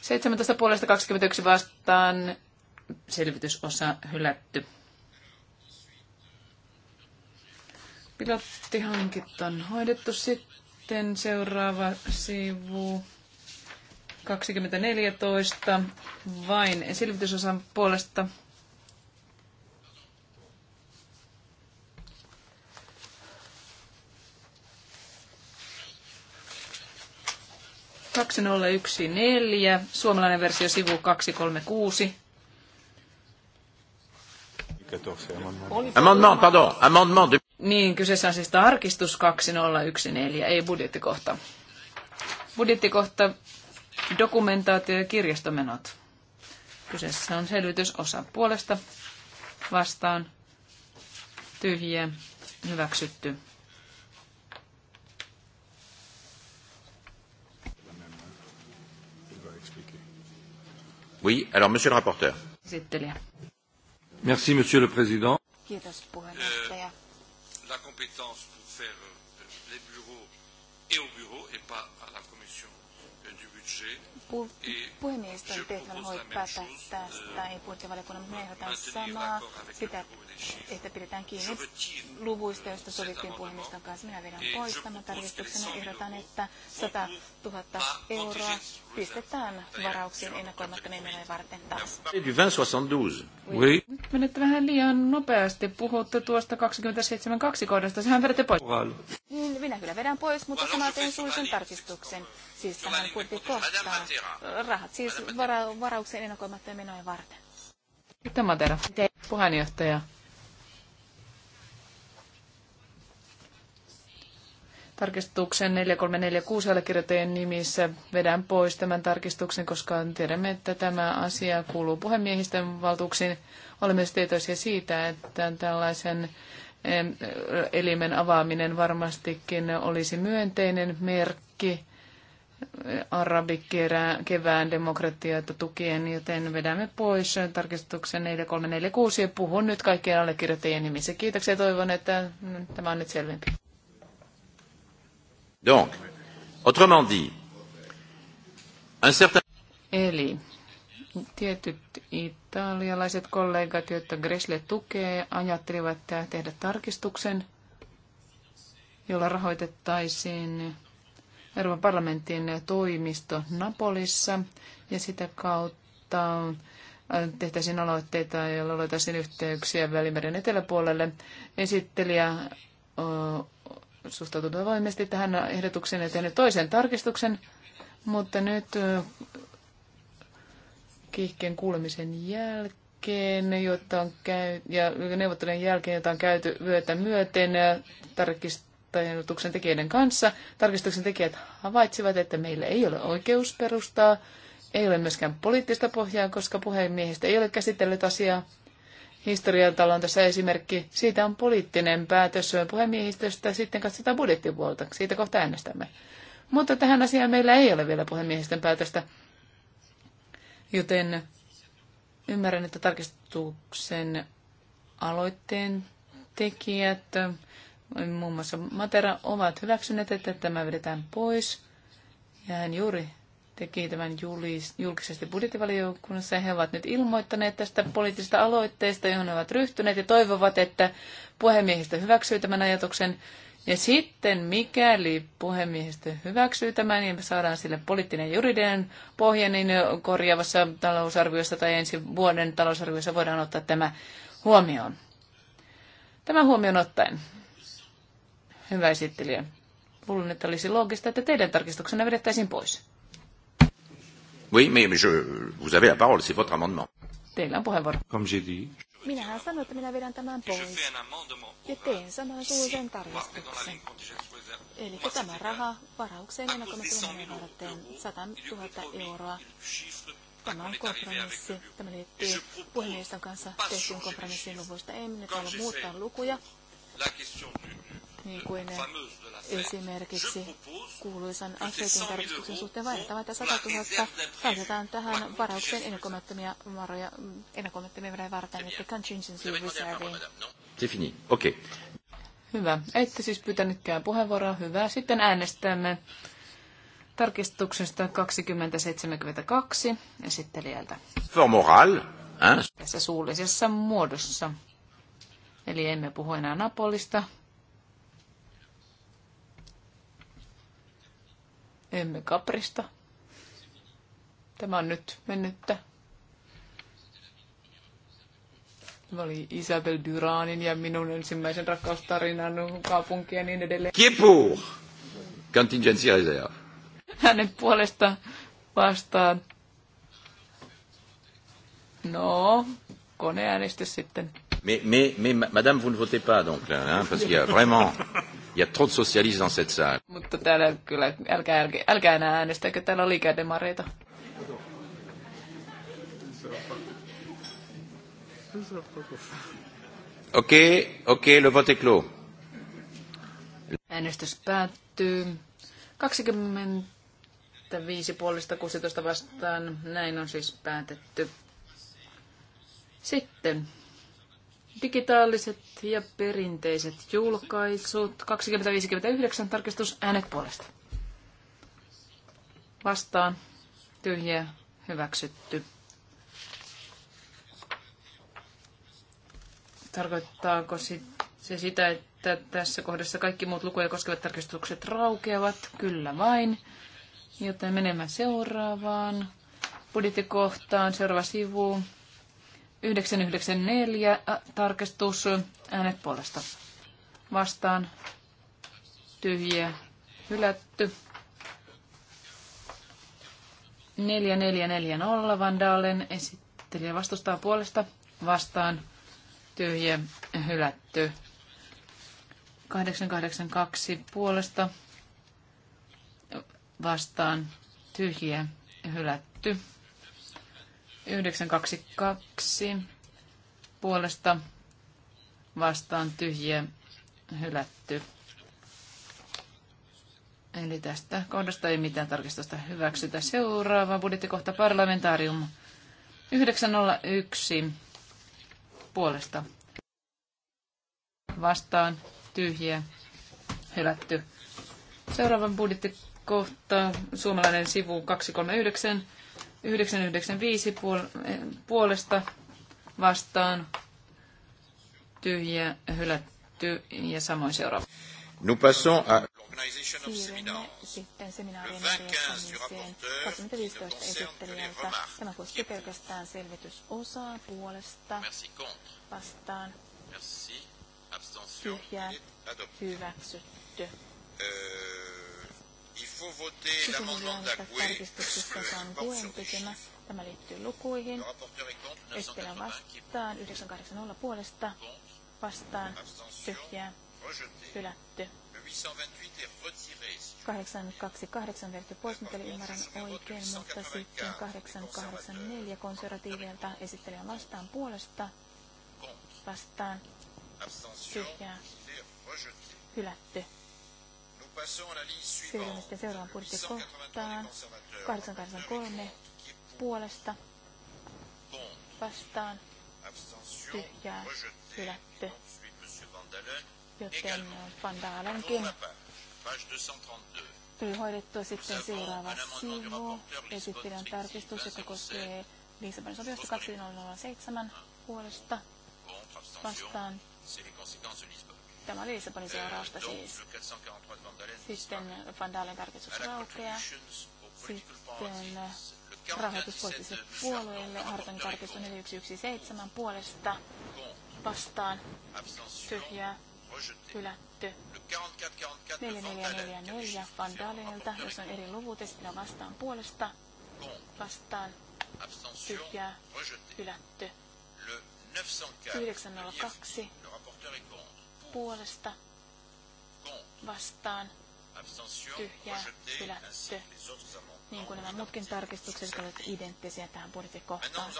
17 puolesta 21 vastaan selvitysosa hylätty. Pilottihankit on hoidettu sitten. Seuraava sivu 2014. Vain selvitysosan puolesta neljä. Suomalainen versio sivu 236. Amendement, pardon, amendement de... Niin, kyseessä on siis tarkistus 2014, ei budjettikohta. Budjettikohta dokumentaatio ja kirjastomenot. Kyseessä on selvitys osa puolesta vastaan tyhjiä hyväksytty. Oui, alors monsieur le rapporteur. Merci monsieur le président. Kiitos puheenjohtaja. Euh la compétence pour faire euh, les bureaux et au bureau et pas à la commission euh, du budget pu- puhemiesten tehtävän hoitaa tästä ja puhuttiin mutta me ehdotan samaa sitä, että pidetään kiinni luvuista, joista sovittiin puhemiesten kanssa. Minä vedän pois tämän tarkistuksen ja ehdotan, että 100 000 euroa pistetään varauksiin ennakoimattomien menojen varten taas. Oui. Nyt menette vähän liian nopeasti. Puhutte tuosta 27.2 kohdasta. Sehän vedätte pois niin minä kyllä vedän pois, mutta samalla teen suullisen tarkistuksen. Siis tähän kohtaa. Rahat siis vara- varauksen ennakoimattomien menojen varten. Mitä Matera? Puheenjohtaja. tarkistuksen 4346 allekirjoittajien nimissä vedän pois tämän tarkistuksen, koska tiedämme, että tämä asia kuuluu puhemiehisten valtuuksiin. Olemme tietoisia siitä, että tällaisen elimen avaaminen varmastikin olisi myönteinen merkki arabikevään demokratioita tukien, joten vedämme pois tarkistuksen 4346 ja puhun nyt kaikkien allekirjoittajien nimissä. Kiitoksia ja toivon, että tämä on nyt selvempi. Donc, autrement dit, un certain... Eli tietyt italialaiset kollegat, joita Gresle tukee, ajattelivat tehdä tarkistuksen, jolla rahoitettaisiin Euroopan parlamentin toimisto Napolissa ja sitä kautta äh, tehtäisiin aloitteita, joilla luotaisiin yhteyksiä Välimeren eteläpuolelle. Esittelijä suhtautui avoimesti tähän ehdotukseen ja tehnyt toisen tarkistuksen, mutta nyt kiihkeen kuulemisen jälkeen, jota on käy, ja neuvottelujen jälkeen, jota on käyty vyötä myöten tarkistuksen tekijöiden kanssa. Tarkistuksen tekijät havaitsivat, että meillä ei ole oikeusperustaa, ei ole myöskään poliittista pohjaa, koska puhemiehistä ei ole käsitellyt asiaa. Historiantalo on tässä esimerkki. Siitä on poliittinen päätös puhemiehistöstä, sitten katsotaan budjettipuolta. Siitä kohta äänestämme. Mutta tähän asiaan meillä ei ole vielä puhemiehistön päätöstä. Joten ymmärrän, että tarkistuksen aloitteen tekijät, muun muassa Matera, ovat hyväksyneet, että tämä vedetään pois. Ja hän juuri teki tämän julkisesti budjettivaliokunnassa he ovat nyt ilmoittaneet tästä poliittisesta aloitteesta, johon he ovat ryhtyneet ja toivovat, että puhemiehistä hyväksyy tämän ajatuksen ja sitten mikäli puhemiehistö hyväksyy tämän, niin saadaan sille poliittinen juridinen pohja, niin korjaavassa talousarviossa tai ensi vuoden talousarviossa voidaan ottaa tämä huomioon. Tämä huomioon ottaen, hyvä esittelijä, luulen, että olisi loogista, että teidän tarkistuksenne vedettäisiin pois. Oui, mais je, vous avez la parole, c'est votre amendement. Teillä on puheenvuoro. Comme j'ai dit. Minähän sanoin, että minä vedän tämän pois ja teen saman suuren tarjouksen. Eli tämä raha varaukseen ennakoimattoman varten 100 000 euroa. Tämä on kompromissi. Tämä liittyy puhemiehistön kanssa tehtyyn kompromissin luvusta. Ei nyt halua muuttaa lukuja niin kuin esimerkiksi kuuluisan Afrikin tarkistuksen suhteen vaihtavat, että 100 000 käytetään tähän varaukseen ennakoimattomia varoja, ennakoimattomia varoja varten, että contingency reserviin. Defini, okei. Hyvä. Ette siis pyytänytkään puheenvuoroa. Hyvä. Sitten äänestämme tarkistuksesta 2072 esittelijältä. Moral, Tässä suullisessa muodossa. Eli emme puhu enää Napolista, Emme kaprista. Tämä on nyt mennyttä. Tämä oli Isabel Duranin ja minun ensimmäisen rakkaustarinan kaupunki ja niin edelleen. Kipu! Contingency reserve. Hänen puolesta vastaan. No, koneäänestys sitten. Mais, mais, mais, madame, vous ne votez pas donc là, hein, parce qu'il y a vraiment Il y a trop de socialistes dans cette salle. Mutta täällä kyllä, älkää, älkää, enää äänestäkö, täällä on liikaa demareita. Okei, okay, okei, okay, le vote est clos. Äänestys päättyy. 25 puolesta 16 vastaan. Näin on siis päätetty. Sitten Digitaaliset ja perinteiset julkaisut. 2059 tarkistus äänet puolesta. Vastaan. Tyhjä. Hyväksytty. Tarkoittaako se sitä, että tässä kohdassa kaikki muut lukuja koskevat tarkistukset raukeavat? Kyllä vain. Joten menemme seuraavaan budjettikohtaan. Seuraava sivu. 994 tarkistus äänet puolesta. Vastaan tyhjiä hylätty. 4440 Van Dalen esittelijä vastustaa puolesta. Vastaan tyhjiä hylätty. 882 puolesta vastaan tyhjiä hylätty. 922 puolesta vastaan tyhjä hylätty. Eli tästä kohdasta ei mitään tarkistusta hyväksytä. Seuraava budjettikohta parlamentarium 901 puolesta vastaan tyhjä hylätty. Seuraavan budjettikohta suomalainen sivu 239 995 puolesta vastaan tyhjä hylätty ja samoin seuraava. Nous passons à l'organisation of seminar. Sitten seminaarin 2015 esittelijältä. Tämä koski pelkästään selvitysosaa puolesta vastaan. tyhjä hyväksytty. Euh... Sisällöllisistä tarkistuksista on Guen tekemä. Tämä liittyy lukuihin. Esittelen vastaan 980 puolesta vastaan tyhjää hylätty. 828 verti pois, mikäli ymmärrän oikein, mutta sitten 884 konservatiivilta esittelijä vastaan puolesta vastaan tyhjää hylätty. Siirrymme sitten seuraavaan budjettikohtaan. 83 puolesta vastaan tyhjää hylätty. Joten Van Dalenkin tuli hoidettua sitten seuraava sivu. esittelijän tarkistus, joka koskee Lisabonin sopimusta 2007 puolesta vastaan Tämä oli Lissabonin seurausta siis. Sitten Vandaalin tarkistus raukeaa. Sitten poistisi puolueille Harton tarkistus 4117 puolesta vastaan tyhjää hylätty. 4444 Vandaalinilta, jos on eri luvut esitellä vastaan puolesta vastaan tyhjää hylätty. 902 puolesta vastaan tyhjää hylätty, niin kuin nämä muutkin tarkistukset ovat identtisiä tähän budjettikohtaan.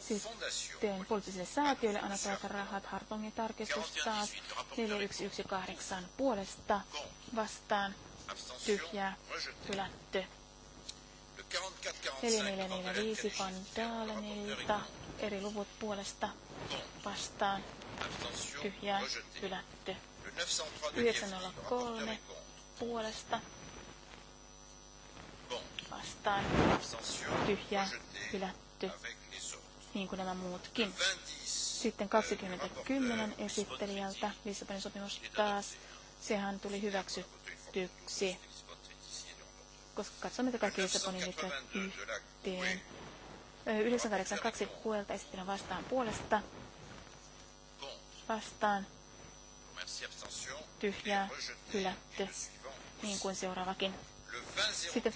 Sitten poliittisille säätiöille annetaan rahat Hartongin tarkistus taas 4118 puolesta vastaan tyhjää hylätty. 4445 Van eri luvut puolesta vastaan tyhjää hylätty. 903 puolesta vastaan tyhjää hylätty, niin kuin nämä muutkin. Sitten 2010 esittelijältä Lissabonin sopimus taas. Sehän tuli hyväksyttyksi, koska katsomme, että kaikki Lissabonin liittyvät yhteen. 982 puolelta esittelijän vastaan puolesta vastaan tyhjää hylätty, niin kuin seuraavakin. Sitten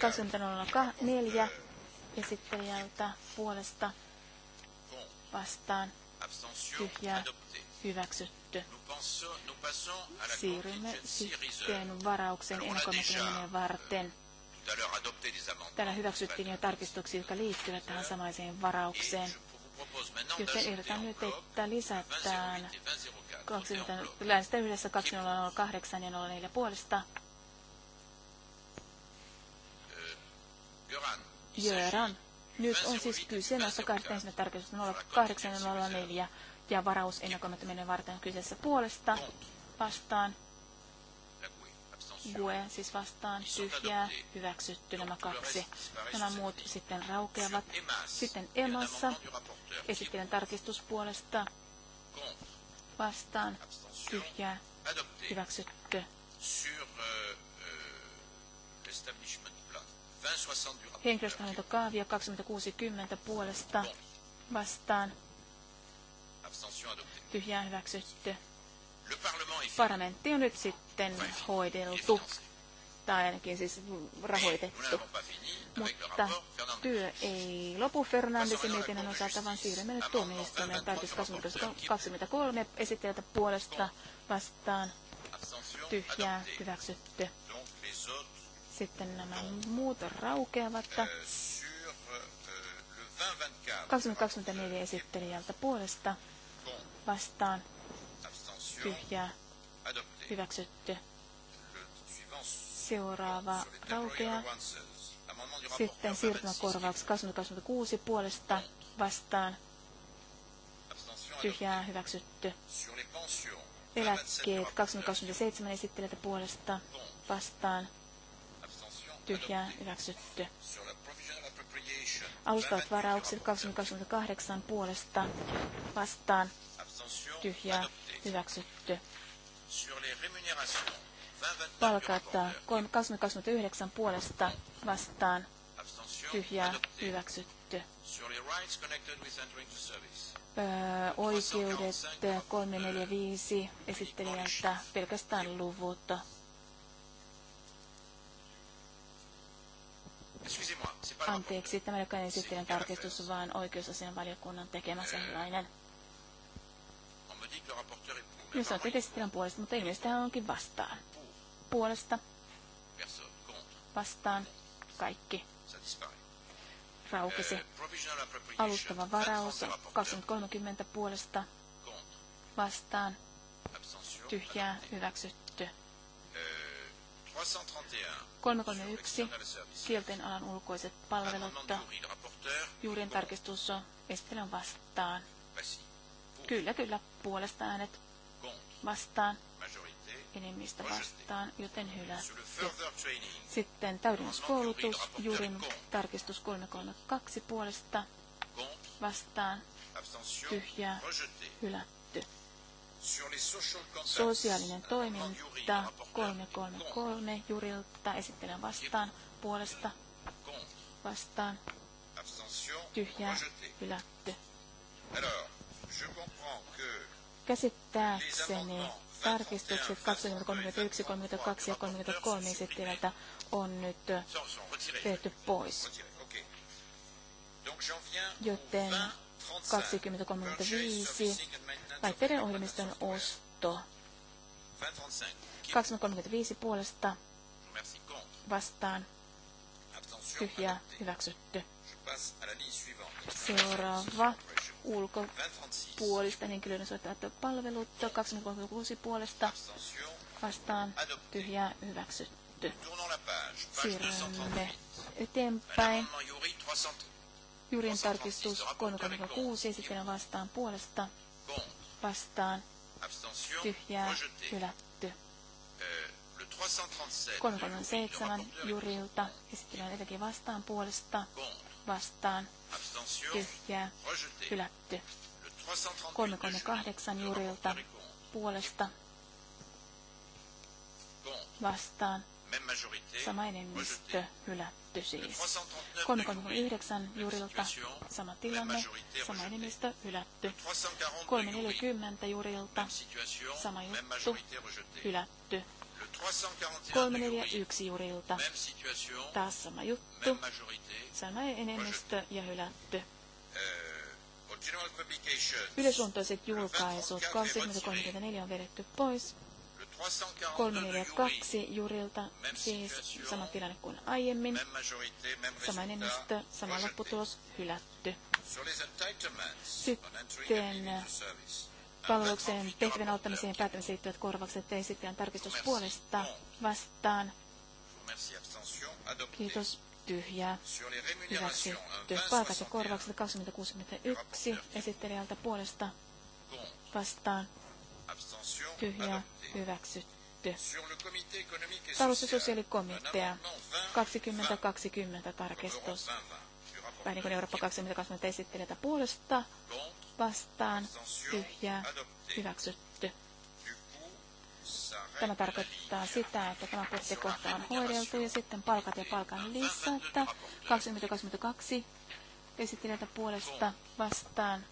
20.04 esittelijältä puolesta vastaan tyhjää hyväksytty. Siirrymme sitten varauksen ennakoimattomien varten. Täällä hyväksyttiin jo tarkistuksia, jotka liittyvät tähän samaiseen varaukseen. Joten ehdotan nyt, että lisätään 20, yhdessä 2008 ja 04 puolesta. Jöran. Nyt on siis kyse näistä kahta ensimmäistä tarkistusta 08 ja 04 ja varaus ennakoimattomien varten kyseessä puolesta vastaan Bue, siis vastaan, tyhjää, hyväksytty nämä kaksi. Nämä muut sitten raukeavat. Sitten emassa esittelen tarkistuspuolesta vastaan, tyhjää, hyväksytty. Henkilöstöhallintokaavio 2060 puolesta vastaan, tyhjää, hyväksytty. Parlamentti on nyt sitten hoideltu, tai ainakin siis rahoitettu. Mutta työ ei lopu Fernandesin mietinnän osalta, vaan siirrymme nyt tuomioistuimeen tarkistuskasvuudesta 23 esittäjältä puolesta vastaan tyhjää hyväksytty. Sitten nämä muut raukeavat. 2024 esittelijältä puolesta vastaan tyhjää hyväksytty. Seuraava raukea. Sitten siirtymäkorvauksessa 2026 puolesta vastaan tyhjää hyväksytty. Eläkkeet 2027 esittelijätä puolesta vastaan tyhjää hyväksytty. Alustavat varaukset 2028 puolesta vastaan tyhjää hyväksytty. Palkat 29 puolesta vastaan tyhjää hyväksytty. Öö, oikeudet 345 esittelijältä pelkästään luvut. Anteeksi, tämä ei ole esittelijän tarkistus, vaan oikeusasian valiokunnan tekemä euh, sellainen. Jos on esittelen puolesta, mutta ilmeisesti hän onkin vastaan. Puolesta. Vastaan. Kaikki. Raukesi. Alustava varaus 2030 puolesta. Vastaan. Tyhjää. Hyväksytty. 331. Euh, Kielten alan ulkoiset palvelut. Juurien tarkistus on esittelyn vastaan. Passi Kyllä, kyllä. Puolesta äänet vastaan. Enemmistö vastaan, joten hylätty. Sitten täydennyskoulutus. Jurin tarkistus 332 puolesta vastaan. Tyhjää. Hylätty. Sosiaalinen toiminta 333 Jurilta esittelen vastaan puolesta vastaan tyhjää hylätty. Käsittääkseni tarkistukset 2031, 32 ja 33 esittelijältä on nyt tehty pois. Joten 2035 laitteiden ohjelmiston osto. 2035 puolesta vastaan tyhjä hyväksytty. Seuraava ulkopuolisten henkilöiden soittamat palvelut. 236 puolesta vastaan tyhjää hyväksytty. Siirrymme eteenpäin. Jurin tarkistus 36 esittelen vastaan puolesta vastaan tyhjää hylätty. 337 jurilta esittelen etenkin vastaan puolesta vastaan tyhjää hylätty. 338 juurilta puolesta vastaan sama enemmistö hylätty siis. 339 juurilta sama tilanne, sama enemmistö hylätty. 340 juurilta sama juttu hylätty. 341 juurilta. Taas sama juttu. Sama enemmistö ja hylätty. Euh, Yleisluontoiset julkaisut 234 on vedetty pois. 342 juurilta, siis sama tilanne kuin aiemmin. Sama enemmistö, sama lopputulos, hylätty. Sitten palveluksen tehtävän ottamiseen ja päättämiseen liittyvät korvaukset esittäjän tarkistuspuolesta vastaan. Kiitos. Tyhjää. Hyväksytty. Palkat ja korvaukset 2061 esittelijältä puolesta vastaan. Tyhjää. Hyväksytty. Talous- ja sosiaalikomitea 2020 tarkistus. Päinikon Eurooppa 2020 esittelijältä puolesta vastaan tyhjää hyväksytty. Tämä tarkoittaa sitä, että tämä kohta on hoideltu ja sitten palkat ja palkan lisätä 2022 esittelijältä puolesta vastaan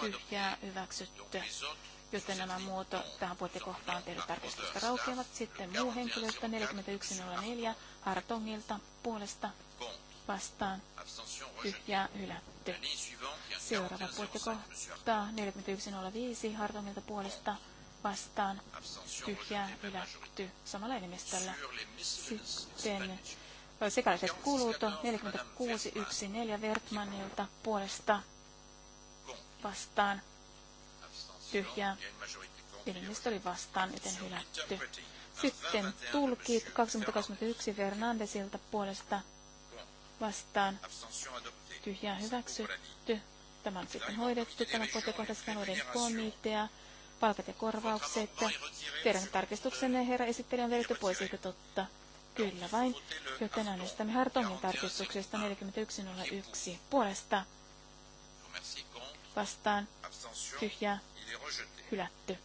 tyhjää hyväksytty joten nämä muoto tähän puittekohtaan tehdyt tarkistusta raukeavat. Sitten muu henkilöstö 4104 Hartongilta puolesta vastaan tyhjä hylätty. Seuraava puoltekohta 41.05 Hartomilta puolesta vastaan tyhjää hylätty samalla enemmistöllä. Sitten sekalaiset kulut 46.14 Vertmanilta puolesta vastaan tyhjää. Enemmistö oli vastaan, joten hylätty. Sitten tulkit 2021 Fernandesilta puolesta vastaan tyhjää hyväksytty. Tämä on sitten hoidettu. Tämä kohtekohtaisen alueiden komitea, palkat ja korvaukset. Teidän tarkistuksenne, herra esittelijä, on vedetty pois, eikö totta? Kyllä vain, joten äänestämme Hartongin tarkistuksesta 4101 puolesta vastaan tyhjää hylätty.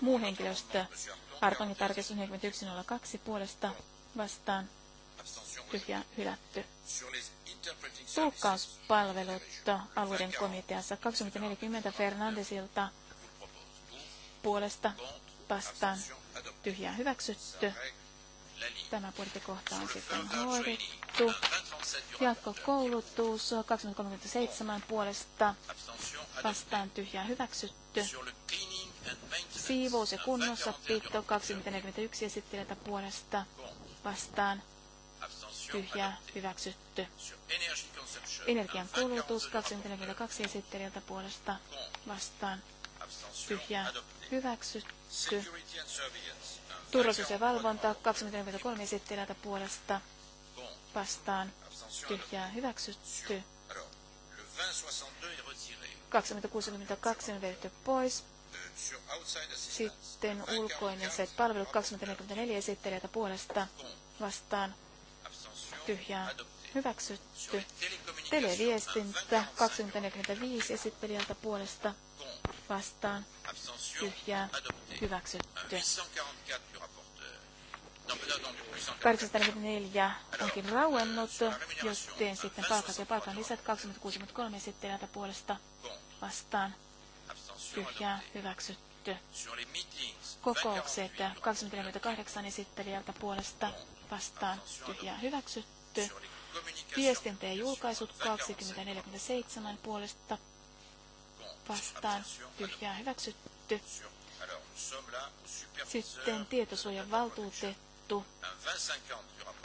Muu henkilöstö Hartongin tarkistus 4102 puolesta vastaan tyhjä hylätty. Tulkkauspalvelutta alueiden komiteassa 2040 Fernandesilta puolesta vastaan tyhjää hyväksytty. Tämä budjettikohta on sitten hoidettu. Jatkokoulutus 2037 puolesta vastaan tyhjää hyväksytty. Siivous ja kunnossapito 2041 esittelijätä puolesta vastaan tyhjä hyväksytty. Energian kulutus 242 esittelijältä puolesta vastaan tyhjä hyväksytty. Turvallisuus ja valvonta 243 esittelijältä puolesta vastaan tyhjä hyväksytty. 2062 on vedetty pois. Sitten ulkoinen set palvelut 2044 esittelijältä puolesta vastaan tyhjää hyväksytty. Televiestintä 2045 esittelijältä puolesta vastaan tyhjää hyväksytty. 844 onkin rauennut, jos teen sitten palkat ja palkan lisät 2063 esittelijältä puolesta vastaan tyhjää hyväksytty. Kokoukset 248 esittelijältä puolesta vastaan tyhjää hyväksytty hylätty. Viestintä ja julkaisut 2047 puolesta vastaan tyhjää hyväksytty. Sitten tietosuojan valtuutettu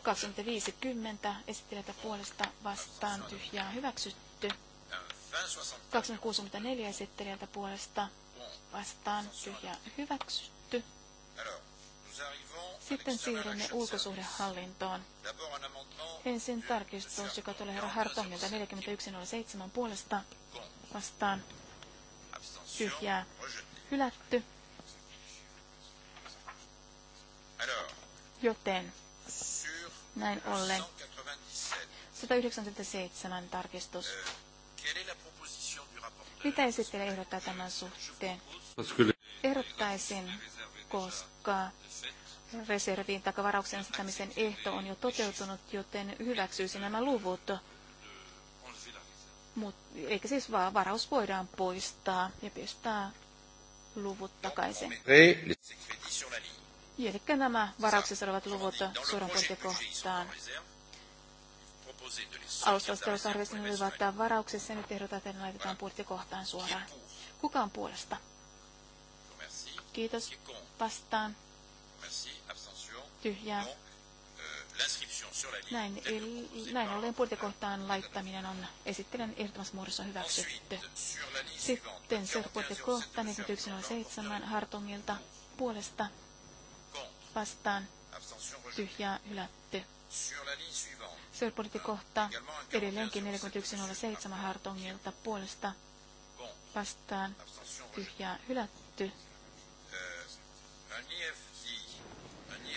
2050 esittelijätä puolesta vastaan tyhjää hyväksytty. 2064 esittelijältä puolesta vastaan tyhjää hyväksytty. Sitten siirrymme ulkosuhdehallintoon. Ensin tarkistus, joka tulee herra Hartongilta 4107 puolesta vastaan. Tyhjää hylätty. Joten näin ollen 197 tarkistus. Mitä esittelee ehdottaa tämän suhteen? Ehdottaisin, koska reserviin tai varauksen asettamisen ehto on jo toteutunut, joten hyväksyisi nämä luvut. Mut, eikä siis vaan varaus voidaan poistaa ja pistää luvut takaisin. Eli nämä varauksessa olevat luvut suoranpointikohtaan. Alustavassa arvioissa olivat varauksessa ja nyt ehdotetaan, että ne laitetaan kohtaan suoraan. Kuka on puolesta? Kiitos. Vastaan. Merci tyhjää. Euh, näin, eli, näin ollen puitekohtaan laittaminen on esittelen ehdottomassa muodossa hyväksytty. Sitten puitekohta 4107 Hartongilta puolesta vastaan tyhjää hylätty. Seurapuitekohta edelleenkin 4107 Hartongilta puolesta vastaan tyhjää hylätty. Euh,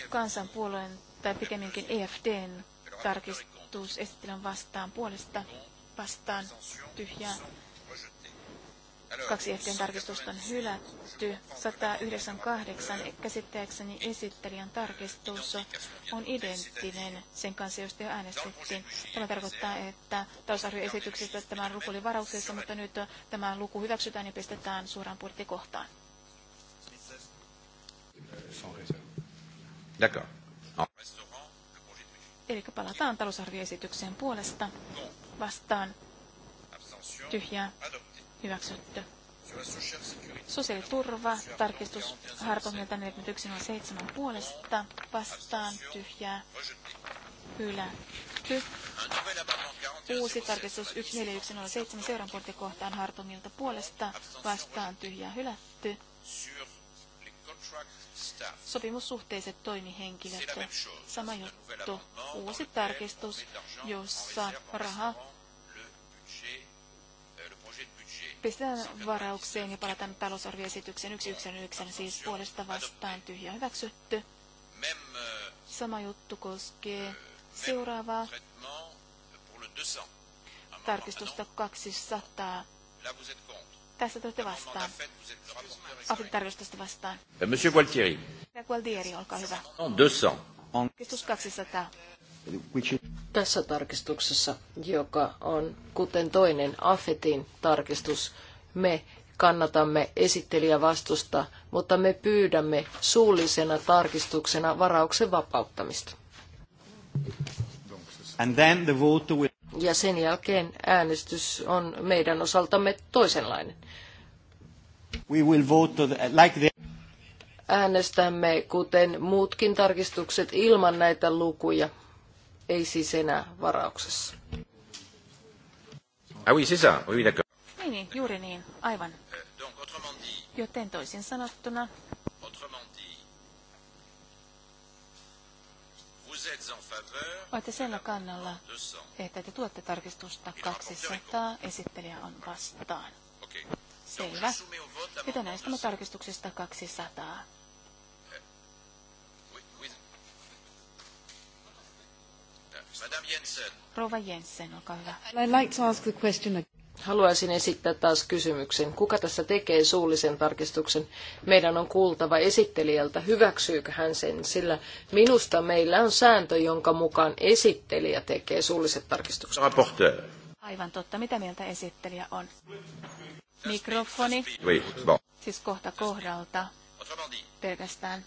kansanpuolueen tai pikemminkin EFDn tarkistus esitellään vastaan puolesta vastaan tyhjää. Kaksi EFDn tarkistusta on hylätty. 198 käsittääkseni esittelijän tarkistus on identtinen sen kanssa, josta jo äänestettiin. Tämä tarkoittaa, että talousarvioesityksestä tämä luku oli varauksessa, mutta nyt tämä luku hyväksytään ja pistetään suoraan budjettikohtaan. D'accord. No. Eli palataan talousarvioesitykseen puolesta. Vastaan. Tyhjää. Hyväksytty. Sosiaaliturva, tarkistus Hartongilta 41.7 puolesta, vastaan tyhjää, hylätty. Uusi tarkistus 14107 seuran kohtaan Hartongilta puolesta, vastaan tyhjää, hylätty sopimussuhteiset toimihenkilöt. Sama juttu. Uusi tarkistus, jossa raha euh, pistetään varaukseen ja palataan talousarvioesitykseen 119, siis puolesta vastaan tyhjä hyväksytty. Euh, Sama juttu koskee euh, seuraavaa tarkistusta 200. Tässä tulette vastaan. tarkastusta vastaan. Euh, Monsieur Gualtieri. Gualtieri, olkaa hyvä. 200. 200. Tässä tarkistuksessa, joka on kuten toinen AFETin tarkistus, me kannatamme esittelijävastusta, mutta me pyydämme suullisena tarkistuksena varauksen vapauttamista. And then the vote will... Ja sen jälkeen äänestys on meidän osaltamme toisenlainen. We will vote like the... Äänestämme kuten muutkin tarkistukset ilman näitä lukuja, ei siis enää varauksessa. Ah oui, c'est ça. Oui, d'accord. Niin, niin, juuri niin, aivan. Euh, Joten toisin sanottuna Olette sillä kannalla, että te tuotte tarkistusta 200, esittelijä on vastaan. Selvä. Mitä näistä tarkistuksista 200? Euh, euh, Rova Jensen, olkaa hyvä. I'd like to ask the question Haluaisin esittää taas kysymyksen. Kuka tässä tekee suullisen tarkistuksen? Meidän on kuultava esittelijältä, hyväksyykö hän sen, sillä minusta meillä on sääntö, jonka mukaan esittelijä tekee suulliset tarkistukset. Raporteur. Aivan totta. Mitä mieltä esittelijä on? Mikrofoni. Oui, bon. Siis kohta kohdalta. Pelkästään.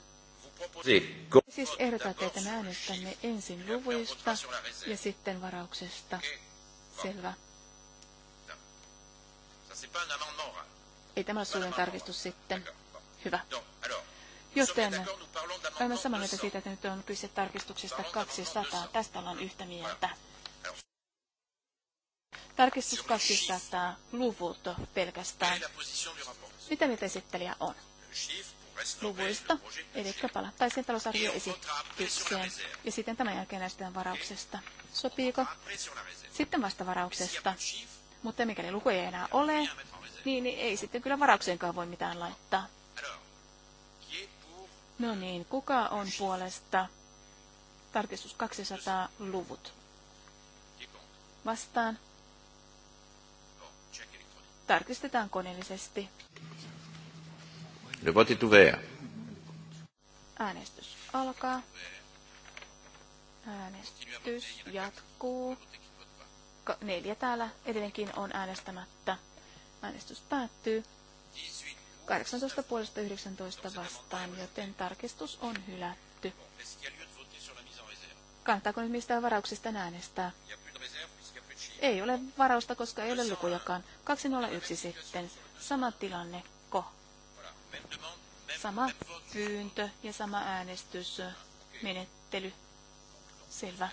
Siis ehdotatte, että me äänestämme ensin luvuista ja sitten varauksesta. Selvä. Ei tämä ole suuren tarkistus sitten. Hyvä. Joten olemme samaa mieltä siitä, että nyt on kyse tarkistuksesta 200. Tästä ollaan yhtä mieltä. Tarkistus 200 luvut pelkästään. Mitä mieltä esittelijä on? Luvuista, eli palattaisiin talousarvioesitykseen ja sitten tämän jälkeen näistä varauksesta. Sopiiko? Sitten vasta varauksesta mutta mikäli lukuja ei enää ole, niin ei sitten kyllä varaukseenkaan voi mitään laittaa. No niin, kuka on puolesta? Tarkistus 200 luvut. Vastaan. Tarkistetaan koneellisesti. Le vote est Äänestys alkaa. Äänestys jatkuu. Neljä täällä edelleenkin on äänestämättä. Äänestys päättyy. 18 puolesta 19 vastaan, joten tarkistus on hylätty. Kannattaako nyt mistään varauksista äänestää? Ei ole varausta, koska ei ole lukujakaan. 201 sitten. Sama tilanne. Ko. Sama pyyntö ja sama äänestysmenettely. Selvä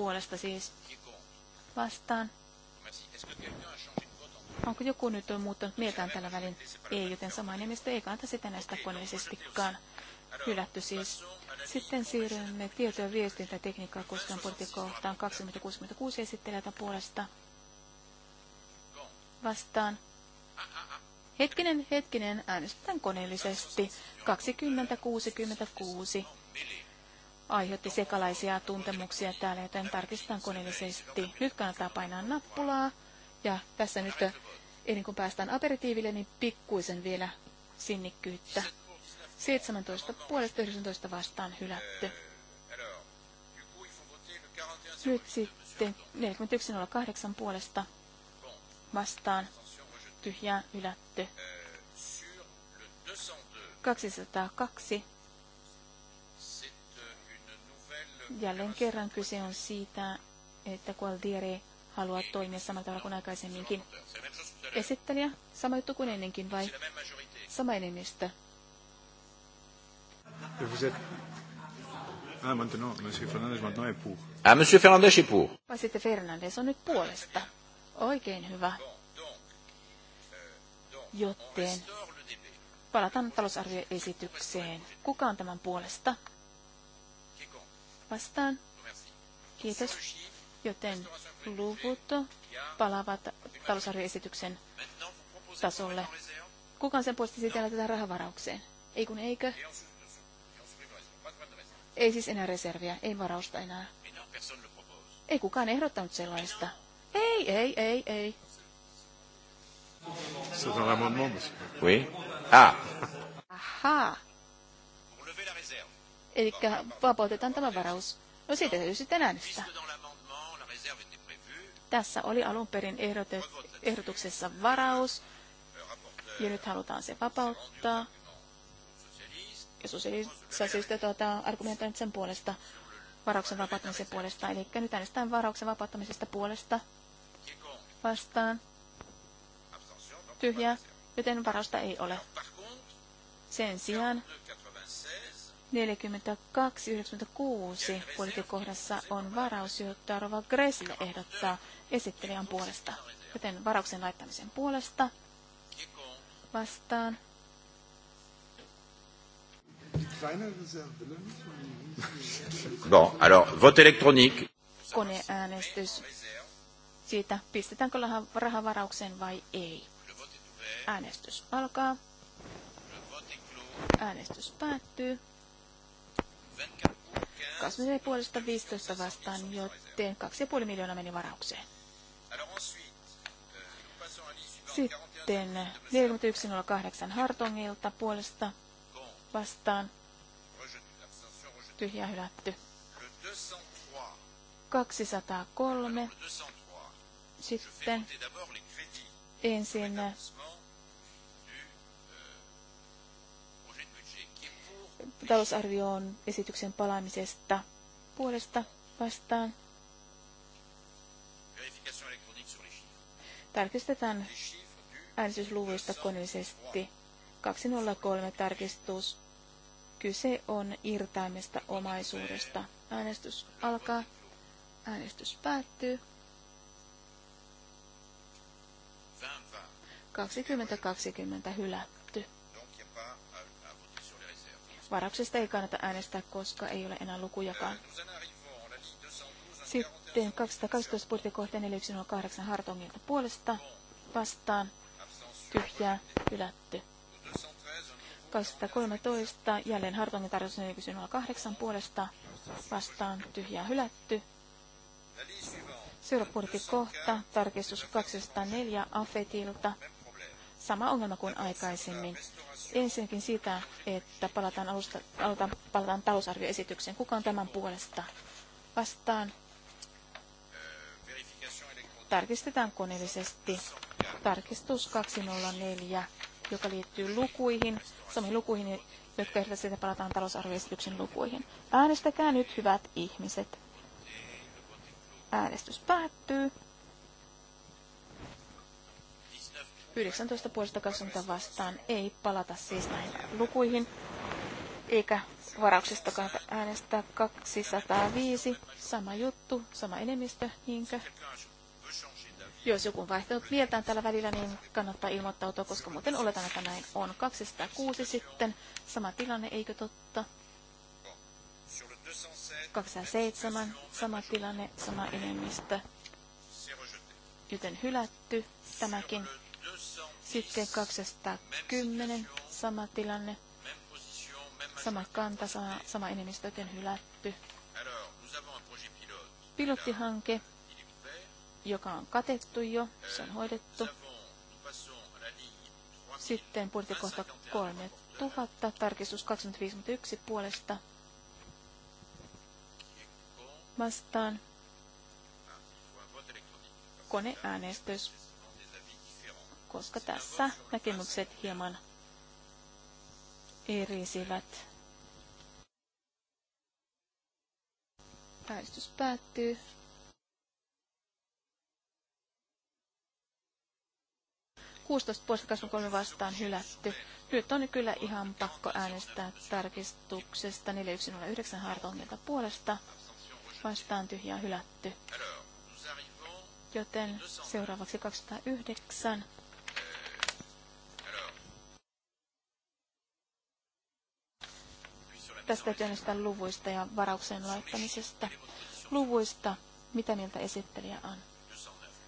puolesta siis vastaan. Onko joku nyt on muuttanut mieltään tällä välin? Ei, joten sama enemmistö ei kannata sitä näistä koneellisestikaan. Hylätty siis. Sitten siirrymme tieto- ja viestintätekniikkaa koskevan politiikkohtaan 2066 esittelijätä puolesta. Vastaan. Hetkinen, hetkinen, äänestetään koneellisesti. 2066 aiheutti sekalaisia tuntemuksia täällä, joten tarkistetaan koneellisesti. Nyt kannattaa painaa nappulaa. Ja tässä nyt, ennen kuin päästään aperitiiville, niin pikkuisen vielä sinnikkyyttä. 17.5.19 vastaan hylätty. Nyt sitten 41.08 puolesta vastaan tyhjään hylätty. 202 Jälleen kerran kyse on siitä, että Gualtieri haluaa toimia samalla tavalla kuin aikaisemminkin. Esittelijä, sama juttu kuin ennenkin vai sama enemmistö? Ah, Monsieur Ah, Monsieur Fernandez est pour. Vai sitten Fernandez on nyt puolesta. Oikein hyvä. Joten palataan talousarvioesitykseen. Kuka on tämän puolesta? vastaan. Kiitos. Joten luvut palaavat talousarvioesityksen tasolle. Kuka sen puolesta sitä tätä rahavaraukseen? Ei kun eikö? Ei siis enää reserviä, ei varausta enää. Ei kukaan ehdottanut sellaista. Ei, ei, ei, ei. C'est dans l'amendement, monsieur. Oui. Ah. Aha. Eli vapautetaan tämä varaus. No siitä ei sitten äänestää. Tässä oli alun perin ehdotuksessa varaus, ja nyt halutaan se vapauttaa. Ja sosiaaliset tuota, argumentoinnit sen puolesta, varauksen vapauttamisen puolesta. Eli nyt äänestetään varauksen vapauttamisesta puolesta vastaan. tyhjä, joten varausta ei ole. Sen sijaan 4296 budjettikohdassa on varaus, jota Rova Gressle ehdottaa esittelijän puolesta. Joten varauksen laittamisen puolesta vastaan. Bon, alors, vote électronique. Koneäänestys. Siitä pistetäänkö rahavaraukseen vai ei. Äänestys alkaa. Äänestys päättyy. 24 puolesta 15 vastaan, joten 2,5 miljoonaa meni varaukseen. Euh, Sitten 4108 Hartongilta puolesta vastaan. Tyhjä hylätty. 203. Sitten ensin talousarvioon esityksen palaamisesta puolesta vastaan. Tarkistetaan äänestysluvuista koneellisesti. 203 tarkistus. Kyse on irtaimesta omaisuudesta. Äänestys alkaa. Äänestys päättyy. 2020 -20 hylä. Varauksesta ei kannata äänestää, koska ei ole enää lukujakaan. Sitten 212 budjettikohta 4108 Hartongilta puolesta vastaan tyhjää hylätty. 213 jälleen Hartongin tarjous 4108 puolesta vastaan tyhjää hylätty. Seuraava kohta tarkistus 204 Afetilta sama ongelma kuin aikaisemmin. Ensinnäkin sitä, että palataan, alusta, aloitan, palataan talousarvioesitykseen. Kuka on tämän puolesta? Vastaan. Tarkistetaan koneellisesti. Tarkistus 204, joka liittyy lukuihin, samoihin lukuihin, jotka ehdotat sitä palataan talousarvioesityksen lukuihin. Äänestäkää nyt, hyvät ihmiset. Äänestys päättyy. 19 puolesta 20 vastaan ei palata siis näihin lukuihin, eikä varauksesta kannata äänestää 205. Sama juttu, sama enemmistö, niinkö? Jos joku on vaihtanut mieltään tällä välillä, niin kannattaa ilmoittautua, koska muuten oletan, että näin on. 206 sitten, sama tilanne, eikö totta? 207, sama tilanne, sama enemmistö, joten hylätty tämäkin. Sitten 210, sama tilanne, sama kanta, sama, sama enemmistö, joten hylätty. Pilottihanke, joka on katettu jo, se on hoidettu. Sitten budjettikohta 3000, tarkistus 25.1 puolesta vastaan koneäänestys koska tässä näkemykset hieman erisivät. Päästys päättyy. Kuusitoista pois kasvun kolme vastaan hylätty. Nyt on kyllä ihan pakko äänestää tarkistuksesta 4109 hartongilta puolesta. Vastaan tyhjää hylätty. Joten seuraavaksi 209 Tästä työnnöstä luvuista ja varauksen laittamisesta. Luvuista, mitä mieltä esittelijä on?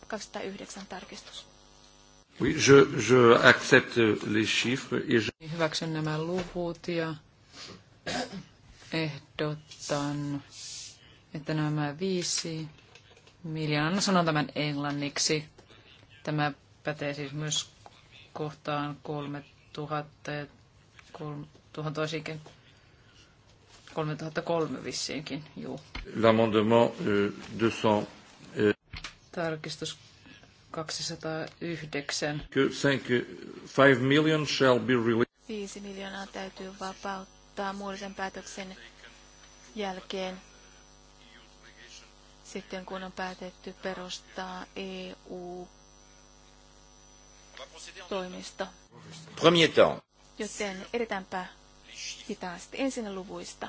209 tarkistus. Oui, je, je accepte les chiffres et je... Niin, hyväksyn nämä luvut ja ehdotan, että nämä viisi miljoonaa, sanon tämän englanniksi, tämä pätee siis myös kohtaan 3000 ja 3000 ikä. 3003 vissiinkin, juu. L'amendement 200... Euh, euh, Tarkistus 209. 5 million shall be released. 5 miljoonaa täytyy vapauttaa muodollisen päätöksen jälkeen sitten kun on päätetty perustaa EU-toimisto. Joten edetäänpä hitaasti. Ensin luvuista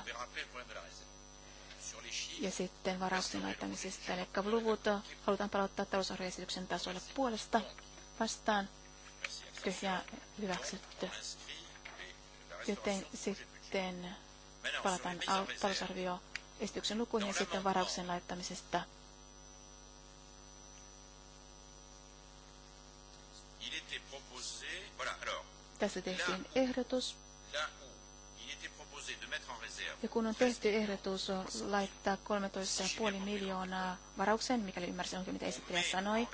ja sitten varauksen laittamisesta. Eli luvut halutaan palauttaa talousarvioesityksen tasolle puolesta vastaan tyhjää hyväksytty. Joten sitten palataan talousarvioesityksen lukuihin ja sitten varauksen laittamisesta. Tässä tehtiin ehdotus. Ja kun on tehty ehdotus laittaa 13,5 miljoonaa varaukseen, mikäli ymmärsin oikein mitä esittelijä sanoi,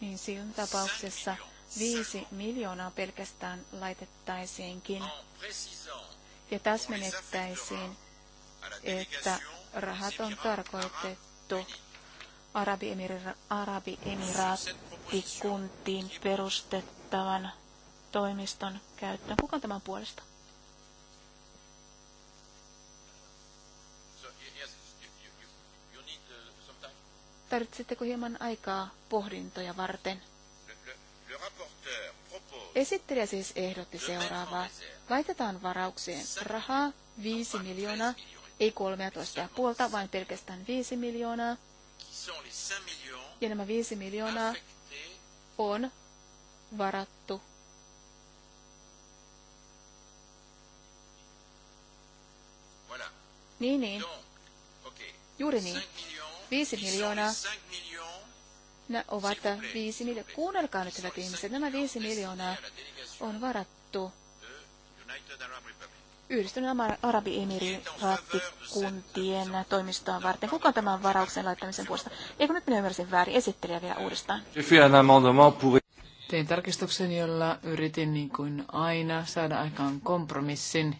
niin siinä tapauksessa 5 miljoonaa pelkästään laitettaisiinkin ja täsmennettäisiin, että rahat on tarkoitettu Arabiemiraattikuntiin perustettavan toimiston käyttöön. Kuka on tämän puolesta? Tarvitsetteko hieman aikaa pohdintoja varten? Esittelijä siis ehdotti seuraavaa. Laitetaan varaukseen rahaa 5 miljoonaa, ei 13,5, vaan pelkästään 5 miljoonaa. Ja nämä 5 miljoonaa on varattu Niin, niin. Juuri niin. 5 miljoonaa nämä ovat 5 miljoonaa. Kuunnelkaa nyt hyvät ihmiset, nämä 5 miljoonaa on varattu Yhdistyneen Arabi-emiraattikuntien toimistoa varten. Kuka on tämän varauksen laittamisen puolesta? Eikö nyt minä ymmärsin väärin? Esittelijä vielä uudestaan. Tein tarkistuksen, jolla yritin niin kuin aina saada aikaan kompromissin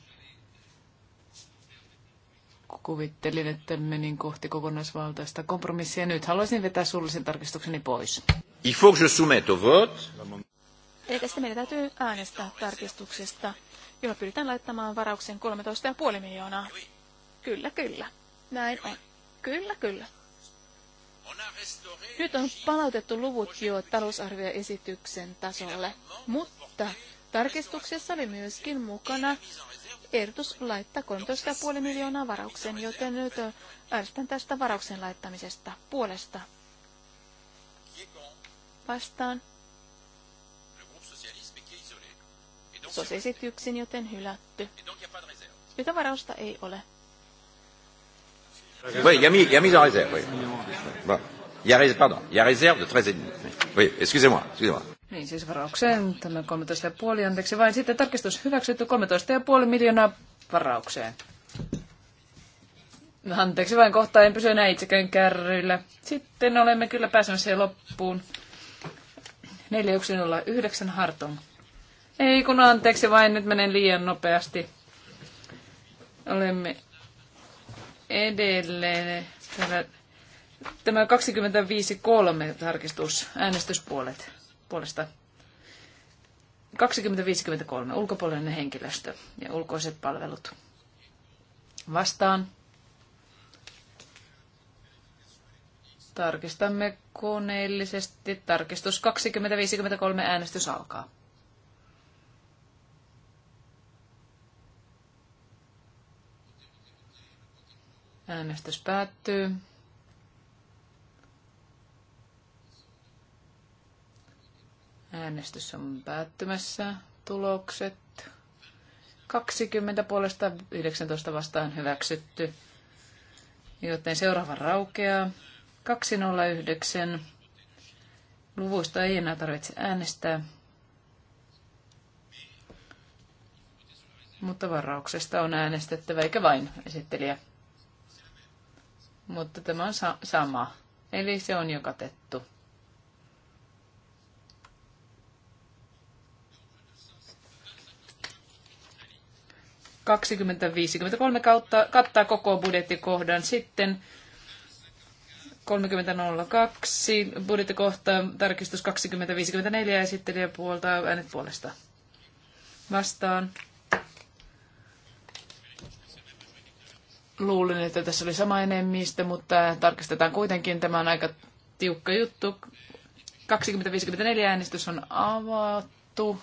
kuvittelin, että menin kohti kokonaisvaltaista kompromissia. Nyt haluaisin vetää suullisen tarkistukseni pois. Il faut que je soumette au vote. Eli tästä meidän täytyy äänestää tarkistuksesta, jolla pyritään laittamaan varauksen 13,5 miljoonaa. Kyllä, kyllä. Näin on. Kyllä, kyllä. Nyt on palautettu luvut jo talousarvioesityksen tasolle, mutta tarkistuksessa oli myöskin mukana ehdotus laittaa 13,5 miljoonaa varauksen, joten nyt äänestän tästä varauksen laittamisesta puolesta. Vastaan. Sosiaaliset yksin, joten hylätty. Yhtä varausta ei ole. Oui, il y a mis, il y a mis en réserve, oui. Bon. Il y a, réserve, pardon, il y a réserve de 13,5. Oui, excusez-moi, excusez-moi. Niin siis varaukseen tämä 13,5, anteeksi vain. Sitten tarkistus hyväksytty 13,5 miljoonaa varaukseen. Anteeksi vain kohta, en pysy enää itsekään kärryillä. Sitten olemme kyllä pääsemässä loppuun. 4109 Harton. Ei kun anteeksi vain, nyt menen liian nopeasti. Olemme edelleen tämä Tämä 25.3 tarkistus, äänestyspuolet puolesta 2053 ulkopuolinen henkilöstö ja ulkoiset palvelut. Vastaan. Tarkistamme koneellisesti. Tarkistus 2053 äänestys alkaa. Äänestys päättyy. Äänestys on päättymässä. Tulokset 20 puolesta 19 vastaan hyväksytty. Joten seuraava raukeaa. 209. Luvuista ei enää tarvitse äänestää. Mutta varauksesta on äänestettävä, eikä vain esittelijä. Mutta tämä on sa- sama. Eli se on jo katettu. 2053 kautta kattaa koko budjettikohdan. Sitten 30.02, budjettikohta, tarkistus 2054, esittelijä puolta, äänet puolesta. Vastaan. Luulin, että tässä oli sama enemmistö, mutta tarkistetaan kuitenkin. Tämä on aika tiukka juttu. 2054 äänestys on avattu.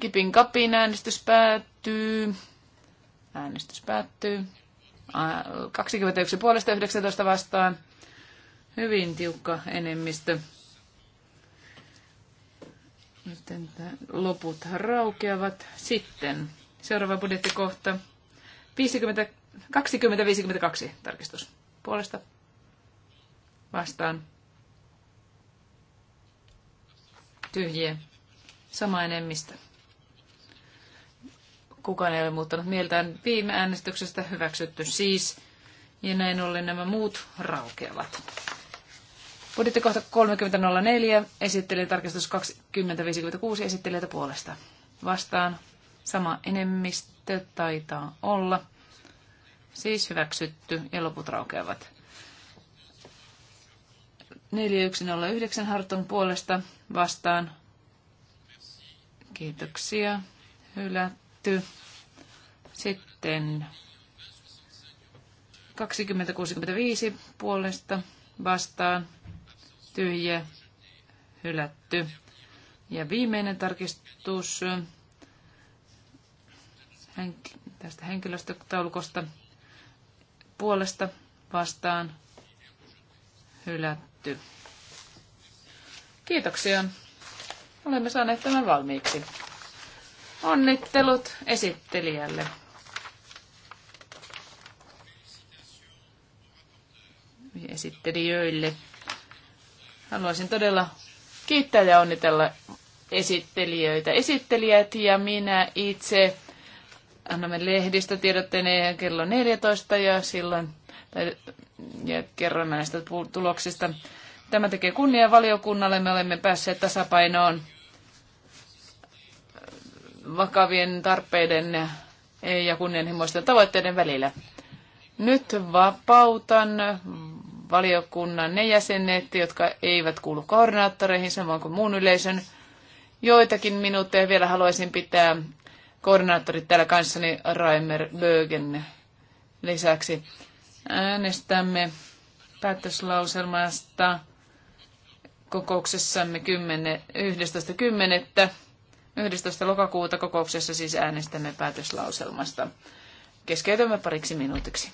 Kipin kapin äänestys päättyy. Äänestys päättyy. 21 puolesta 19 vastaan. Hyvin tiukka enemmistö. Nyt loput raukeavat. Sitten seuraava budjettikohta. 50, 20-52 tarkistus puolesta vastaan. Tyhjiä. Sama enemmistö. Kukaan ei ole muuttanut mieltään viime äänestyksestä. Hyväksytty siis. Ja näin ollen nämä muut raukeavat. Budjettikohta 30.04. Esittelee tarkistus 20.56 esittelijätä puolesta. Vastaan sama enemmistö taitaa olla. Siis hyväksytty ja loput raukeavat. 4109 Harton puolesta vastaan. Kiitoksia. Hylätty tehty. Sitten 2065 puolesta vastaan tyhjä hylätty. Ja viimeinen tarkistus tästä henkilöstötaulukosta puolesta vastaan hylätty. Kiitoksia. Olemme saaneet tämän valmiiksi. Onnittelut esittelijälle. Esittelijöille. Haluaisin todella kiittää ja onnitella esittelijöitä. Esittelijät ja minä itse annamme lehdistötiedotteen kello 14 ja silloin ja kerron näistä tuloksista. Tämä tekee kunnia valiokunnalle. Me olemme päässeet tasapainoon vakavien tarpeiden ja kunnianhimoisten tavoitteiden välillä. Nyt vapautan valiokunnan ne jäsenet, jotka eivät kuulu koordinaattoreihin, samoin kuin muun yleisön. Joitakin minuutteja vielä haluaisin pitää koordinaattorit täällä kanssani Raimer Bögen lisäksi. Äänestämme päätöslauselmasta kokouksessamme 11.10. 11. lokakuuta kokouksessa siis äänestämme päätöslauselmasta. Keskeytymme pariksi minuutiksi.